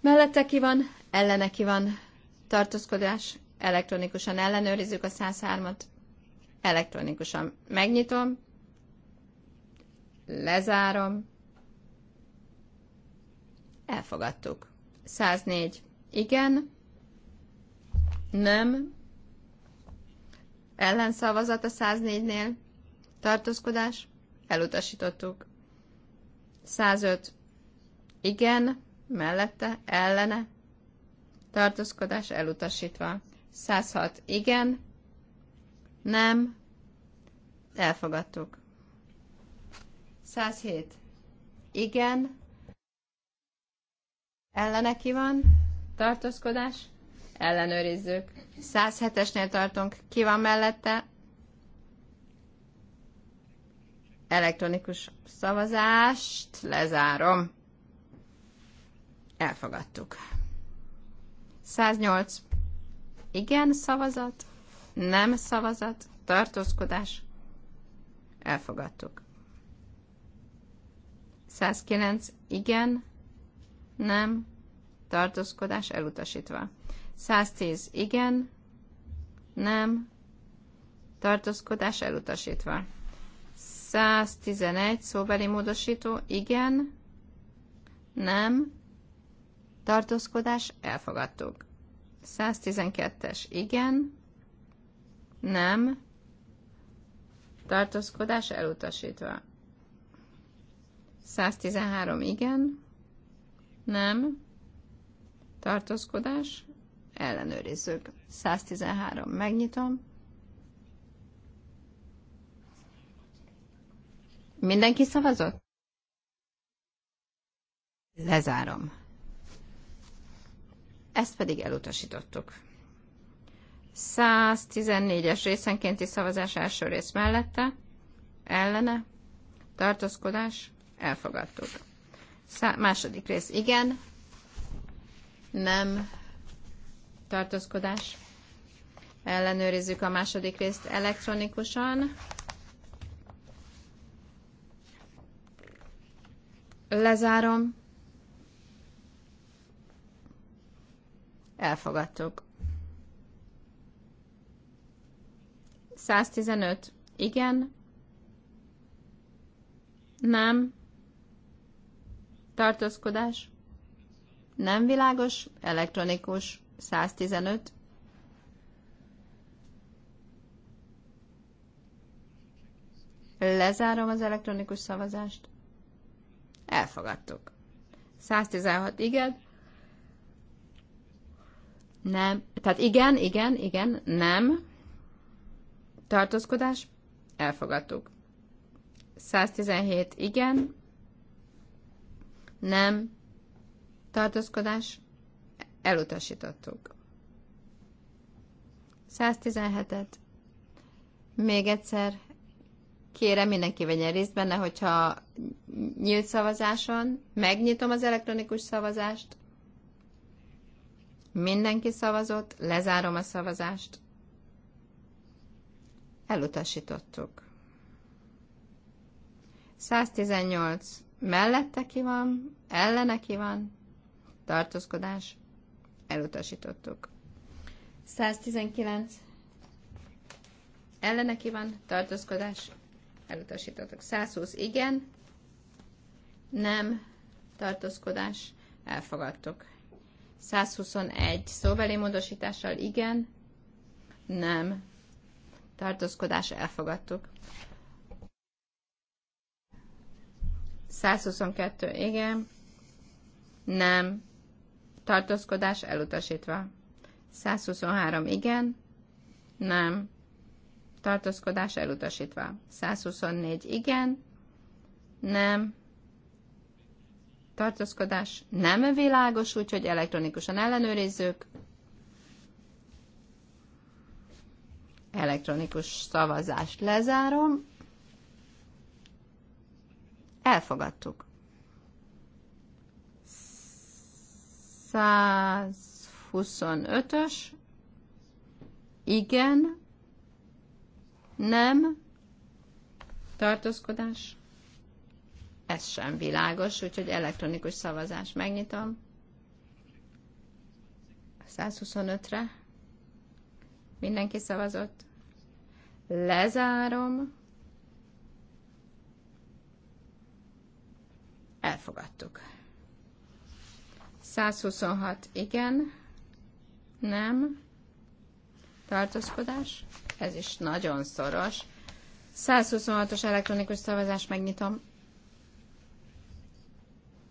Mellette ki van, ellene ki van. Tartózkodás. Elektronikusan ellenőrizzük a 103-at. Elektronikusan megnyitom. Lezárom. Elfogadtuk. 104. Igen. Nem. Ellenszavazat a 104-nél. Tartózkodás. Elutasítottuk. 105. Igen. Mellette. Ellene. Tartózkodás elutasítva. 106. Igen. Nem. Elfogadtuk. 107. Igen ellene ki van, tartózkodás, ellenőrizzük. 107-esnél tartunk, ki van mellette, elektronikus szavazást lezárom. Elfogadtuk. 108. Igen szavazat, nem szavazat, tartózkodás. Elfogadtuk. 109. Igen, nem, tartózkodás elutasítva. 110 igen, nem, tartózkodás elutasítva. 111 szóbeli módosító, igen, nem, tartózkodás elfogadtuk. 112-es, igen, nem, tartózkodás elutasítva. 113, igen, nem. Tartózkodás. Ellenőrizzük. 113. Megnyitom. Mindenki szavazott? Lezárom. Ezt pedig elutasítottuk. 114-es részenkénti szavazás első rész mellette, ellene, tartózkodás, elfogadtuk második rész. Igen. Nem. Tartózkodás. Ellenőrizzük a második részt elektronikusan. Lezárom. Elfogadtuk. 115. Igen. Nem tartózkodás, nem világos, elektronikus, 115, Lezárom az elektronikus szavazást. Elfogadtuk. 116 igen. Nem. Tehát igen, igen, igen, nem. Tartózkodás. Elfogadtuk. 117 igen nem, tartózkodás, elutasítottuk. 117-et, még egyszer kérem mindenki vegyen részt benne, hogyha nyílt szavazáson, megnyitom az elektronikus szavazást, mindenki szavazott, lezárom a szavazást, elutasítottuk. 118 mellette ki van, ellene ki van, tartózkodás, elutasítottuk. 119 ellene ki van, tartózkodás, elutasítottuk. 120 igen, nem, tartózkodás, elfogadtuk. 121 szóbeli módosítással igen, nem, tartózkodás, elfogadtuk. 122, igen. Nem. Tartózkodás elutasítva. 123, igen. Nem. Tartózkodás elutasítva. 124, igen. Nem. Tartózkodás nem világos, úgyhogy elektronikusan ellenőrizzük. Elektronikus szavazást lezárom. Elfogadtuk. 125 huszonötös, Igen. Nem. Tartózkodás. Ez sem világos, úgyhogy elektronikus szavazás. Megnyitom. 125-re. Mindenki szavazott. Lezárom. Elfogadtuk. 126 igen, nem, tartózkodás, ez is nagyon szoros. 126-os elektronikus szavazás, megnyitom.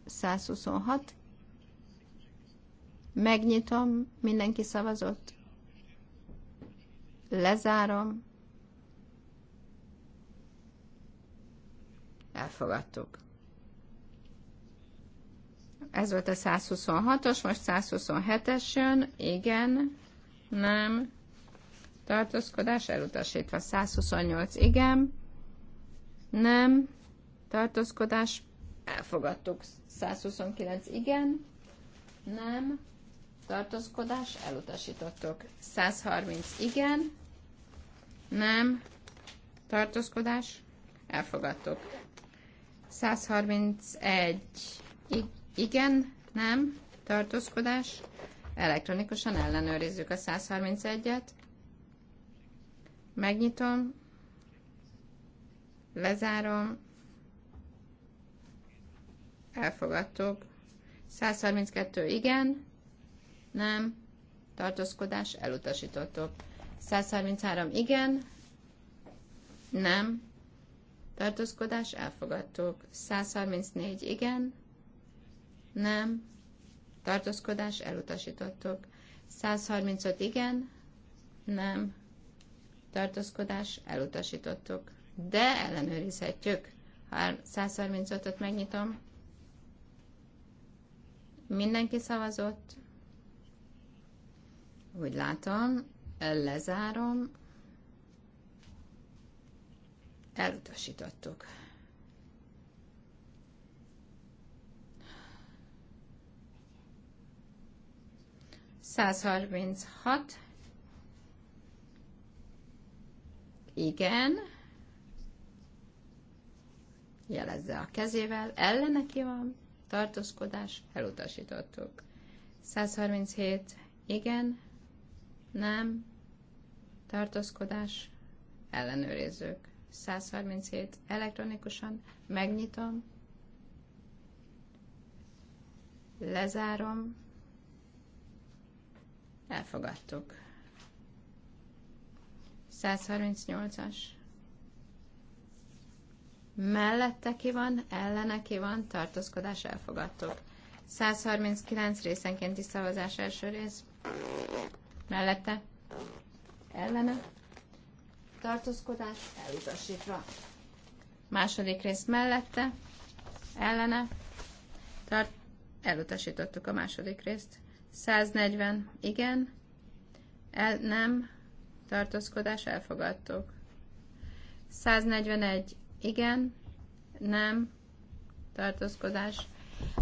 126. Megnyitom, mindenki szavazott. Lezárom. Elfogadtuk. Ez volt a 126-os, most 127-es jön, igen, nem, tartózkodás elutasítva, 128, igen, nem, tartózkodás, elfogadtuk, 129, igen, nem, tartózkodás, elutasítottuk, 130, igen, nem, tartózkodás, elfogadtuk, 131, igen, igen, nem, tartózkodás. Elektronikusan ellenőrizzük a 131-et. Megnyitom, lezárom, elfogadtuk. 132 igen, nem, tartózkodás, elutasítottuk. 133 igen, nem, tartózkodás, elfogadtuk. 134 igen, nem, tartózkodás, elutasítottuk. 135 igen, nem, tartózkodás, elutasítottuk. De ellenőrizhetjük. Ha 135-öt megnyitom, mindenki szavazott. Úgy látom, lezárom, elutasítottuk. 136. Igen. Jelezze a kezével. Ellene ki van. Tartózkodás. Elutasítottuk. 137. Igen. Nem. Tartózkodás. Ellenőrizzük. 137. Elektronikusan megnyitom. Lezárom. Elfogadtuk. 138-as. Mellette ki van, ellene ki van, tartózkodás elfogadtuk. 139 részenkénti szavazás első rész. Mellette. Ellene. Tartózkodás elutasítva. Második rész mellette. Ellene. Tart elutasítottuk a második részt. 140. Igen. El, nem. Tartózkodás elfogadtok. 141. Igen. Nem. Tartózkodás.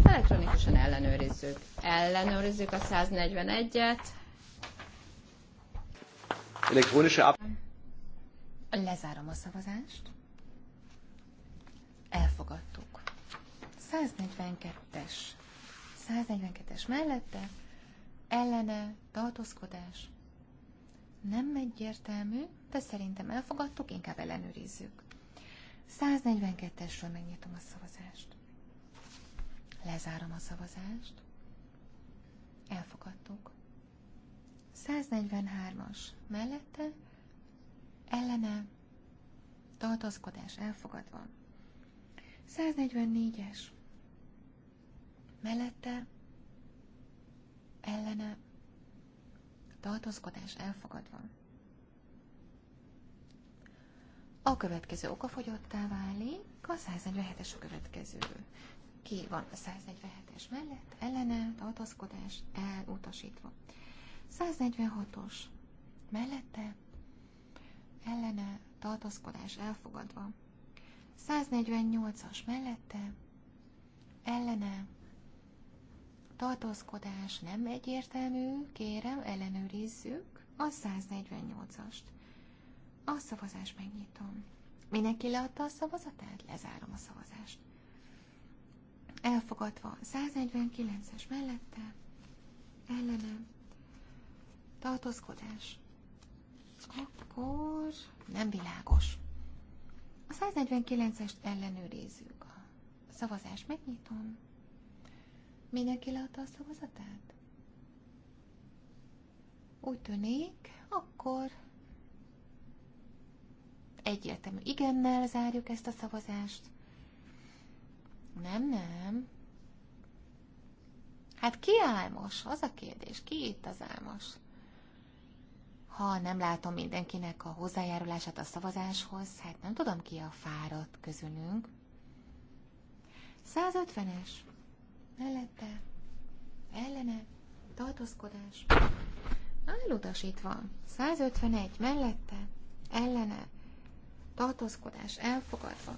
Elektronikusan ellenőrizzük. Ellenőrizzük a 141-et. Elektronische Ab Lezárom a szavazást. Elfogadtuk. 142-es. 142-es mellette ellene tartózkodás nem egyértelmű, de szerintem elfogadtuk, inkább ellenőrizzük. 142-esről megnyitom a szavazást. Lezárom a szavazást. Elfogadtuk. 143-as mellette ellene tartózkodás elfogadva. 144-es mellette ellene tartózkodás elfogadva. A következő okafogyottá válik, a 147-es a következő. Ki van a 147-es mellett, ellene, tartózkodás, elutasítva. 146-os mellette, ellene, tartózkodás, elfogadva. 148-as mellette, ellene, tartózkodás nem egyértelmű, kérem, ellenőrizzük a 148-ast. A szavazást megnyitom. Mindenki leadta a szavazatát? Lezárom a szavazást. Elfogadva 149-es mellette, ellenem, tartózkodás. Akkor nem világos. A 149-est ellenőrizzük. A szavazást megnyitom. Mindenki leadta a szavazatát? Úgy tűnik, akkor egyértelmű igennel zárjuk ezt a szavazást. Nem, nem. Hát ki álmos? Az a kérdés. Ki itt az álmos? Ha nem látom mindenkinek a hozzájárulását a szavazáshoz, hát nem tudom ki a fáradt közülünk. 150-es mellette, ellene, tartózkodás, elutasítva, 151 mellette, ellene, tartózkodás, elfogadva,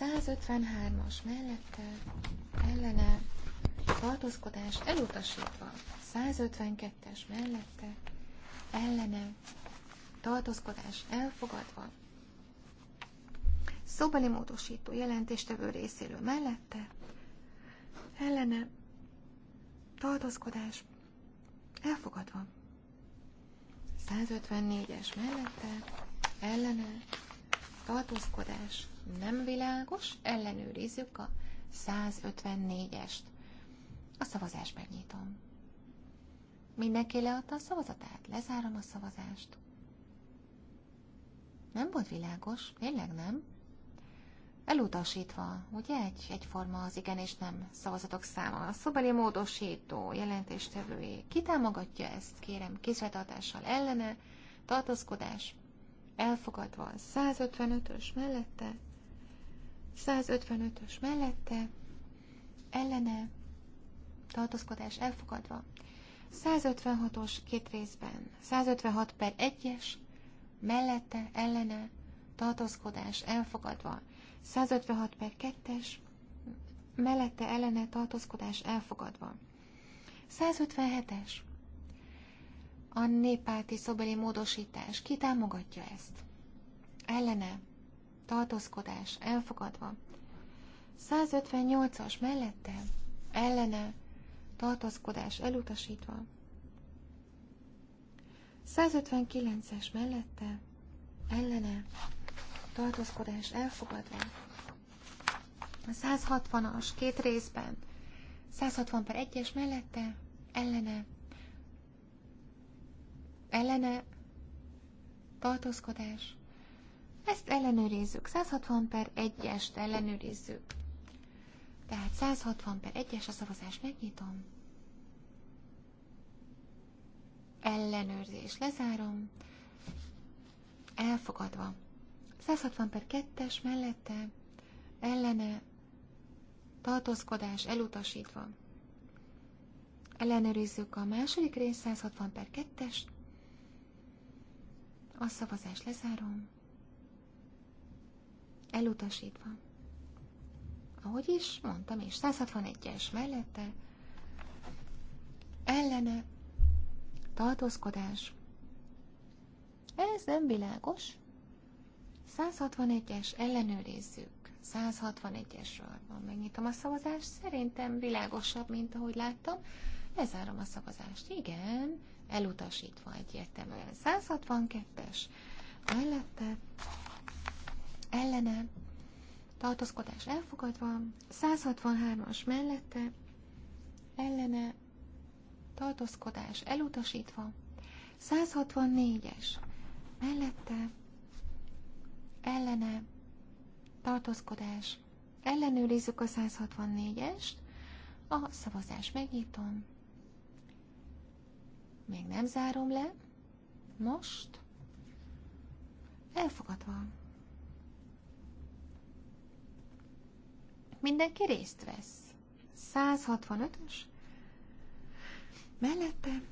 153-as mellette, ellene, tartózkodás, elutasítva, 152-es mellette, ellene, tartózkodás, elfogadva, szóbeli módosító jelentéstevő részéről mellette, ellene, tartózkodás, elfogadva. 154-es mellette, ellene, tartózkodás, nem világos, ellenőrizzük a 154-est. A szavazást megnyitom. Mindenki leadta a szavazatát, lezárom a szavazást. Nem volt világos, tényleg nem elutasítva, ugye? Egy, egyforma az igen és nem szavazatok száma. A szobeli módosító jelentéstevői. Ki támogatja ezt, kérem, készfeltartással ellene, tartózkodás, elfogadva 155-ös mellette, 155-ös mellette, ellene, tartózkodás elfogadva, 156-os két részben, 156 per 1-es, mellette, ellene, tartózkodás elfogadva, 156 per 2-es, mellette ellene tartózkodás elfogadva. 157-es. A néppárti szobeli módosítás. Ki támogatja ezt? Ellene. Tartózkodás elfogadva. 158-as mellette. Ellene. Tartózkodás elutasítva. 159-es mellette. Ellene tartózkodás elfogadva. A 160-as két részben, 160 per 1-es mellette, ellene, ellene, tartózkodás. Ezt ellenőrizzük. 160 per 1-est ellenőrizzük. Tehát 160 per 1-es a szavazást megnyitom. Ellenőrzés lezárom. Elfogadva. 160 per 2-es mellette ellene tartózkodás elutasítva. Ellenőrizzük a második rész 160 per 2 es A szavazás lezárom. Elutasítva. Ahogy is mondtam, és 161-es mellette ellene tartózkodás. Ez nem világos. 161-es, ellenőrizzük. 161-esről van. Megnyitom a szavazást. Szerintem világosabb, mint ahogy láttam. Lezárom a szavazást. Igen, elutasítva egyértelműen. 162-es. Mellette ellene tartózkodás elfogadva. 163-as mellette ellene tartózkodás elutasítva. 164-es mellette ellene, tartózkodás, ellenőrizzük a 164-est, a szavazás megnyitom, még nem zárom le, most, elfogadva. Mindenki részt vesz. 165-ös, mellette,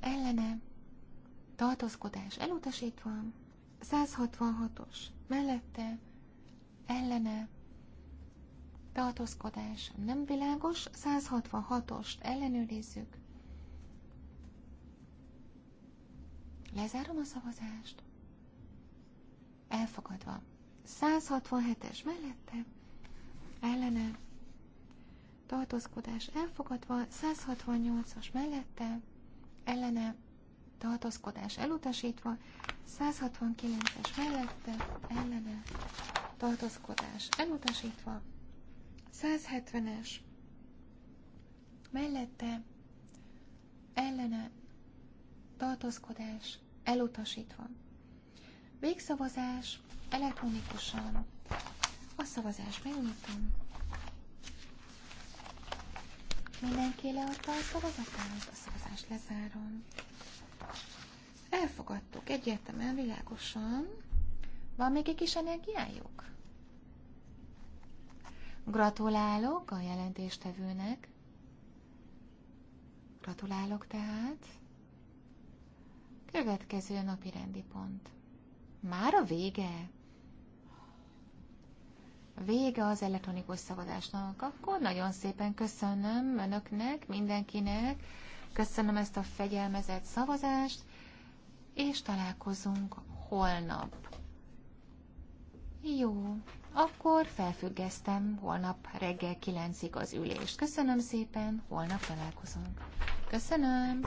ellene, tartózkodás elutasítva, 166-os mellette ellene tartózkodás nem világos, 166-ost ellenőrizzük. Lezárom a szavazást. Elfogadva. 167-es mellette ellene tartózkodás elfogadva, 168-as mellette ellene tartózkodás elutasítva, 169-es mellette ellene tartózkodás elutasítva. 170-es mellette ellene tartózkodás elutasítva. Végszavazás elektronikusan. A szavazás megnyitom. Mindenki leadta a szavazatát, a szavazást lezárom. Elfogadtuk egyértelműen, világosan. Van még egy kis energiájuk? Gratulálok a jelentéstevőnek. Gratulálok tehát. Következő napi rendi pont. Már a vége? Vége az elektronikus szavazásnak. Akkor nagyon szépen köszönöm önöknek, mindenkinek. Köszönöm ezt a fegyelmezett szavazást és találkozunk holnap. Jó, akkor felfüggesztem holnap reggel 9-ig az ülést. Köszönöm szépen, holnap találkozunk. Köszönöm!